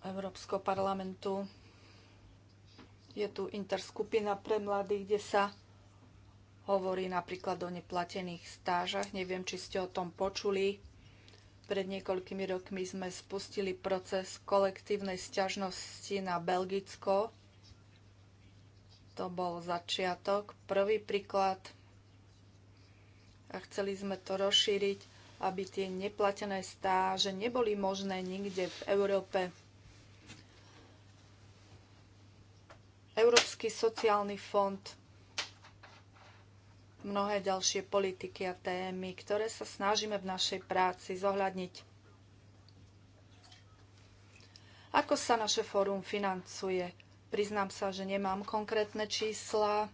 Speaker 3: Európskeho parlamentu. Je tu interskupina pre mladých, kde sa hovorí napríklad o neplatených stážach. Neviem, či ste o tom počuli. Pred niekoľkými rokmi sme spustili proces kolektívnej sťažnosti na Belgicko. To bol začiatok, prvý príklad. A chceli sme to rozšíriť, aby tie neplatené stáže neboli možné nikde v Európe. Európsky sociálny fond mnohé ďalšie politiky a témy, ktoré sa snažíme v našej práci zohľadniť. Ako sa naše fórum financuje? Priznám sa, že nemám konkrétne čísla.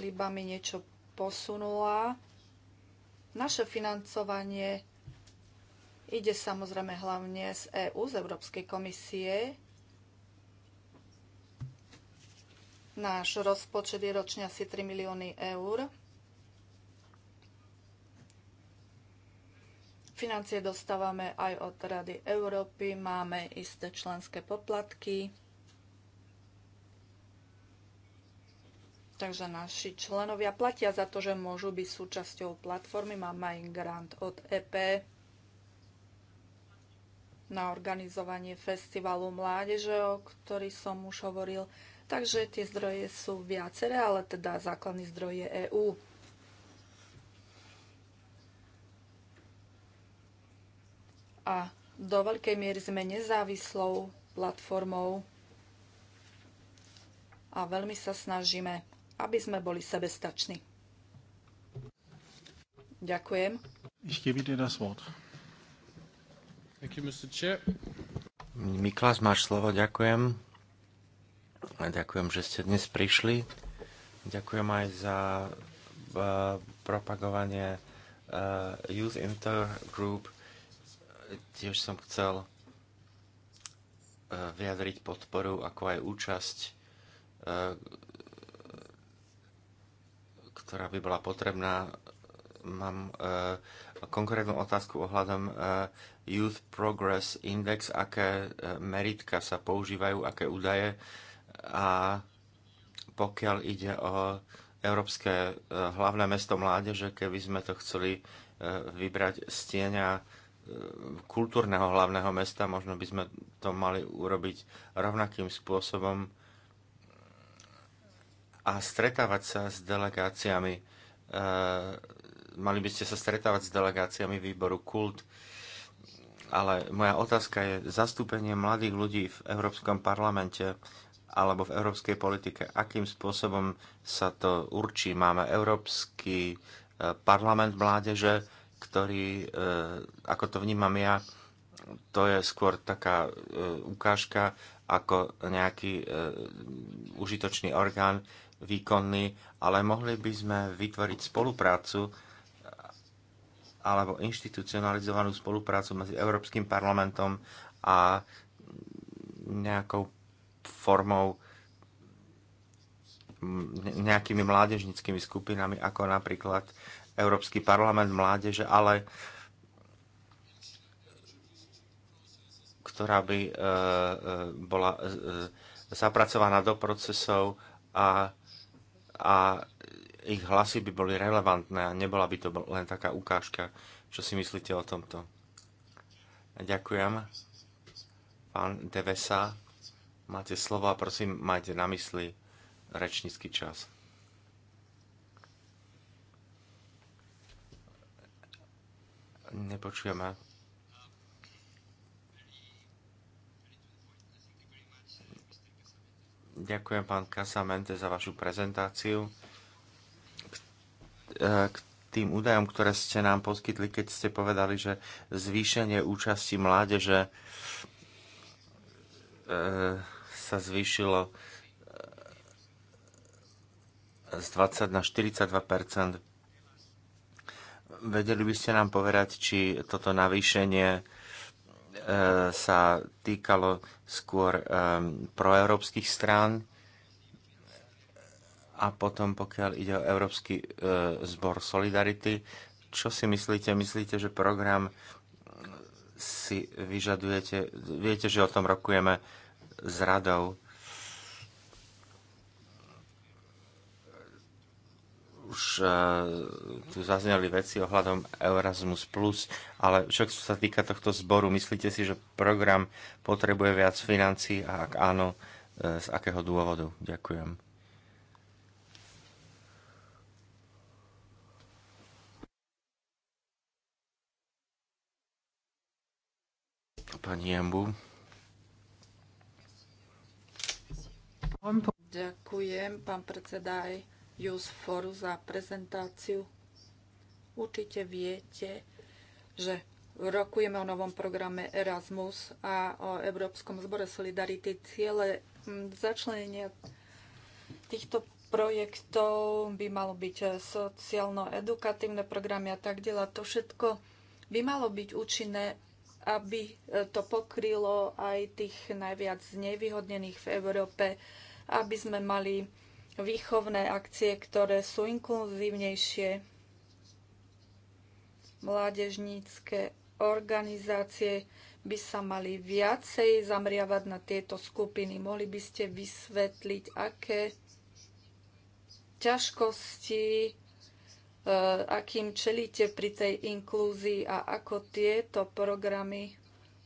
Speaker 3: Liba mi niečo posunula. Naše financovanie ide samozrejme hlavne z EÚ, EU, z Európskej komisie, Náš rozpočet je ročne asi 3 milióny eur. Financie dostávame aj od Rady Európy, máme isté členské poplatky. Takže naši členovia platia za to, že môžu byť súčasťou platformy. Máme aj grant od EP na organizovanie festivalu mládeže, o ktorý som už hovoril. Takže tie zdroje sú viaceré, ale teda základný zdroj je EÚ. A do veľkej miery sme nezávislou platformou a veľmi sa snažíme, aby sme boli sebestační. Ďakujem.
Speaker 4: Ich gebe dir das Wort. Thank you, Mr. Chair.
Speaker 1: Miklas, máš slovo, ďakujem ďakujem, že ste dnes prišli. Ďakujem aj za e, propagovanie e, Youth Intergroup. Tiež som chcel e, vyjadriť podporu, ako aj účasť, ktorá by bola potrebná. Mám konkrétnu otázku ohľadom Youth Progress Index, aké meritka sa používajú, aké údaje a pokiaľ ide o európske e, hlavné mesto mládeže, keby sme to chceli e, vybrať z tieňa e, kultúrneho hlavného mesta, možno by sme to mali urobiť rovnakým spôsobom a stretávať sa s delegáciami. Mali by ste sa stretávať s delegáciami výboru Kult, ale moja otázka je zastúpenie mladých ľudí v Európskom parlamente alebo v európskej politike. Akým spôsobom sa to určí? Máme Európsky e, parlament mládeže, ktorý, e, ako to vnímam ja, to je skôr taká e, ukážka ako nejaký užitočný orgán výkonný, ale mohli by sme vytvoriť spoluprácu alebo inštitucionalizovanú spoluprácu medzi Európskym parlamentom a nejakou formou nejakými mládežnickými skupinami, ako napríklad Európsky parlament mládeže, ale ktorá by e, e, bola e, zapracovaná do procesov a, a ich hlasy by boli relevantné a nebola by to len taká ukážka. Čo si myslíte o tomto? Ďakujem. Pán Devesa. Máte slovo a prosím, majte na mysli rečnícky čas. Nepočujeme. Ďakujem pán Casamente za vašu prezentáciu. K e, tým údajom, ktoré ste nám poskytli, keď ste povedali, že zvýšenie účasti mládeže e, sa zvýšilo e, z 20 na 42 Vedeli by ste nám povedať, či toto navýšenie e, sa týkalo skôr e, proeurópskych strán a potom pokiaľ ide o Európsky zbor Solidarity, čo si myslíte? Myslíte, že program si vyžadujete? Viete, že o tom rokujeme s radou. Už e, tu zazneli veci ohľadom Erasmus+, ale čo sa týka tohto zboru, myslíte si, že program potrebuje viac financí a ak áno, e, z akého dôvodu? Ďakujem. pani Jambu.
Speaker 3: Ďakujem, pán predseda, aj Jus Foru za prezentáciu. Určite viete, že rokujeme o novom programe Erasmus a o Európskom zbore Solidarity. Ciele začlenenia týchto projektov by malo byť e, sociálno-edukatívne programy a tak ďalej. To všetko by malo byť účinné, aby e, to pokrylo aj tých najviac znevýhodnených v Európe aby sme mali výchovné akcie, ktoré sú inkluzívnejšie, mládežnícke organizácie by sa mali viacej zamriavať na tieto skupiny. Mohli by ste vysvetliť, aké ťažkosti, e, akým čelíte pri tej inklúzii a ako tieto programy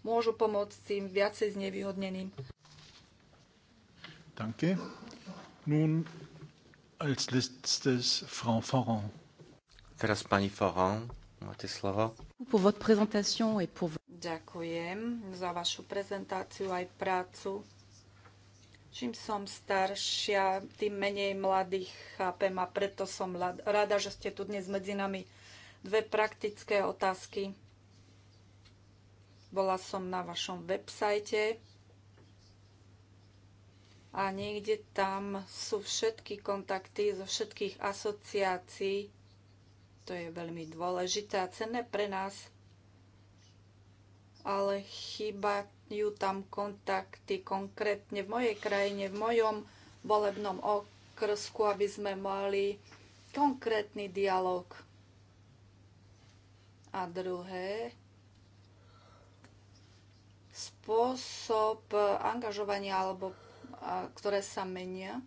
Speaker 3: môžu pomôcť tým viacej znevýhodneným.
Speaker 4: Danke. Nun als letztes Frau Foran.
Speaker 1: Teraz pani Foran, máte slovo.
Speaker 3: Pour votre présentation et pour... Ďakujem za vašu prezentáciu aj prácu. Čím som staršia, tým menej mladých chápem a preto som rada, že ste tu dnes medzi nami. Dve praktické otázky. Bola som na vašom websajte a niekde tam sú všetky kontakty zo všetkých asociácií. To je veľmi dôležité a cenné pre nás, ale chýbajú tam kontakty konkrétne v mojej krajine, v mojom volebnom okrsku, aby sme mali konkrétny dialog. A druhé, spôsob angažovania alebo ktoré sa menia.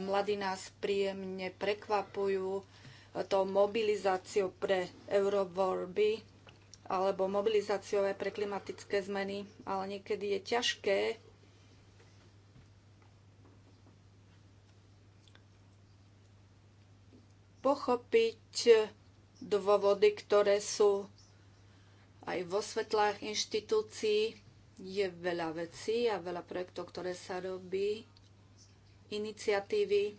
Speaker 3: Mladí nás príjemne prekvapujú e, tou mobilizáciou pre eurovorby alebo mobilizáciou aj pre klimatické zmeny, ale niekedy je ťažké pochopiť dôvody, ktoré sú aj vo svetlách inštitúcií je veľa vecí a veľa projektov, ktoré sa robí, iniciatívy.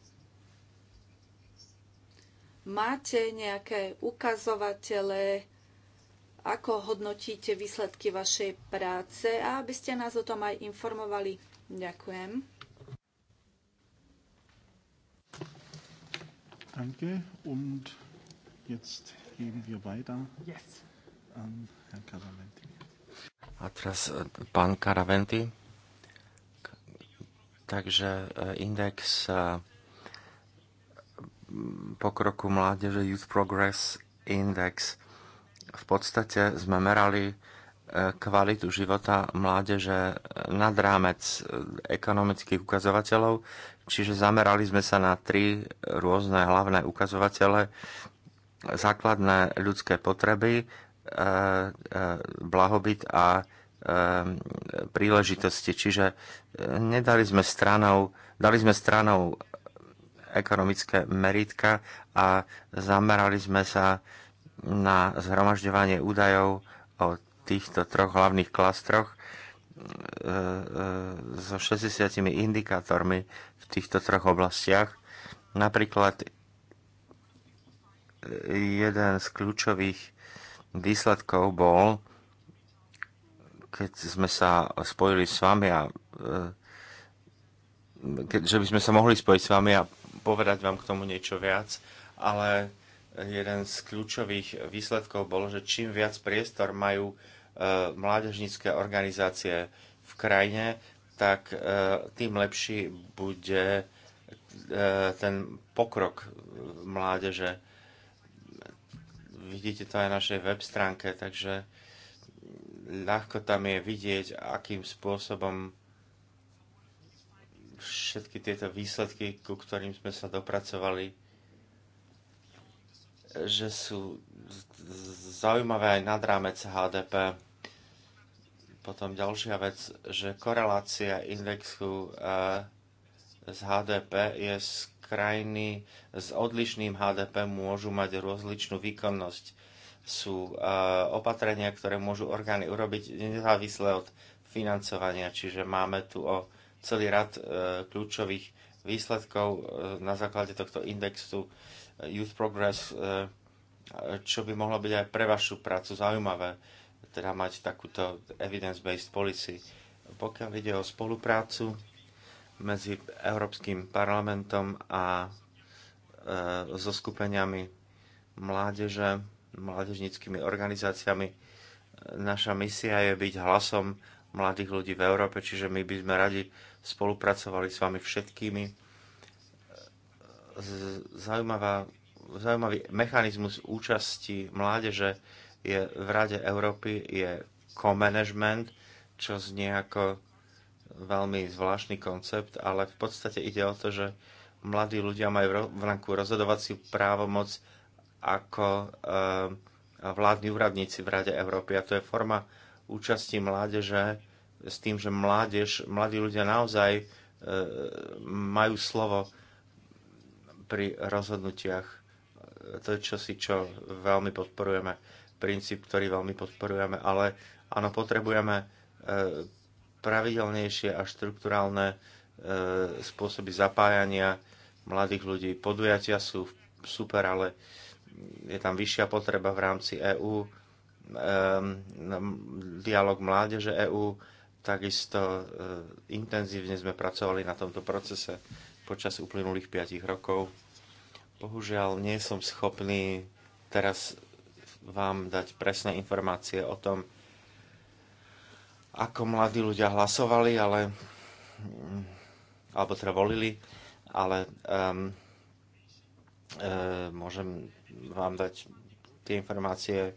Speaker 3: Máte nejaké ukazovatele, ako hodnotíte výsledky vašej práce a aby ste nás o tom aj informovali. Ďakujem.
Speaker 4: Danke und jetzt geben wir weiter yes. an Herrn Kasamenti.
Speaker 1: A teraz e, pán Karaventy. Takže e, index e, pokroku mládeže Youth Progress Index. V podstate sme merali kvalitu života mládeže nad rámec ekonomických ukazovateľov, čiže zamerali sme sa na tri rôzne hlavné ukazovatele základné ľudské potreby, E, e, blahobyt a e, príležitosti. Čiže nedali sme stranou, dali sme stranou ekonomické meritka a zamerali sme sa na zhromažďovanie údajov o týchto troch hlavných klastroch so 60 indikátormi v týchto troch oblastiach. Napríklad jeden z kľúčových výsledkov bol, keď sme sa spojili s vami a e, že by sme sa mohli spojiť s vami a povedať vám k tomu niečo viac, ale jeden z kľúčových výsledkov bolo, že čím viac priestor majú e, mládežnícke organizácie v krajine, tak e, tým lepší bude ten pokrok mládeže Vidíte to aj na našej web stránke, takže ľahko tam je vidieť, akým spôsobom všetky tieto výsledky, ku ktorým sme sa dopracovali, že sú zaujímavé aj nad rámec HDP. Potom ďalšia vec, že korelácia indexu eh, z HDP je krajiny s odlišným HDP môžu mať rozličnú výkonnosť. Sú opatrenia, ktoré môžu orgány urobiť nezávisle od financovania, čiže máme tu o celý rad e, kľúčových výsledkov e, na základe tohto indexu e, Youth Progress, čo by mohlo byť aj pre vašu prácu zaujímavé, teda mať takúto evidence-based policy. Pokiaľ ide o spoluprácu, medzi Európskym parlamentom a e, so skupeniami mládeže, mládežnickými organizáciami. Naša misia je byť hlasom mladých ľudí v Európe, čiže my by sme radi spolupracovali s vami všetkými. Zaujímavá, zaujímavý mechanizmus účasti mládeže je v Rade Európy je co-management, čo znie ako veľmi zvláštny koncept, ale v podstate ide o to, že mladí ľudia majú v rozhodovaciu právomoc ako eh, vládni úradníci v Rade Európy. A to je forma účasti mládeže s tým, že mládež, mladí ľudia naozaj eh, majú slovo pri rozhodnutiach. To je čosi, čo veľmi podporujeme. Princíp, ktorý veľmi podporujeme. Ale áno, potrebujeme eh, pravidelnejšie a štrukturálne e, spôsoby zapájania mladých ľudí. Podujatia sú super, ale je tam vyššia potreba v rámci EÚ, e, dialog mládeže EÚ, takisto e, intenzívne sme pracovali na tomto procese počas uplynulých 5 rokov. Bohužiaľ, nie som schopný teraz vám dať presné informácie o tom, ako mladí ľudia hlasovali, ale mm, alebo teda volili, ale um, e, môžem vám dať tie informácie e,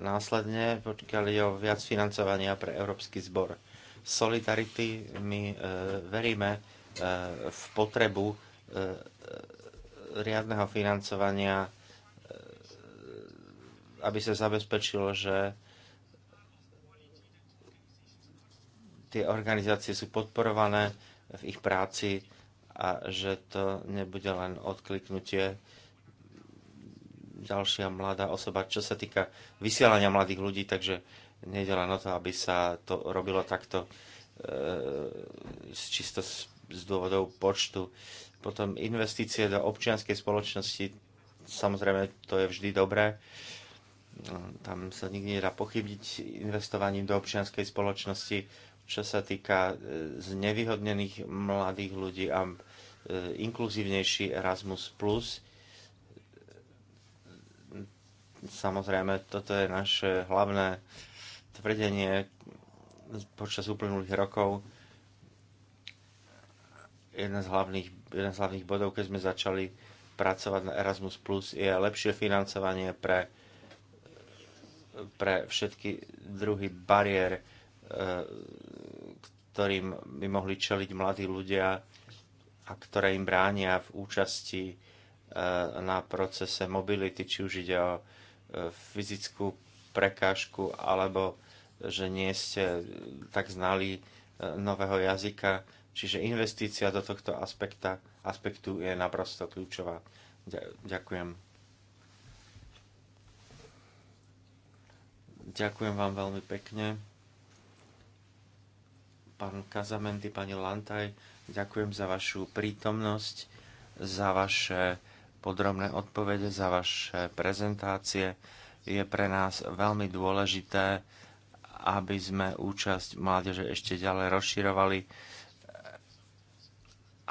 Speaker 1: následne, pokiaľ je o viac financovania pre Európsky zbor Solidarity. My e, veríme e, v potrebu e, e riadneho financovania, e, aby sa zabezpečilo, že tie organizácie sú podporované v ich práci a že to nebude len odkliknutie ďalšia mladá osoba, čo sa týka vysielania mladých ľudí, takže nejde len o to, aby sa to robilo takto e, čisto z, z dôvodov počtu. Potom investície do občianskej spoločnosti, samozrejme to je vždy dobré, tam sa nikdy nedá pochybiť investovaním do občianskej spoločnosti, čo sa týka e, znevýhodnených mladých ľudí a e, inkluzívnejší Erasmus+. plus. Samozrejme, toto je naše hlavné tvrdenie počas uplynulých rokov. Jedna z hlavných, jeden z hlavných bodov, keď sme začali pracovať na Erasmus+, plus, je lepšie financovanie pre, pre všetky druhy bariér, ktorým by mohli čeliť mladí ľudia a ktoré im bránia v účasti e, na procese mobility, či už ide o e, fyzickú prekážku alebo že nie ste tak znali e, nového jazyka. Čiže investícia do tohto aspekta, aspektu je naprosto kľúčová. Ďakujem. Ďakujem vám veľmi pekne pán Kazamenty, pani Lantaj, ďakujem za vašu prítomnosť, za vaše podrobné odpovede, za vaše prezentácie. Je pre nás veľmi dôležité, aby sme účasť mládeže ešte ďalej rozširovali,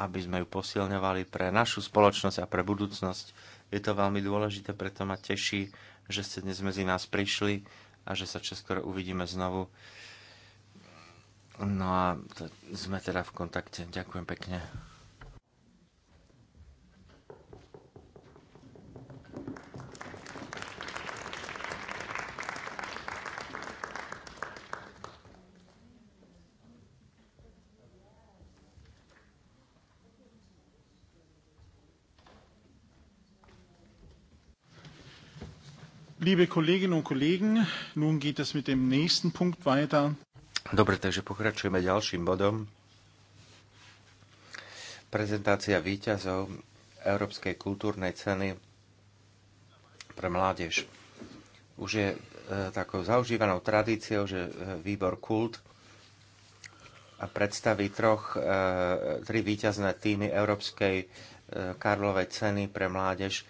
Speaker 1: aby sme ju posilňovali pre našu spoločnosť a pre budúcnosť. Je to veľmi dôležité, preto ma teší, že ste dnes medzi nás prišli a že sa čoskoro uvidíme znovu. No a sme teda v kontakte. Ďakujem pekne.
Speaker 4: Liebe Kolleginnen und Kollegen, nun geht es mit dem nächsten Punkt weiter.
Speaker 1: Dobre, takže pokračujeme ďalším bodom. Prezentácia výťazov Európskej kultúrnej ceny pre mládež. Už je e, takou zaužívanou tradíciou, že e, výbor kult a predstaví troch, e, tri výťazné týmy Európskej e, Karlovej ceny pre mládež. E,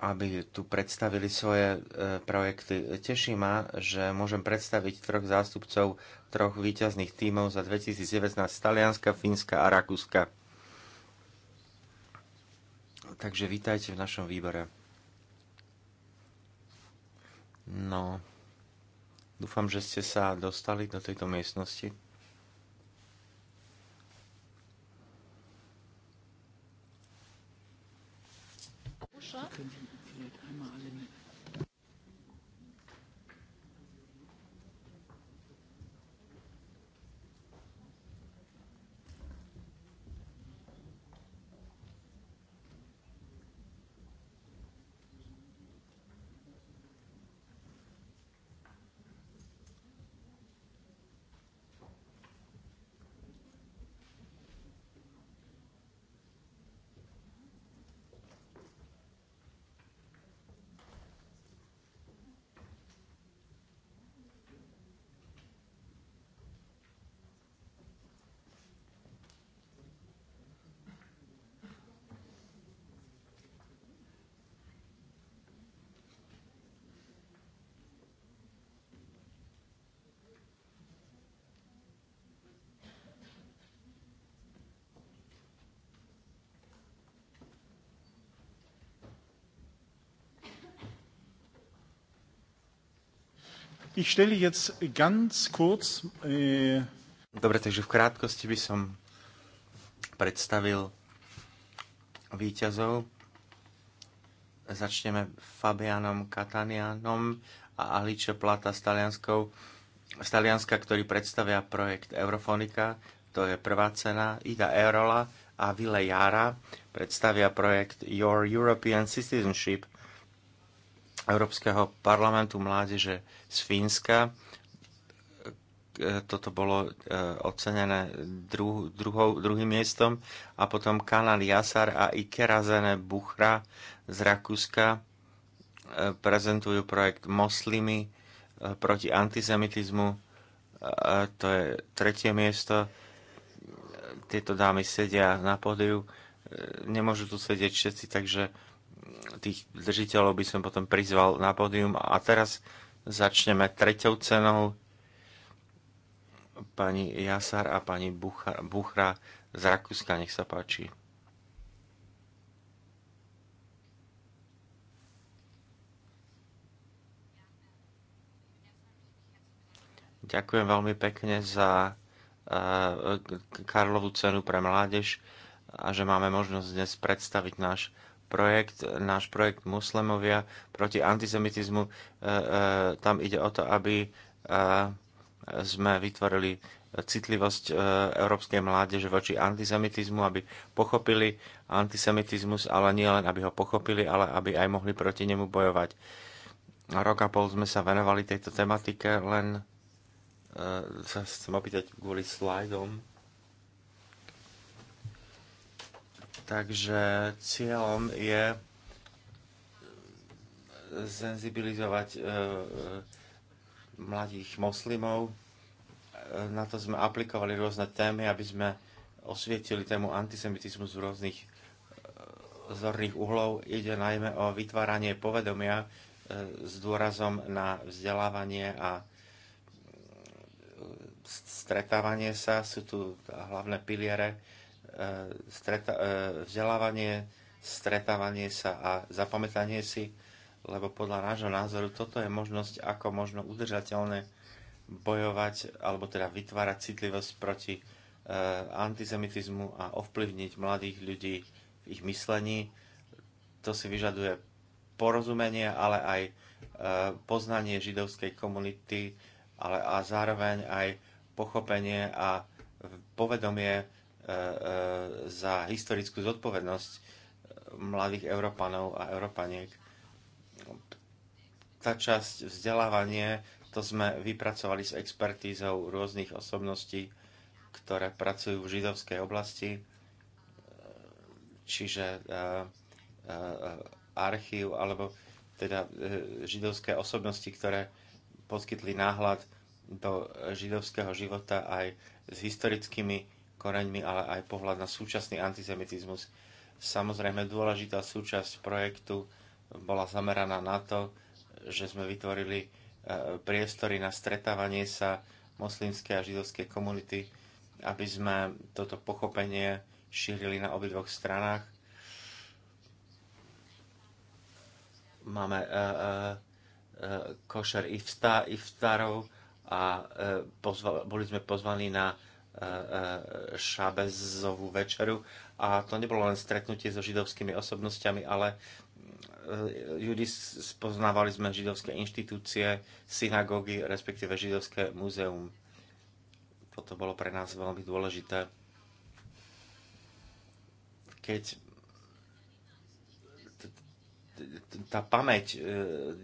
Speaker 1: aby tu predstavili svoje e, projekty. Teší ma, že môžem predstaviť troch zástupcov troch výťazných tímov za 2019 z Talianska, Fínska a Rakúska. Takže vítajte v našom výbore. No, dúfam, že ste sa dostali do tejto miestnosti.
Speaker 3: Können
Speaker 4: Ich stelle jetzt ganz
Speaker 1: kurz... Äh... Dobre, takže v krátkosti by som predstavil výťazov. Začneme Fabianom Katanianom a Aliče Plata z, z Talianska, ktorý predstavia projekt Eurofonika. To je prvá cena. Ida Eurola a Ville Jara predstavia projekt Your European Citizenship. Európskeho parlamentu mládeže z Fínska. E, toto bolo e, ocenené dru, druhou, druhým miestom. A potom kanál Jasar a Ikerazene Buchra z Rakúska e, prezentujú projekt Moslimy proti antisemitizmu. To je tretie miesto. Tieto dámy sedia na pódiu. Nemôžu tu sedieť všetci, takže tých držiteľov by som potom prizval na pódium. A teraz začneme treťou cenou pani Jasar a pani Buchra z Rakúska. Nech sa páči. Ďakujem veľmi pekne za eh, Karlovú cenu pre mládež a že máme možnosť dnes predstaviť náš projekt, náš projekt Muslimovia proti antisemitizmu. E, e, tam ide o to, aby e, sme vytvorili citlivosť európskej mládeže voči antisemitizmu, aby pochopili antisemitizmus, ale nie len, aby ho pochopili, ale aby aj mohli proti nemu bojovať. Rok a pol sme sa venovali tejto tematike, len sa chcem opýtať kvôli slajdom. Takže cieľom je senzibilizovať e, e, mladých moslimov. Na to sme aplikovali rôzne témy, aby sme osvietili tému antisemitizmu z rôznych e, zorných uhlov. Ide najmä o vytváranie povedomia e, s dôrazom na vzdelávanie a e, stretávanie sa. Sú tu hlavné piliere E, streta- e, vzdelávanie, stretávanie sa a zapamätanie si, lebo podľa nášho názoru toto je možnosť, ako možno udržateľne bojovať alebo teda vytvárať citlivosť proti e, antisemitizmu a ovplyvniť mladých ľudí v ich myslení. To si vyžaduje porozumenie, ale aj poznanie židovskej komunity, ale a zároveň aj pochopenie a povedomie E, e, za historickú zodpovednosť mladých Európanov a Európaniek. Tá časť vzdelávanie, to sme vypracovali s expertízou rôznych osobností, ktoré pracujú v židovskej oblasti, čiže e, archív alebo teda židovské osobnosti, ktoré poskytli náhľad do židovského života aj s historickými koreňmi, ale aj pohľad na súčasný antisemitizmus. Samozrejme, dôležitá súčasť projektu bola zameraná na to, že sme vytvorili e, priestory na stretávanie sa moslimskej a židovskej komunity, aby sme toto pochopenie šírili na obidvoch stranách. Máme uh, uh, košer iftá, iftárov a uh, pozval, boli sme pozvaní na E, e, Šabezovú večeru a to nebolo len stretnutie so židovskými osobnosťami, ale e, ľudí spoznávali sme židovské inštitúcie, synagógy, respektíve židovské múzeum. Toto bolo pre nás veľmi dôležité. Keď tá pamäť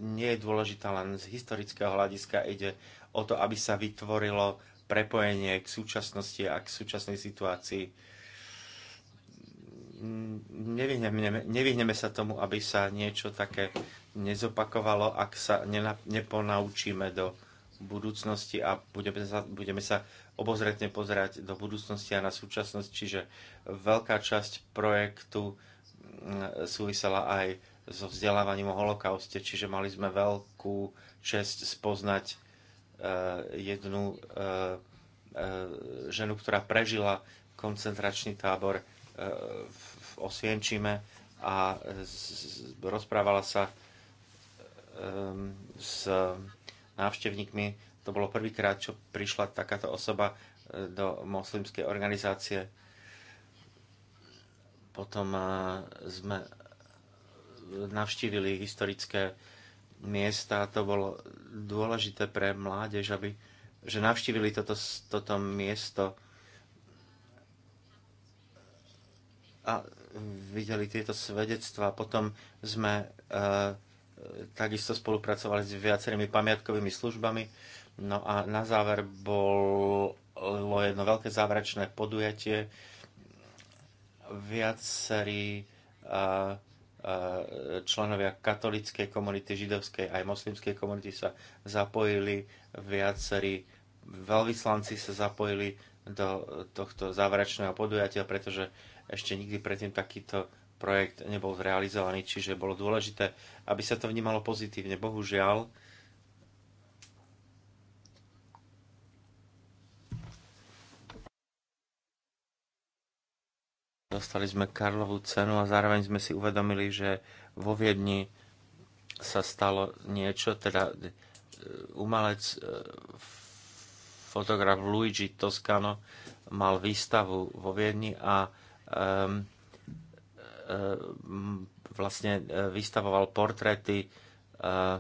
Speaker 1: nie je dôležitá len z historického hľadiska, ide o to, aby sa vytvorilo prepojenie k súčasnosti a k súčasnej situácii. Nevyhneme, nevyhneme sa tomu, aby sa niečo také nezopakovalo, ak sa neponaučíme do budúcnosti a budeme sa, budeme sa obozretne pozerať do budúcnosti a na súčasnosť. Čiže veľká časť projektu súvisela aj so vzdelávaním o holokauste, čiže mali sme veľkú čest spoznať Eh, jednu eh, eh, ženu, ktorá prežila koncentračný tábor v Osvienčime a rozprávala sa ehm, s návštevníkmi. To bolo prvýkrát, čo prišla takáto osoba do moslimskej organizácie. Potom sme navštívili historické miesta. To bolo dôležité pre mládež, aby, že navštívili toto, toto miesto a videli tieto svedectvá. Potom sme e, takisto spolupracovali s viacerými pamiatkovými službami. No a na záver bolo jedno veľké záverečné podujatie. Viacerí e, E, členovia katolíckej komunity, židovskej aj moslimskej komunity sa zapojili, viacerí veľvyslanci sa zapojili do tohto záverečného podujatia, pretože ešte nikdy predtým takýto projekt nebol zrealizovaný, čiže bolo dôležité, aby sa to vnímalo pozitívne. Bohužiaľ, Dostali sme Karlovú cenu a zároveň sme si uvedomili, že vo Viedni sa stalo niečo, teda e, umelec, e, fotograf Luigi Toscano mal výstavu vo Viedni a um, um, vlastne e, vystavoval portréty uh,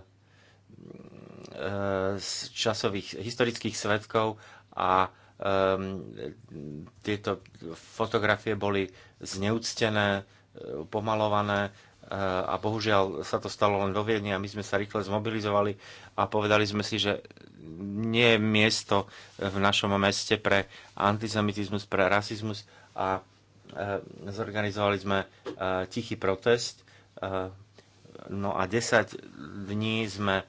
Speaker 1: z časových historických svetkov a Ehm, tieto fotografie boli zneúctené, e, pomalované e, a bohužiaľ sa to stalo len vo Viedni a my sme sa rýchle zmobilizovali a povedali sme si, že nie je miesto v našom meste pre antisemitizmus, pre rasizmus a e, zorganizovali sme tichý protest. No a 10 dní sme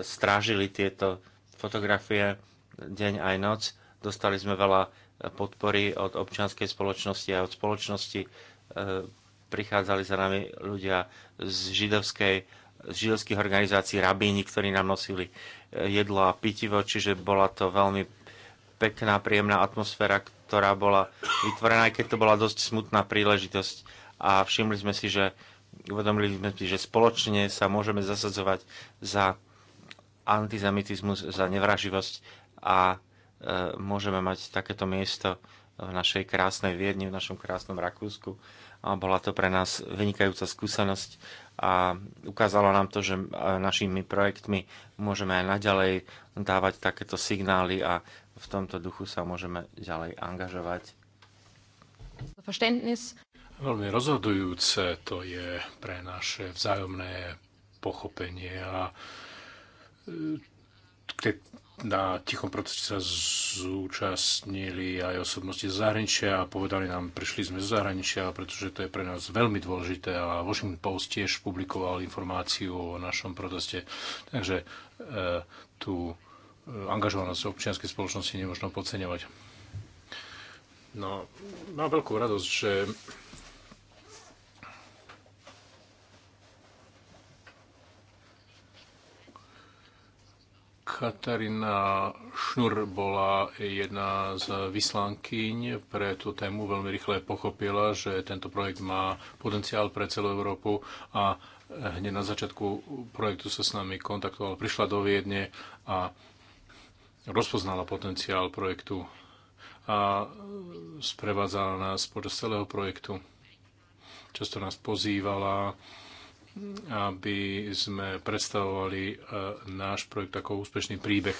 Speaker 1: strážili tieto fotografie deň aj noc Dostali sme veľa e, podpory od občianskej spoločnosti a od spoločnosti. E, Prichádzali za nami ľudia z židovskej z židovských organizácií, rabíni, ktorí nám nosili e, jedlo a pitivo, čiže bola to veľmi pekná, príjemná atmosféra, ktorá bola vytvorená, aj keď to bola dosť smutná príležitosť. A všimli sme si, že uvedomili sme si, že spoločne sa môžeme zasadzovať za antizemitizmus, za nevraživosť a E, môžeme mať takéto miesto v našej krásnej Viedni, v našom krásnom Rakúsku. A bola to pre nás vynikajúca skúsenosť a ukázalo nám to, že e, našimi projektmi môžeme aj naďalej dávať takéto signály a v tomto duchu sa môžeme ďalej angažovať.
Speaker 2: Veľmi rozhodujúce to je pre naše vzájomné pochopenie a e, na tichom procese sa zúčastnili aj osobnosti z zahraničia a povedali nám, prišli sme z zahraničia, pretože to je pre nás veľmi dôležité a Washington Post tiež publikoval informáciu o našom proteste. Takže e, tú e, angažovanosť občianskej spoločnosti nemôžno podceňovať. No, mám veľkú radosť, že Katarína Šnur bola jedna z vyslankyň pre tú tému. Veľmi rýchle pochopila, že tento projekt má potenciál pre celú Európu a hneď na začiatku projektu sa s nami kontaktovala, prišla do Viedne a rozpoznala potenciál projektu a sprevádzala nás počas celého projektu. Často nás pozývala aby sme predstavovali e, náš projekt ako úspešný príbeh.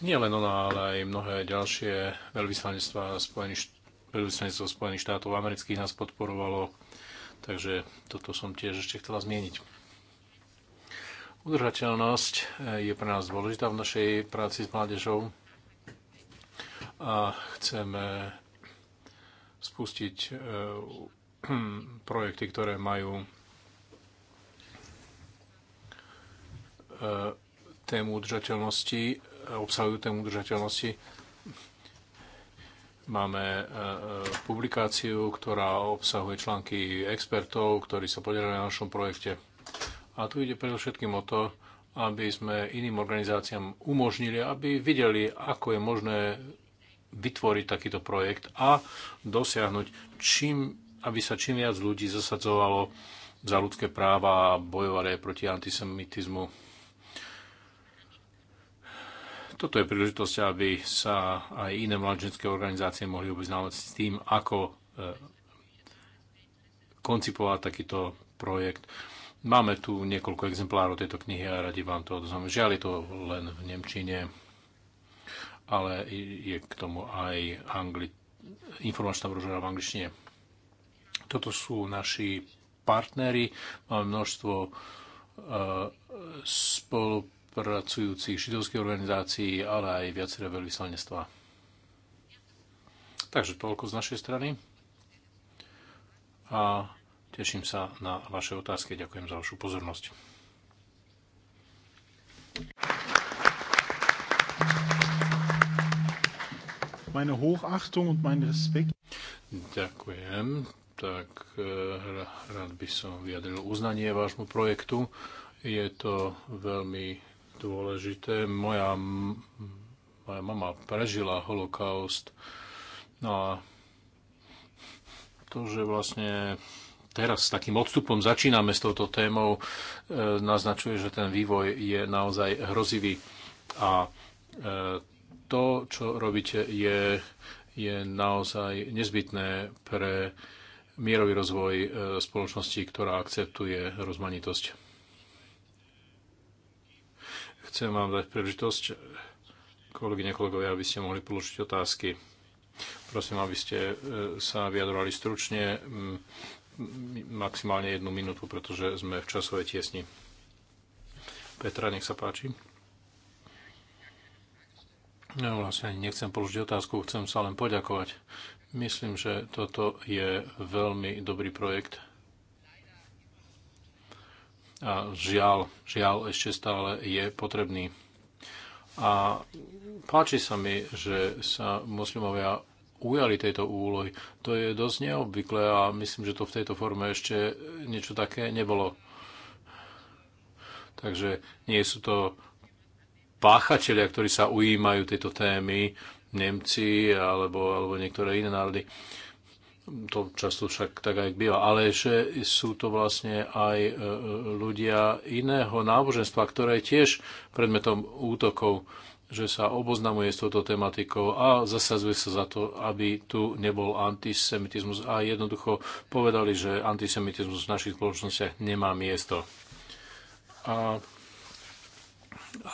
Speaker 2: Nie len ona, ale aj mnohé ďalšie veľvyslanectvá Spojených, veľvyslanectvo Spojených štátov amerických nás podporovalo, takže toto som tiež ešte chcela zmieniť. Udržateľnosť e, je pre nás dôležitá v našej práci s mládežou a chceme spustiť e, *clears throat* projekty, ktoré majú tému udržateľnosti, obsahujú tému udržateľnosti. Máme e, e, publikáciu, ktorá obsahuje články expertov, ktorí sa podielajú na našom projekte. A tu ide predovšetkým o to, aby sme iným organizáciám umožnili, aby videli, ako je možné vytvoriť takýto projekt a dosiahnuť, čím, aby sa čím viac ľudí zasadzovalo za ľudské práva a bojovali aj proti antisemitizmu. Toto je príležitosť, aby sa aj iné mladženské organizácie mohli oboznámať s tým, ako e, koncipovať takýto projekt. Máme tu niekoľko exemplárov tejto knihy a radi vám to odoznám. Žiaľ je to len v Nemčine, ale je k tomu aj angli- informačná brožera v angličtine. Toto sú naši partnery. Máme množstvo e, spolu pracujúcich židovských organizácií, ale aj viaceré veľvyslanectvá. Takže toľko z našej strany a teším sa na vaše otázky. Ďakujem za vašu pozornosť.
Speaker 4: Meine Hochachtung und mein Respekt.
Speaker 2: Ďakujem. Tak eh, rád by som vyjadril uznanie vášmu projektu. Je to veľmi dôležité. Moja, moja mama prežila holokaust. No a to, že vlastne teraz s takým odstupom začíname s touto témou, e, naznačuje, že ten vývoj je naozaj hrozivý. A e, to, čo robíte, je, je naozaj nezbytné pre mierový rozvoj e, spoločnosti, ktorá akceptuje rozmanitosť. Chcem vám dať príležitosť, kolegyne, kolegovia, aby ste mohli položiť otázky. Prosím, aby ste e, sa vyjadrovali stručne, maximálne jednu minútu, pretože sme v časovej tiesni. Petra, nech sa páči. Ja no, vlastne ani nechcem položiť otázku, chcem sa len poďakovať. Myslím, že toto je veľmi dobrý projekt a žiaľ, žiaľ ešte stále je potrebný. A páči sa mi, že sa moslimovia ujali tejto úlohy. To je dosť neobvyklé a myslím, že to v tejto forme ešte niečo také nebolo. Takže nie sú to páchatelia, ktorí sa ujímajú tejto témy, Nemci alebo, alebo niektoré iné národy to často však tak aj býva, ale že sú to vlastne aj e, ľudia iného náboženstva, ktoré je tiež predmetom útokov, že sa oboznamuje s touto tematikou a zasazuje sa za to, aby tu nebol antisemitizmus a jednoducho povedali, že antisemitizmus v našich spoločnostiach nemá miesto. A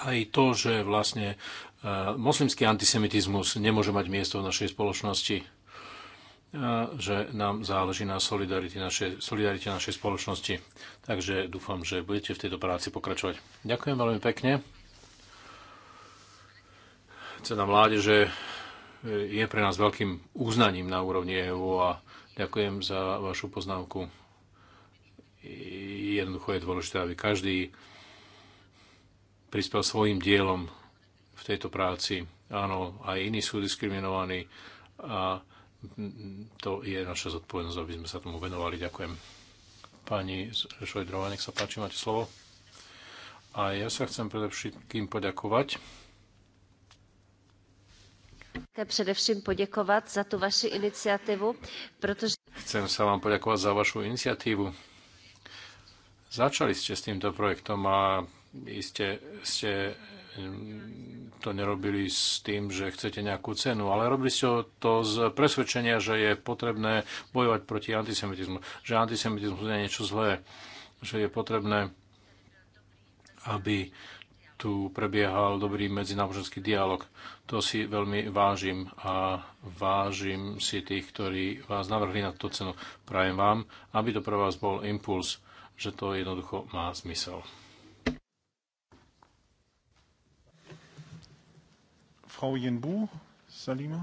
Speaker 2: aj to, že vlastne e, moslimský antisemitizmus nemôže mať miesto v našej spoločnosti, že nám záleží na solidarite našej, solidarite našej spoločnosti. Takže dúfam, že budete v tejto práci pokračovať. Ďakujem veľmi pekne. Cena mládeže e, je pre nás veľkým uznaním na úrovni EU a ďakujem za vašu poznámku. E, jednoducho je dôležité, aby každý prispel svojim dielom v tejto práci. Áno, aj iní sú diskriminovaní a to je naša zodpovednosť, aby sme sa tomu venovali. Ďakujem. Pani Šojdrova, nech sa páči, máte slovo. A ja sa chcem predovšetkým poďakovať.
Speaker 3: Chcem predovšetkým poďakovať za tú vašu iniciatívu, pretože...
Speaker 2: Chcem sa vám poďakovať za vašu iniciatívu. Začali ste s týmto projektom a iste ste to nerobili s tým, že chcete nejakú cenu, ale robili ste to z presvedčenia, že je potrebné bojovať proti antisemitizmu, že antisemitizmus nie je niečo zlé, že je potrebné, aby tu prebiehal dobrý medzináboženský dialog. To si veľmi vážim a vážim si tých, ktorí vás navrhli na tú cenu. Prajem vám, aby to pre vás bol impuls, že to jednoducho má zmysel. Frau Yenbu, Salima.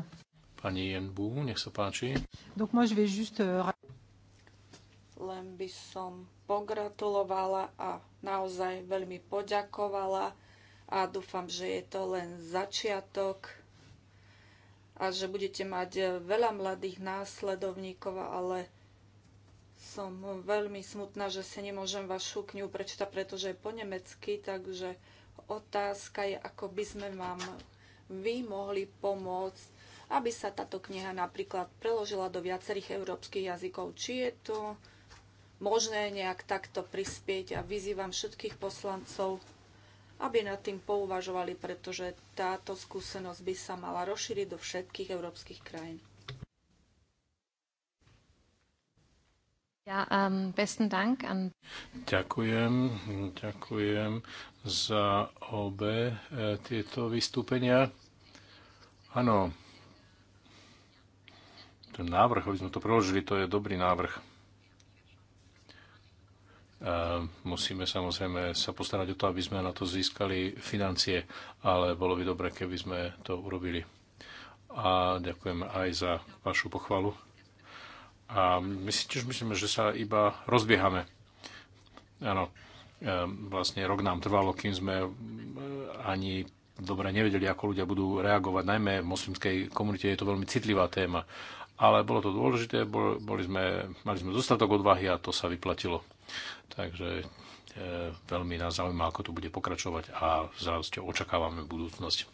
Speaker 2: Pani Yenbu, nech sa páči.
Speaker 4: Donc moi je vais juste... Euh,
Speaker 3: len by som pogratulovala a naozaj veľmi poďakovala a dúfam, že je to len začiatok a že budete mať e, veľa mladých následovníkov, ale som veľmi smutná, že si nemôžem vašu knihu prečítať, pretože je po nemecky, takže otázka je, ako by sme vám vy mohli pomôcť, aby sa táto kniha napríklad preložila do viacerých európskych jazykov. Či je to možné nejak takto prispieť a vyzývam všetkých poslancov, aby nad tým pouvažovali, pretože táto skúsenosť by sa mala rozšíriť do všetkých európskych krajín. Ja, um, besten Dank an...
Speaker 2: Ďakujem, ďakujem za obe e, tieto vystúpenia. Áno, ten návrh, aby sme to preložili, to je dobrý návrh. E, musíme samozrejme sa postarať o to, aby sme na to získali financie, ale bolo by dobre, keby sme to urobili. A ďakujem aj za vašu pochvalu. A my si tiež myslíme, že sa iba rozbiehame. Áno. Ehm, vlastne rok nám trvalo, kým sme ehm, ani dobre nevedeli, ako ľudia budú reagovať. Najmä v moslimskej komunite je to veľmi citlivá téma. Ale bolo to dôležité, boli sme, mali sme dostatok odvahy a to sa vyplatilo. Takže ehm, veľmi nás zaujíma, ako to bude pokračovať a s radosťou očakávame budúcnosť.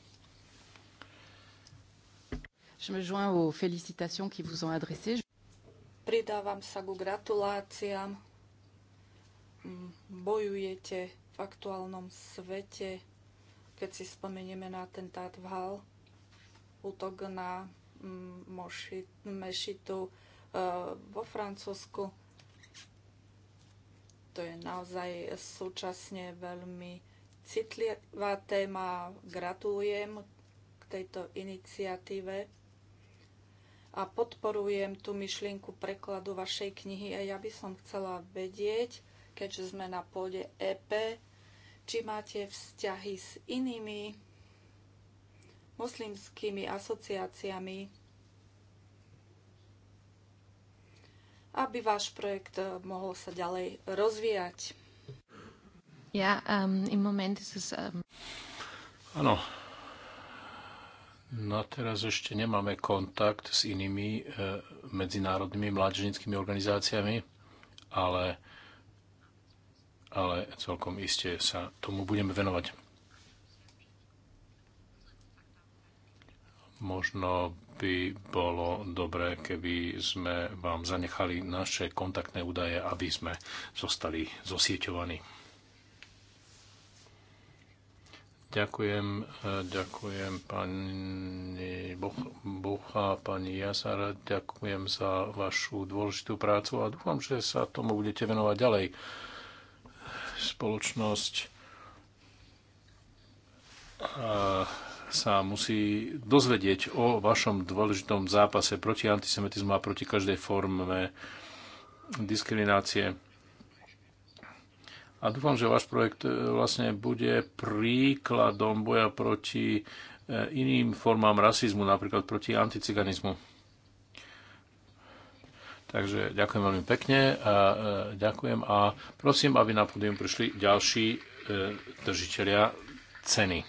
Speaker 3: Pridávam sa ku gratuláciám bojujete v aktuálnom svete, keď si spomenieme na atentát v Hal, útok na mm, moši, mešitu e, vo Francúzsku. To je naozaj súčasne veľmi citlivá téma. Gratulujem k tejto iniciatíve a podporujem tú myšlienku prekladu vašej knihy a ja by som chcela vedieť, keďže sme na pôde EP, či máte vzťahy s inými moslimskými asociáciami, aby váš projekt mohol sa ďalej rozvíjať. Ja,
Speaker 1: um, ehm, in moment ist es... Um...
Speaker 2: Áno. No teraz ešte nemáme kontakt s inými e, medzinárodnými mládežnickými organizáciami, ale ale celkom iste sa tomu budeme venovať. Možno by bolo dobré, keby sme vám zanechali naše kontaktné údaje, aby sme zostali zosieťovaní. Ďakujem, ďakujem pani Bocha, pani Jasara, ďakujem za vašu dôležitú prácu a dúfam, že sa tomu budete venovať ďalej spoločnosť sa musí dozvedieť o vašom dôležitom zápase proti antisemitizmu a proti každej forme diskriminácie. A dúfam, že váš projekt e, vlastne bude príkladom boja proti e, iným formám rasizmu, napríklad proti anticiganizmu. Takže ďakujem veľmi pekne a e, ďakujem a prosím, aby na pódium prišli ďalší e, držiteľia ceny.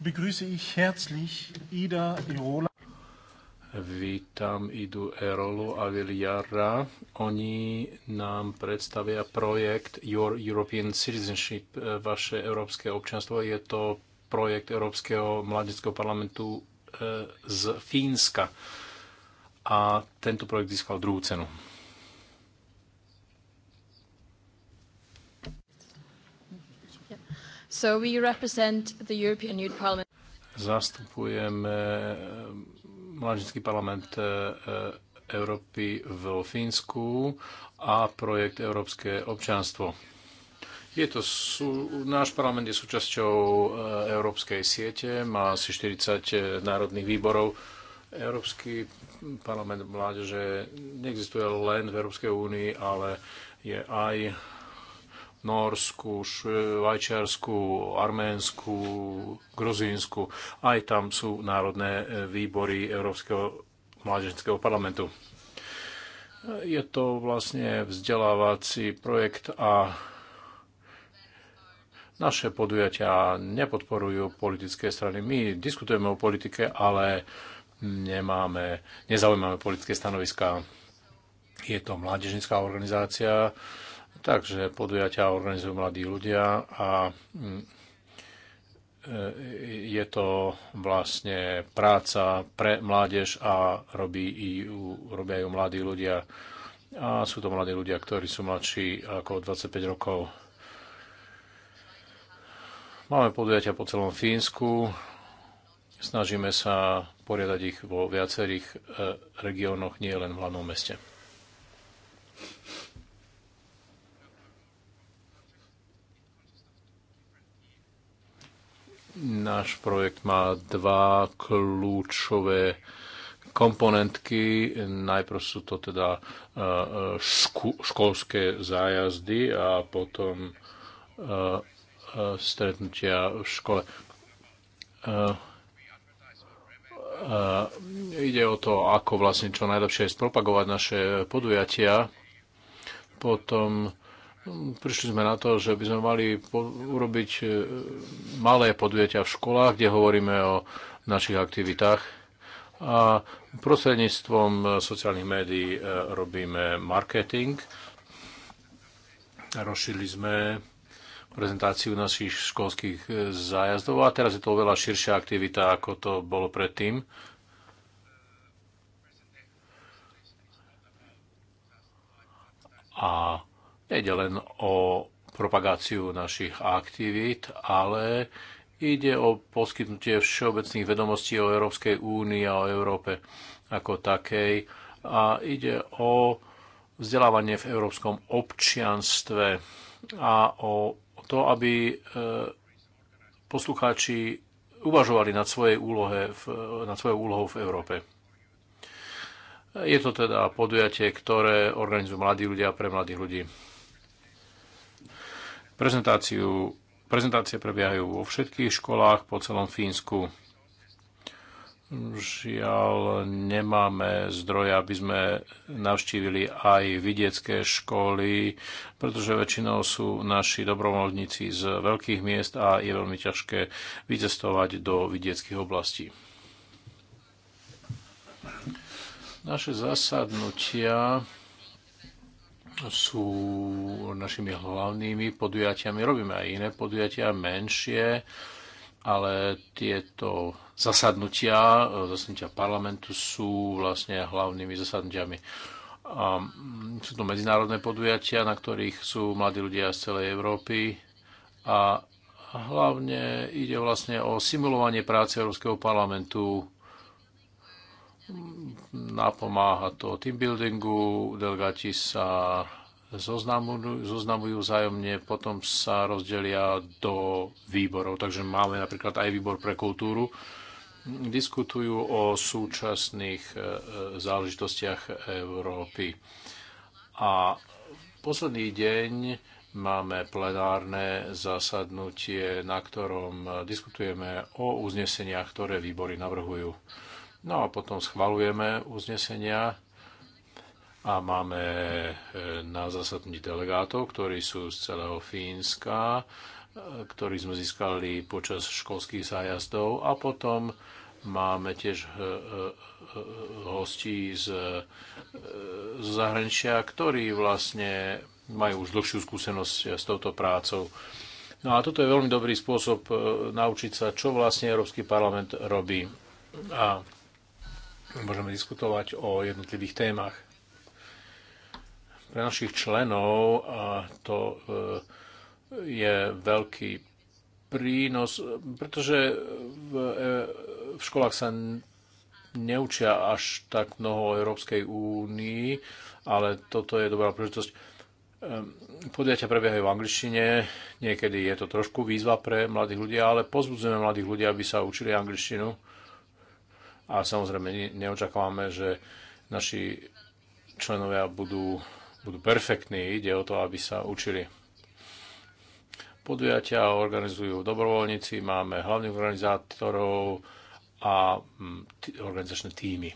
Speaker 4: Begrüße ich herzlich Ida Irola.
Speaker 2: Vítam Idu Erolu a Viliara. Oni nám predstavia projekt Your European Citizenship, e, vaše európske občanstvo. Je to projekt Európskeho mladického parlamentu e, z Fínska. A tento projekt získal druhú cenu.
Speaker 3: So we represent the European Youth Parliament.
Speaker 2: Zastupujeme Mládežnický parlament e, e, Európy v Fínsku a projekt Európske občanstvo. Je to, sú, náš parlament je súčasťou e, Európskej siete, má asi 40 národných výborov. Európsky parlament mládeže neexistuje len v Európskej únii, ale je aj Norsku, Švajčiarsku, Arménsku, Gruzínsku. Aj tam sú národné e, výbory Európskeho mládežnického parlamentu. Je to vlastne vzdelávací projekt a naše podujatia nepodporujú politické strany. My diskutujeme o politike, ale nemáme, nezaujímame politické stanoviská. Je to mládežnická organizácia, Takže podujatia organizujú mladí ľudia a mm, e, je to vlastne práca pre mládež a robí ju, robia ju mladí ľudia. A sú to mladí ľudia, ktorí sú mladší ako 25 rokov. Máme podujatia po celom Fínsku. Snažíme sa poriadať ich vo viacerých e, regiónoch, nie len v hlavnom meste. Náš projekt má dva kľúčové komponentky. Najprv sú to teda e, e, školské zájazdy a potom e, stretnutia v škole. Ide o to, ako vlastne čo najlepšie je spropagovať naše podujatia. Potom Hm, prišli sme na to, že by sme mali urobiť e, malé podujatia v školách, kde hovoríme o našich aktivitách a prostredníctvom e, sociálnych médií e, robíme marketing. Rozšili sme prezentáciu našich školských zájazdov a teraz je to oveľa širšia aktivita, ako to bolo predtým. A Nejde len o propagáciu našich aktivít, ale ide o poskytnutie všeobecných vedomostí o Európskej únii a o Európe ako takej a ide o vzdelávanie v európskom občianstve a o to, aby e, poslucháči uvažovali nad, svojej úlohe v, nad svojou úlohou v Európe. Je to teda podujatie, ktoré organizujú mladí ľudia pre mladých ľudí. Prezentáciu, prezentácie prebiehajú vo všetkých školách po celom Fínsku. Žiaľ, nemáme zdroje, aby sme navštívili aj vidiecké školy, pretože väčšinou sú naši dobrovoľníci z veľkých miest a je veľmi ťažké vycestovať do vidieckých oblastí. Naše zasadnutia sú našimi hlavnými podujatiami. Robíme aj iné podujatia, menšie, ale tieto zasadnutia, e, zasadnutia parlamentu sú vlastne hlavnými zasadnutiami. A sú to medzinárodné podujatia, na ktorých sú mladí ľudia z celej Európy a hlavne ide vlastne o simulovanie práce Európskeho parlamentu napomáha to team buildingu, delegáti sa zoznamujú, zoznamujú vzájomne, potom sa rozdelia do výborov. Takže máme napríklad aj výbor pre kultúru. Diskutujú o súčasných e, e, záležitostiach Európy. A posledný deň máme plenárne zasadnutie, na ktorom e, diskutujeme o uzneseniach, ktoré výbory navrhujú. No a potom schvalujeme uznesenia a máme e, na zasadnutí delegátov, ktorí sú z celého Fínska, e, ktorí sme získali počas školských zájazdov a potom máme tiež e, hostí z, zahraničia, ktorí vlastne majú už dlhšiu skúsenosť s touto prácou. No a toto je veľmi dobrý spôsob naučiť sa, čo vlastne Európsky parlament robí. A môžeme diskutovať o jednotlivých témach. Pre našich členov a to e, je veľký prínos, pretože v, e, v školách sa neučia až tak mnoho o Európskej únii, ale toto je dobrá príležitosť ehm, podujatia prebiehajú v angličtine, niekedy je to trošku výzva pre mladých ľudí, ale pozbudzujeme mladých ľudí, aby sa učili angličtinu a samozrejme neočakávame, že naši členovia budú, budú perfektní, ide o to, aby sa učili. Podujatia organizujú dobrovoľníci, máme hlavných organizátorov a mm, organizačné týmy.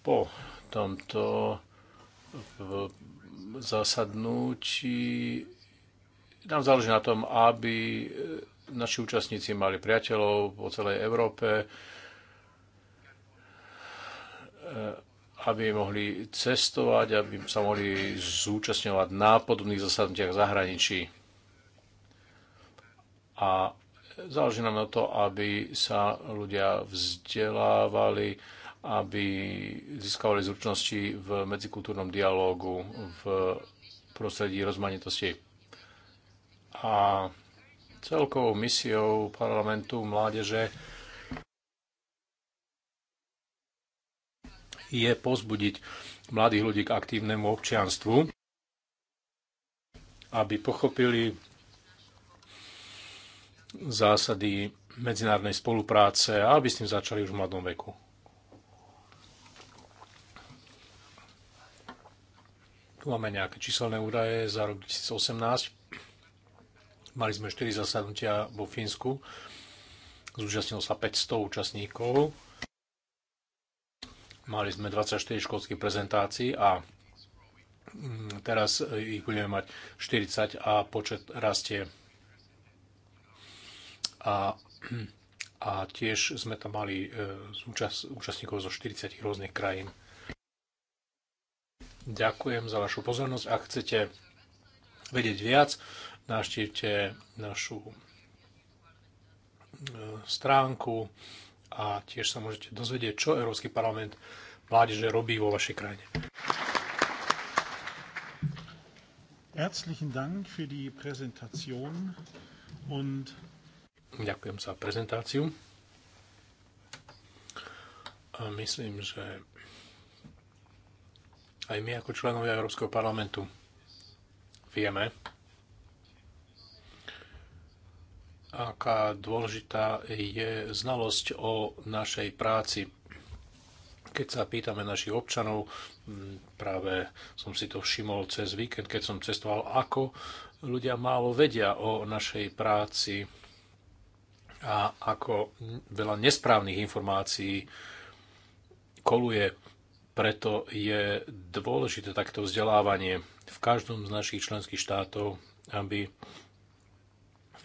Speaker 2: Po tomto zasadnutí nám záleží na tom, aby e, naši účastníci mali priateľov po celej Európe, e, aby mohli cestovať, aby sa mohli zúčastňovať na podobných zasadnutiach v zahraničí. A záleží nám na to, aby sa ľudia vzdelávali, aby získavali zručnosti v medzikultúrnom dialógu, v prostredí rozmanitosti a celkovou misiou parlamentu mládeže je pozbudiť mladých ľudí k aktívnemu občianstvu, aby pochopili zásady medzinárodnej spolupráce a aby s tým začali už v mladom veku. Tu máme nejaké číselné údaje za rok 2018 Mali sme 4 zasadnutia vo Fínsku. Zúčastnilo sa 500 účastníkov. Mali sme 24 školských prezentácií a mm, teraz e, ich budeme mať 40 a počet rastie. A, a tiež sme tam mali e, zúčast, účastníkov zo 40 rôznych krajín. Ďakujem za vašu pozornosť. Ak chcete vedieť viac, Naštívte našu e, stránku a tiež sa môžete dozvedieť, čo Európsky parlament mládeže robí vo vašej krajine.
Speaker 4: Herzlichen Dank für die Präsentation und
Speaker 2: Ďakujem za prezentáciu. A myslím, že aj my ako členovia Európskeho parlamentu vieme, aká dôležitá je znalosť o našej práci. Keď sa pýtame našich občanov, mm, práve som si to všimol cez víkend, keď som cestoval, ako ľudia málo vedia o našej práci a ako veľa nesprávnych informácií koluje. Preto je dôležité takto vzdelávanie v každom z našich členských štátov, aby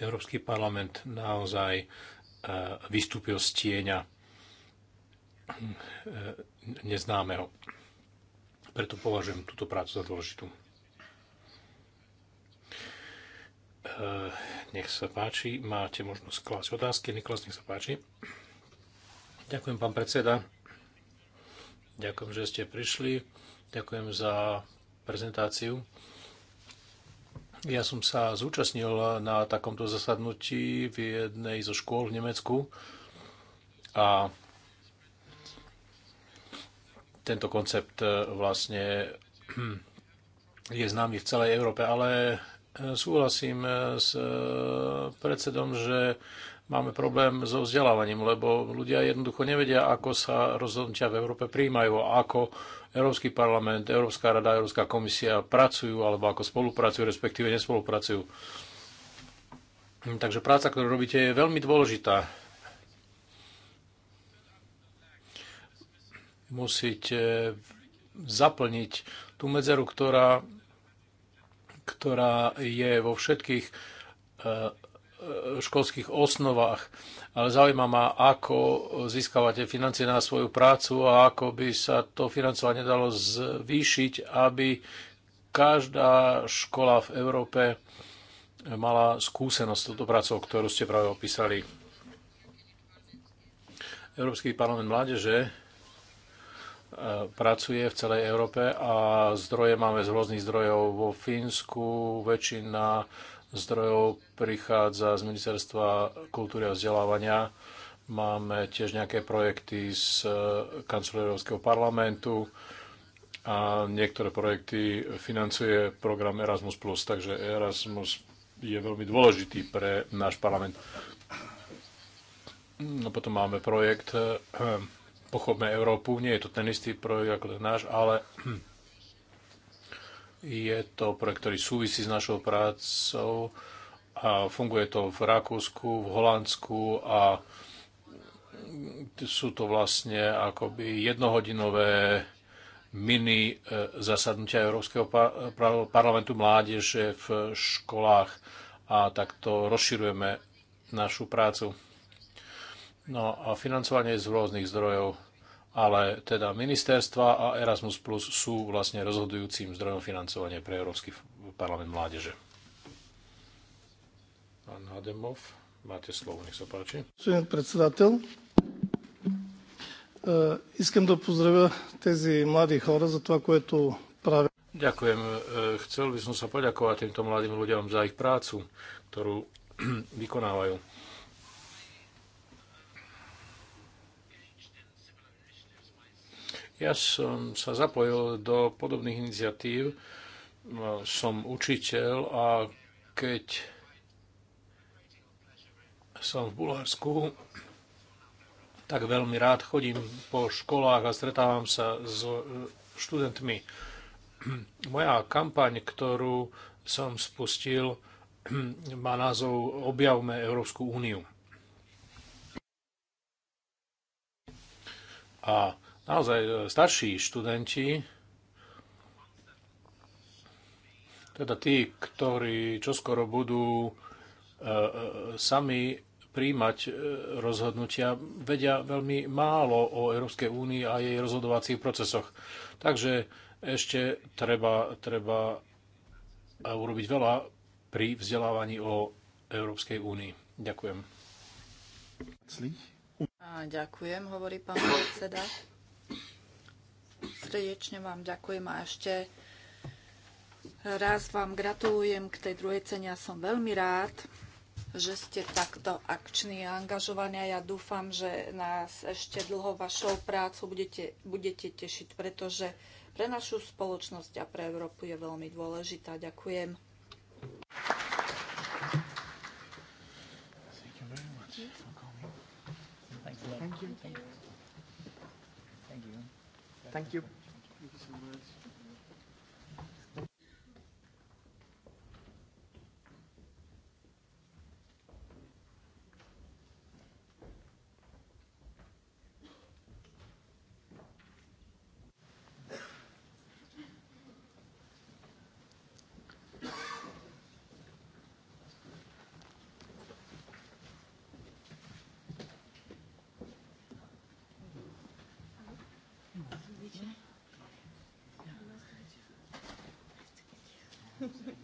Speaker 2: Európsky parlament naozaj e, vystúpil z tieňa e, neznámeho. Preto považujem túto prácu za dôležitú. E, nech sa páči, máte možnosť klásť otázky. Niklas, nech sa páči. Ďakujem, pán predseda. Ďakujem, že ste prišli. Ďakujem za prezentáciu. Ja som sa zúčastnil na takomto zasadnutí v jednej zo škôl v Nemecku a tento koncept eh, vlastne *clears throat* je známy v celej Európe, ale eh, súhlasím eh, s predsedom, že máme problém so vzdelávaním, lebo ľudia jednoducho nevedia, ako sa rozhodnutia v Európe príjmajú, ako Európsky parlament, Európska rada, Európska komisia pracujú, alebo ako spolupracujú, respektíve nespolupracujú. Takže práca, ktorú robíte, je veľmi dôležitá. Musíte zaplniť tú medzeru, ktorá, ktorá je vo všetkých eh, školských osnovách. Ale zaujíma ma, ako získavate financie na svoju prácu a ako by sa to financovanie dalo zvýšiť, aby každá škola v Európe mala skúsenosť s touto prácou, ktorú ste práve opísali. Európsky parlament mládeže e, pracuje v celej Európe a zdroje máme z rôznych zdrojov. Vo Fínsku väčšina zdrojov prichádza z Ministerstva kultúry a vzdelávania. Máme tiež nejaké projekty z eh, kancelárovského parlamentu a niektoré projekty financuje program Erasmus+, takže Erasmus je veľmi dôležitý pre náš parlament. No potom máme projekt eh, Pochopme Európu, nie je to ten istý projekt ako ten náš, ale je to projekt, ktorý súvisí s našou prácou a funguje to v Rakúsku, v Holandsku a sú to vlastne akoby jednohodinové mini e, zasadnutia Európskeho parlamentu mládeže v školách a takto rozširujeme našu prácu. No a financovanie je z rôznych zdrojov ale teda ministerstva a Erasmus Plus sú vlastne rozhodujúcim zdrojom financovania pre Európsky parlament mládeže. Pán Hademov, máte slovo, nech sa páči. E, iskem do pozdravia tezi mladých hore za to, ako je tu práve. Ďakujem. E, chcel by som sa poďakovať týmto mladým ľuďom za ich prácu, ktorú *clears throat* vykonávajú. Ja som sa zapojil do podobných iniciatív, som učiteľ a keď som v Bulharsku, tak veľmi rád chodím po školách a stretávam sa s e, študentmi. Moja kampaň, ktorú som spustil, *clears throat* má názov Objavme Európsku úniu. A naozaj e, starší študenti, teda tí, ktorí čoskoro budú e, e, sami príjmať rozhodnutia, vedia veľmi málo o Európskej únii a jej rozhodovacích procesoch. Takže ešte treba, treba urobiť veľa pri vzdelávaní o Európskej únii. Ďakujem.
Speaker 3: ďakujem, hovorí pán predseda. Srdečne vám ďakujem a ešte raz vám gratulujem k tej druhej cene. a som veľmi rád, že ste takto akční a angažovaní a ja dúfam, že nás ešte dlho vašou prácu budete, budete tešiť, pretože pre našu spoločnosť a pre Európu je veľmi dôležitá. Ďakujem.
Speaker 4: Thank you. Thank you. Thank you. Thank you so much.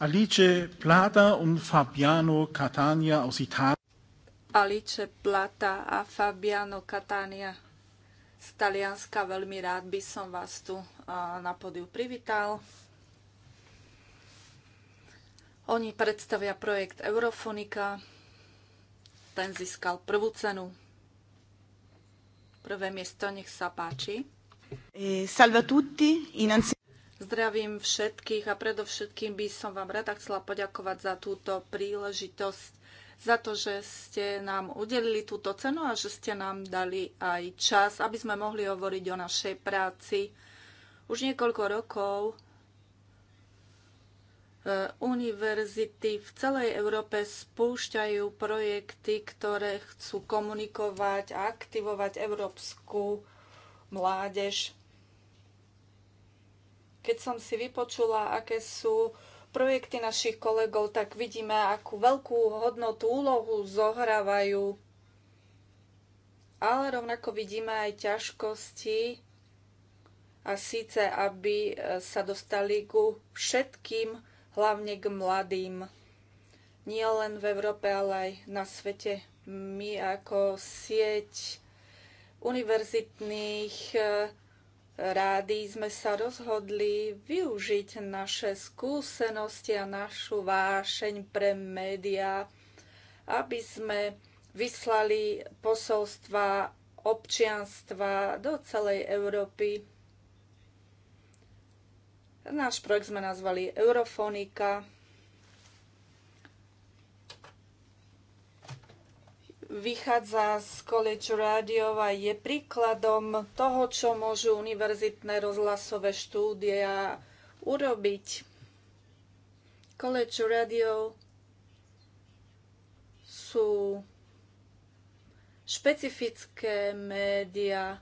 Speaker 4: Alice Plata und Fabiano Catania aus Italien.
Speaker 3: Alice Plata a Fabiano Catania z Talianska. Veľmi rád by som vás tu na podiu privítal. Oni predstavia projekt Eurofonika. Ten získal prvú cenu. Prvé miesto, nech sa páči. E, salve a tutti, innanzi... Zdravím všetkých a predovšetkým by som vám rada chcela poďakovať za túto príležitosť, za to, že ste nám udelili túto cenu a že ste nám dali aj čas, aby sme mohli hovoriť o našej práci. Už niekoľko rokov e, univerzity v celej Európe spúšťajú projekty, ktoré chcú komunikovať a aktivovať európsku mládež keď som si vypočula, aké sú projekty našich kolegov, tak vidíme, akú veľkú hodnotu úlohu zohrávajú. Ale rovnako vidíme aj ťažkosti, a síce, aby e, sa dostali ku všetkým, hlavne k mladým. Nie len v Európe, ale aj na svete. My ako sieť univerzitných e, rádi sme sa rozhodli využiť naše skúsenosti a našu vášeň pre médiá, aby sme vyslali posolstva občianstva do celej Európy. Náš projekt sme nazvali Eurofonika. vychádza z College Radio a je príkladom toho, čo môžu univerzitné rozhlasové štúdia urobiť. College Radio sú špecifické média,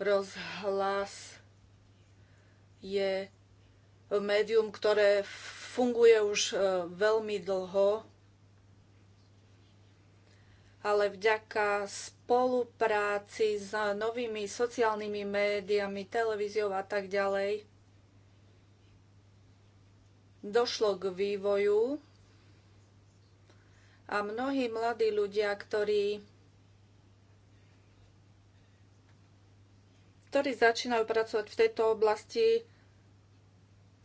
Speaker 3: rozhlas je médium, ktoré funguje už e, veľmi dlho ale vďaka spolupráci s novými sociálnymi médiami, televíziou a tak ďalej došlo k vývoju a mnohí mladí ľudia, ktorí ktorí začínajú pracovať v tejto oblasti,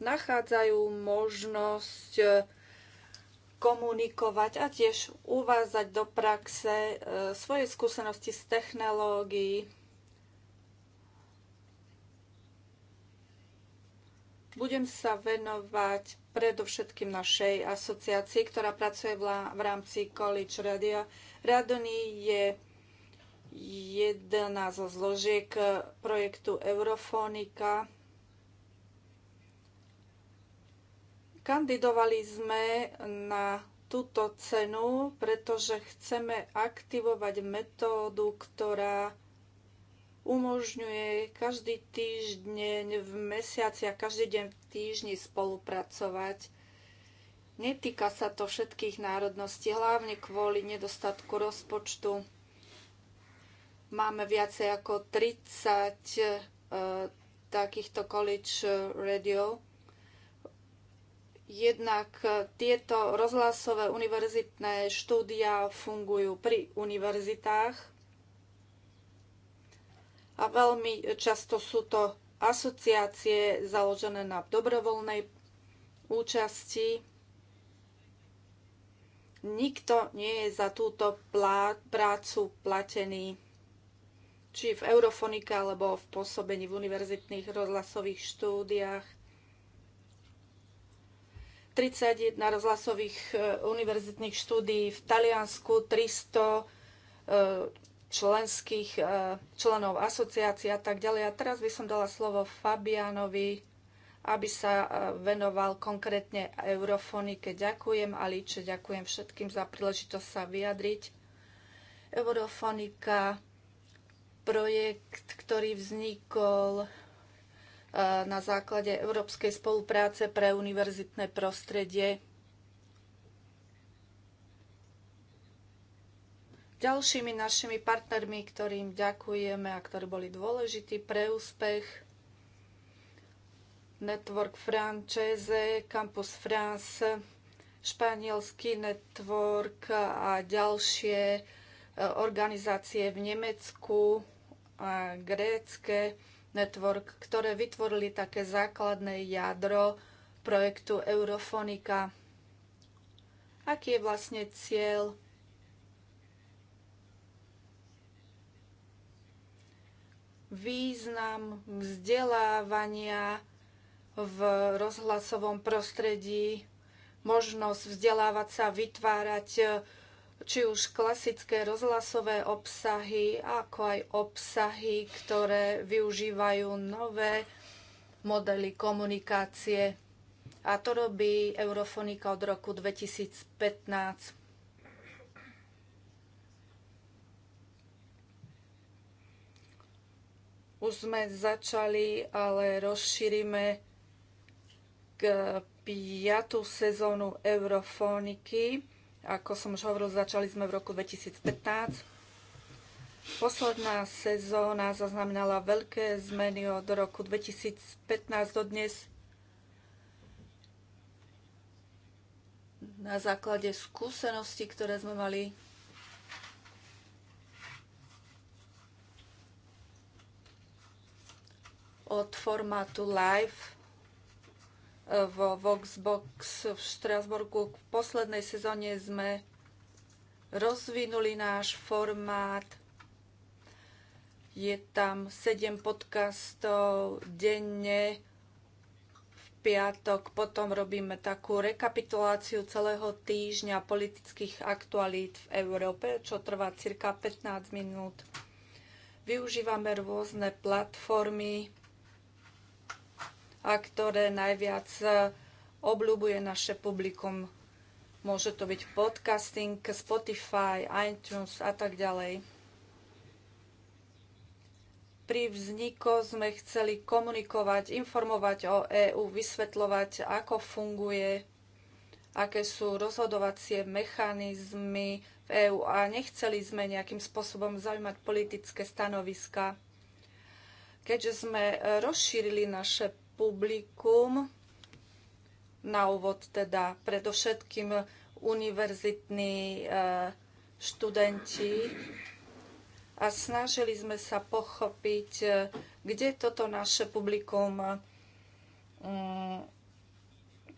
Speaker 3: nachádzajú možnosť komunikovať a tiež uvázať do praxe e, svoje skúsenosti z technológií. Budem sa venovať predovšetkým našej asociácii, ktorá pracuje v rámci College Radio. Radony je jedna zo zložiek projektu Eurofónika. Kandidovali sme na túto cenu, pretože chceme aktivovať metódu, ktorá umožňuje každý týždeň v mesiaci a každý deň v týždni spolupracovať. Netýka sa to všetkých národností, hlavne kvôli nedostatku rozpočtu. Máme viacej ako 30 e, eh, takýchto college radio Jednak e, tieto rozhlasové univerzitné štúdia fungujú pri univerzitách a veľmi často sú to asociácie založené na dobrovoľnej účasti. Nikto nie je za túto prácu platený či v eurofonike alebo v pôsobení v univerzitných rozhlasových štúdiách 31 rozhlasových e, univerzitných štúdií v Taliansku, 300 e, členských e, členov asociácií a tak ďalej. A teraz by som dala slovo Fabianovi, aby sa venoval konkrétne eurofonike. Ďakujem Aliče, ďakujem všetkým za príležitosť sa vyjadriť. Eurofonika, projekt, ktorý vznikol Eh, na základe Európskej spolupráce pre univerzitné prostredie. Ďalšími našimi partnermi, ktorým ďakujeme a ktorí boli dôležití pre úspech, Network Francese, Campus France, španielský network a ďalšie eh, organizácie v Nemecku a grécké Network, ktoré vytvorili také základné jadro projektu Eurofonika. Aký je vlastne cieľ význam vzdelávania v rozhlasovom prostredí, možnosť vzdelávať sa, vytvárať či už klasické rozhlasové obsahy, ako aj obsahy, ktoré využívajú nové modely komunikácie. A to robí Eurofonika od roku 2015. Už sme začali, ale rozšírime k piatú sezónu Eurofoniky ako som už hovoril, začali sme v roku 2015. Posledná sezóna zaznamenala veľké zmeny od roku 2015 do dnes. Na základe skúseností, ktoré sme mali, od formátu live vo Voxbox v Štrasburku. V poslednej sezóne sme rozvinuli náš formát. Je tam 7 podcastov denne v piatok. Potom robíme takú rekapituláciu celého týždňa politických aktualít v Európe, čo trvá cirka 15 minút. Využívame rôzne platformy, a ktoré najviac e, obľúbuje naše publikum. Môže to byť podcasting, Spotify, iTunes a tak ďalej. Pri vzniku sme chceli komunikovať, informovať o EÚ, vysvetľovať, ako funguje, aké sú rozhodovacie mechanizmy v EÚ a nechceli sme nejakým spôsobom zaujímať politické stanoviska. Keďže sme e, rozšírili naše publikum. Na úvod teda predovšetkým univerzitní e, študenti a snažili sme sa pochopiť, e, kde toto naše publikum mm,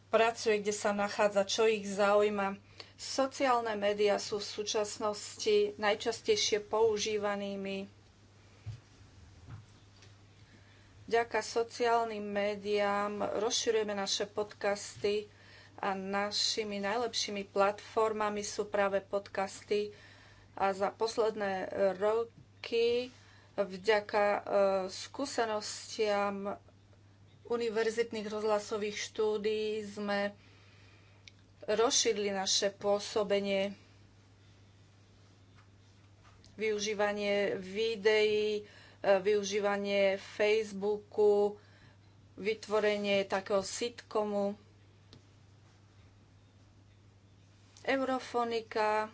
Speaker 3: pracuje, kde sa nachádza, čo ich zaujíma. Sociálne médiá sú v súčasnosti najčastejšie používanými Vďaka sociálnym médiám rozširujeme naše podcasty a našimi najlepšími platformami sú práve podcasty. A za posledné roky vďaka e, skúsenostiam univerzitných rozhlasových štúdií sme rozšírili naše pôsobenie, využívanie videí, využívanie Facebooku, vytvorenie takého sitcomu, Eurofonika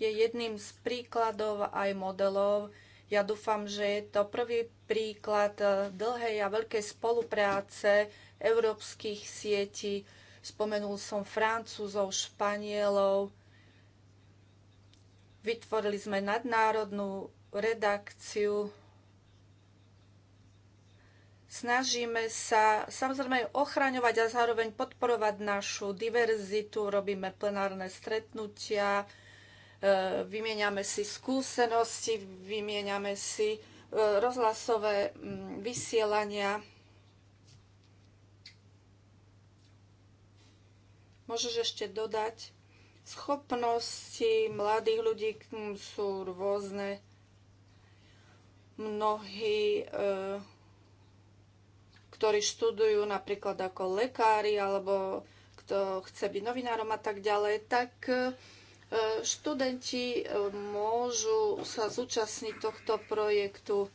Speaker 3: je jedným z príkladov aj modelov. Ja dúfam, že je to prvý príklad eh, dlhej a veľkej spolupráce európskych sietí. Spomenul som Francúzov, Španielov, Vytvorili sme nadnárodnú redakciu. Snažíme sa samozrejme ochraňovať a zároveň podporovať našu diverzitu. Robíme plenárne stretnutia, e, vymieňame si skúsenosti, vymieňame si e, rozhlasové mm, vysielania. Môžeš ešte dodať? Schopnosti mladých ľudí sú rôzne. Mnohí, e, ktorí študujú napríklad ako lekári alebo kto chce byť novinárom a tak ďalej, tak e, študenti e, môžu sa zúčastniť tohto projektu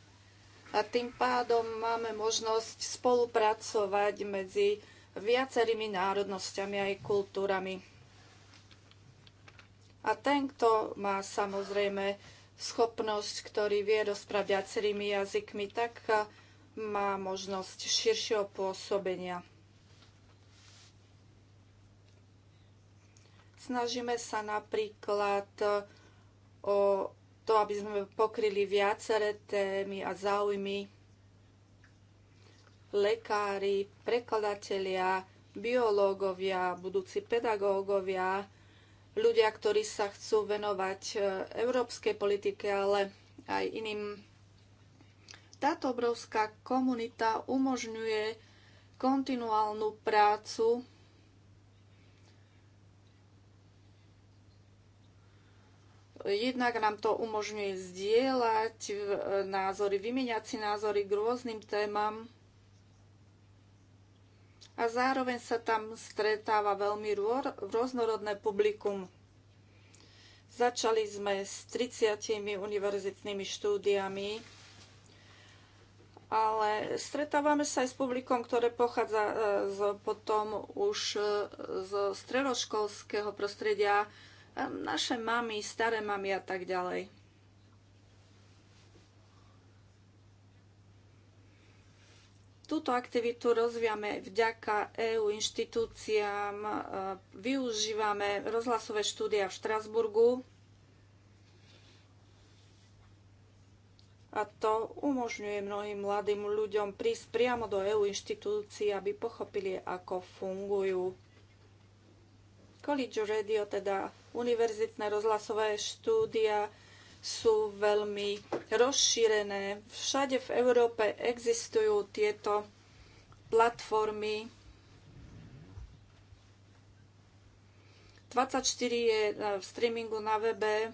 Speaker 3: a tým pádom máme možnosť spolupracovať medzi viacerými národnosťami aj kultúrami. A ten, kto má samozrejme schopnosť, ktorý vie rozprávať viacerými jazykmi, tak e, má možnosť širšieho pôsobenia. Snažíme sa napríklad e, o to, aby sme pokryli viaceré témy a záujmy lekári, prekladatelia, biológovia, budúci pedagógovia, ľudia, ktorí sa chcú venovať e, európskej politike, ale aj iným. Táto obrovská komunita umožňuje kontinuálnu prácu Jednak nám to umožňuje zdieľať e, názory, vymieňať si názory k rôznym témam a zároveň sa tam stretáva veľmi rôr, rôznorodné publikum. Začali sme s 30 univerzitnými štúdiami, ale stretávame sa aj s publikom, ktoré pochádza e, z, potom už e, z stredoškolského prostredia, e, naše mamy, staré mamy a tak ďalej. Túto aktivitu rozvíjame vďaka EU inštitúciám, e, využívame rozhlasové štúdia v Štrasburgu a to umožňuje mnohým mladým ľuďom prísť priamo do EU inštitúcií, aby pochopili, ako fungujú. College Radio, teda univerzitné rozhlasové štúdia, sú veľmi rozšírené. Všade v Európe existujú tieto platformy. 24 je e, v streamingu na webe.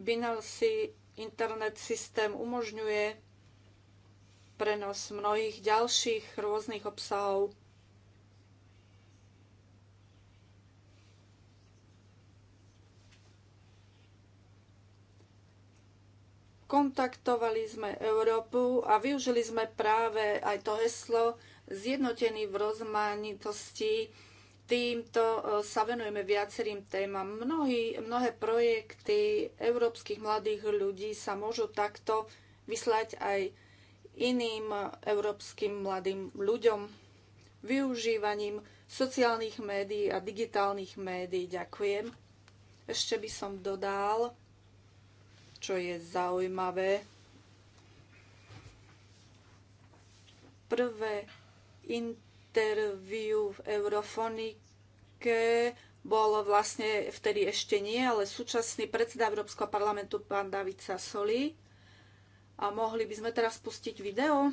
Speaker 3: Binance internet systém umožňuje prenos mnohých ďalších rôznych obsahov. Kontaktovali sme Európu a využili sme práve aj to heslo zjednotený v rozmanitosti. Týmto e, sa venujeme viacerým témam. Mnohí, mnohé projekty európskych mladých ľudí sa môžu takto vyslať aj iným európskym mladým ľuďom využívaním sociálnych médií a digitálnych médií. Ďakujem. Ešte by som dodal, čo je zaujímavé. Prvé interviu v Eurofonike bol vlastne vtedy ešte nie, ale súčasný predseda Európskeho parlamentu pán David Sassoli. A mohli by sme teraz pustiť video?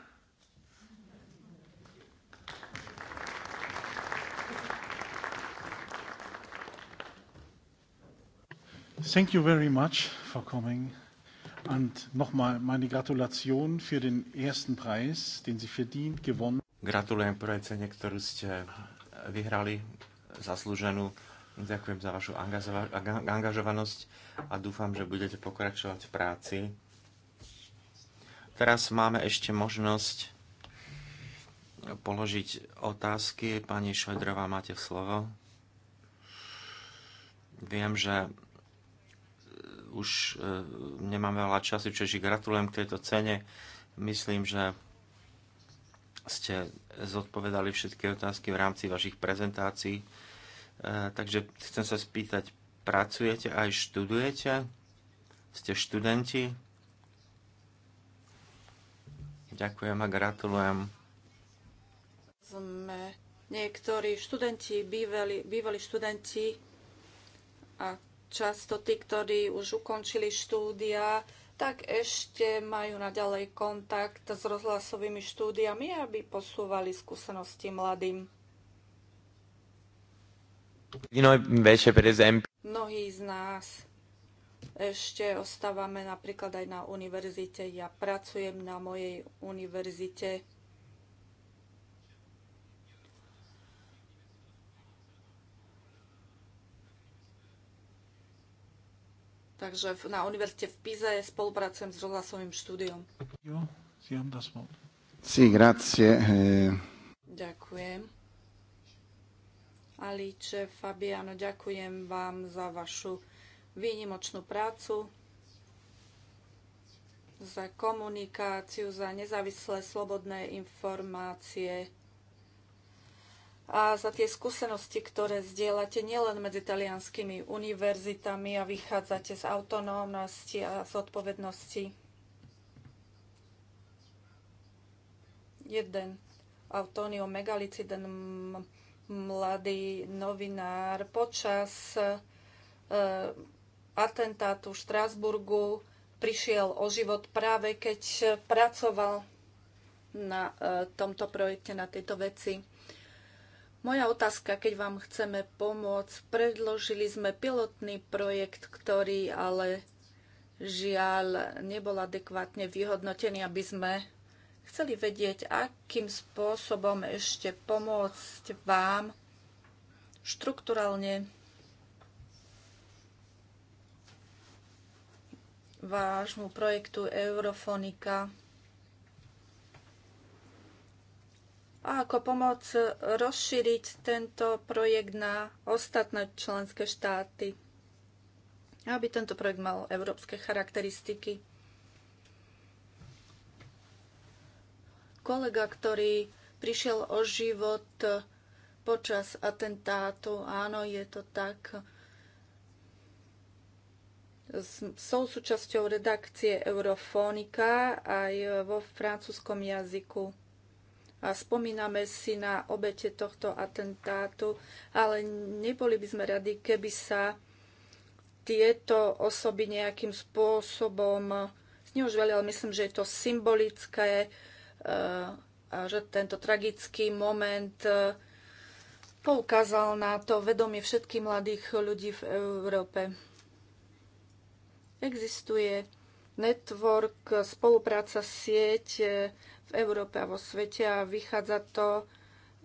Speaker 4: Thank you very much for coming. Und nochmal meine Gratulation für den ersten Preis, den Sie verdient gewonnen.
Speaker 1: Gratulujem prvej cene, ktorú ste vyhrali, zaslúženú. Ďakujem za vašu angažovanosť a dúfam, že budete pokračovať v práci. Teraz máme ešte možnosť položiť otázky. Pani Švedrová, máte slovo. Viem, že už e, nemám veľa času, čiže gratulujem k tejto cene. Myslím, že ste zodpovedali všetky otázky v rámci vašich prezentácií. E, takže chcem sa spýtať, pracujete aj študujete? Ste študenti? Ďakujem a gratulujem.
Speaker 3: Sme niektorí študenti, bývali, bývali študenti a často tí, ktorí už ukončili štúdia, tak ešte majú naďalej kontakt s rozhlasovými štúdiami, aby posúvali skúsenosti mladým. Mnohí z nás ešte ostávame napríklad aj na univerzite. Ja pracujem na mojej univerzite Takže na univerzite v Pize spolupracujem s rozhlasovým štúdiom.
Speaker 1: Sí, grazie. Eh.
Speaker 3: Ďakujem. Aliče, Fabiano, ďakujem vám za vašu výnimočnú prácu, za komunikáciu, za nezávislé slobodné informácie a za tie skúsenosti, ktoré zdieľate nielen medzi talianskými univerzitami a vychádzate z autonómnosti a z odpovednosti. Jeden Antonio Megalici, ten mladý novinár, počas e, atentátu v Štrásburgu prišiel o život práve keď pracoval na e, tomto projekte, na tejto veci. Moja otázka, keď vám chceme pomôcť, predložili sme pilotný projekt, ktorý ale žiaľ nebol adekvátne vyhodnotený, aby sme chceli vedieť, akým spôsobom ešte pomôcť vám štrukturálne vášmu projektu Eurofonika. ako pomoc rozšíriť tento projekt na ostatné členské štáty, aby tento projekt mal európske charakteristiky. Kolega, ktorý prišiel o život počas atentátu, áno, je to tak, sú súčasťou redakcie Eurofónika aj vo francúzskom jazyku a spomíname si na obete tohto atentátu, ale neboli by sme radi, keby sa tieto osoby nejakým spôsobom zneužívali, ale myslím, že je to symbolické, e, že tento tragický moment e, poukázal na to vedomie všetkých mladých ľudí v Európe. Existuje network, spolupráca, sieť v Európe a vo svete a vychádza to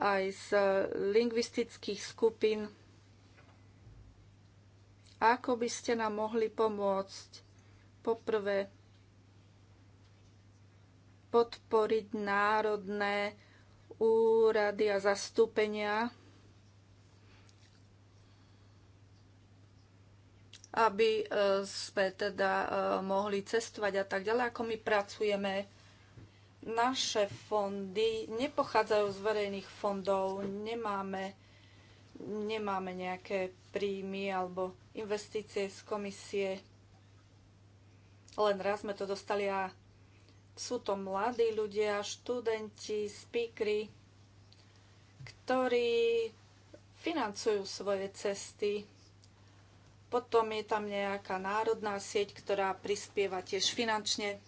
Speaker 3: aj z lingvistických skupín. Ako by ste nám mohli pomôcť? Poprvé, podporiť národné úrady a zastúpenia, aby eh, sme teda eh, mohli cestovať a tak ďalej, ako my pracujeme naše fondy nepochádzajú z verejných fondov, nemáme, nemáme nejaké príjmy alebo investície z komisie. Len raz sme to dostali a sú to mladí ľudia, študenti, speakery, ktorí financujú svoje cesty. Potom je tam nejaká národná sieť, ktorá prispieva tiež finančne.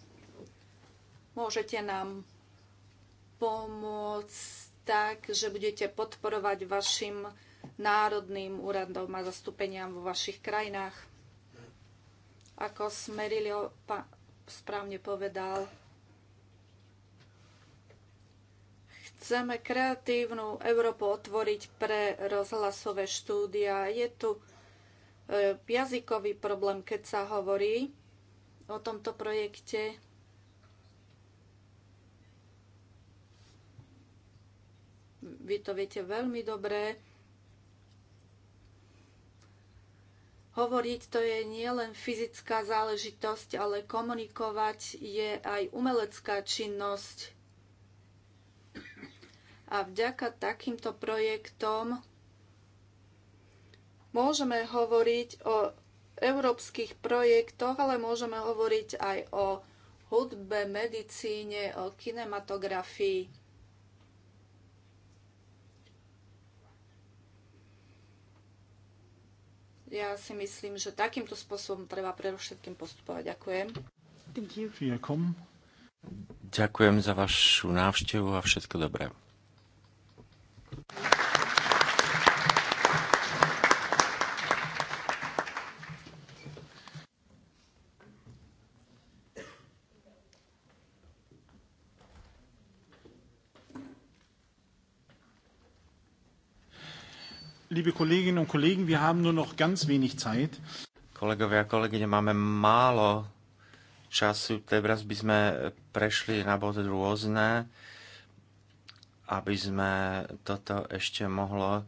Speaker 3: Môžete nám pomôcť tak, že budete podporovať vašim národným úradom a zastúpeniam vo vašich krajinách. Ako Smerilio správne povedal, chceme kreatívnu Európu otvoriť pre rozhlasové štúdia. Je tu e, jazykový problém, keď sa hovorí o tomto projekte Vy to viete veľmi dobre. Hovoriť to je nielen fyzická záležitosť, ale komunikovať je aj umelecká činnosť. A vďaka takýmto projektom môžeme hovoriť o európskych projektoch, ale môžeme hovoriť aj o hudbe, medicíne, o kinematografii. Ja si myslím, že takýmto spôsobom treba pre všetkým postupovať. Ďakujem.
Speaker 1: Ďakujem za vašu návštevu a všetko dobré.
Speaker 4: liebe Kolleginnen und Kollegen, wir haben nur noch ganz wenig Zeit.
Speaker 1: Kolegovia a kolegyne, máme málo času. Teraz by sme prešli na bod rôzne, aby sme toto ešte mohlo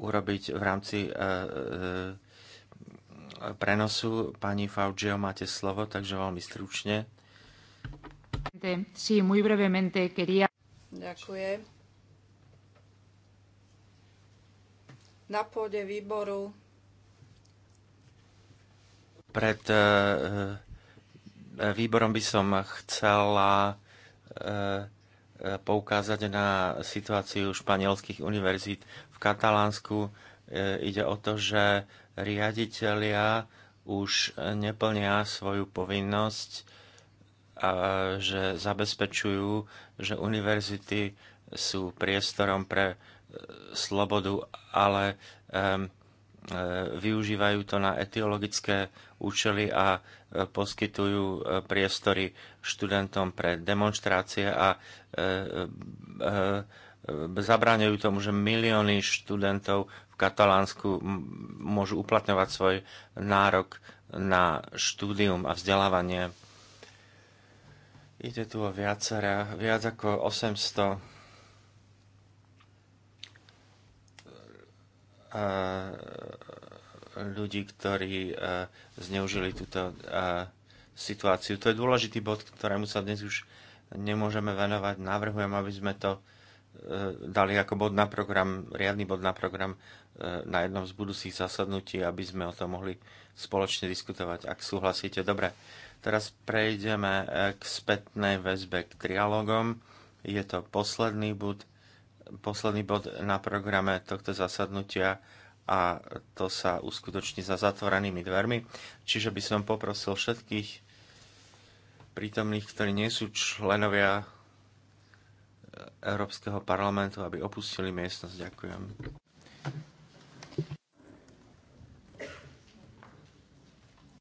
Speaker 1: urobiť v rámci e, e, prenosu. Pani Faugio, máte slovo, takže veľmi stručne.
Speaker 3: Sí, muy brevemente quería... Ďakujem. na pôde výboru.
Speaker 1: Pred eh, eh, výborom by som chcela eh, poukázať na situáciu španielských univerzít v Katalánsku. Ide o to, že riaditeľia už neplnia svoju povinnosť a že zabezpečujú, že univerzity sú priestorom pre slobodu, ale e, využívajú to na etiologické účely a e, poskytujú e, priestory študentom pre demonstrácie a zabráňujú tomu, že milióny študentov v Katalánsku môžu uplatňovať svoj nárok na štúdium a vzdelávanie. Ide tu o viacera, viac ako 800 E, ľudí, ktorí e, zneužili túto e, situáciu. To je dôležitý bod, ktorému sa dnes už nemôžeme venovať. Navrhujem, aby sme to dali ako bod na program, riadny bod na program na jednom z budúcich zasadnutí, aby sme o tom mohli spoločne diskutovať, ak súhlasíte. Dobre, teraz prejdeme k spätnej väzbe k trialogom. Je to posledný bod posledný bod na programe tohto zasadnutia a to sa uskutoční za zatvorenými dvermi. Čiže by som poprosil všetkých prítomných, ktorí nie sú členovia Európskeho parlamentu, aby opustili miestnosť. Ďakujem.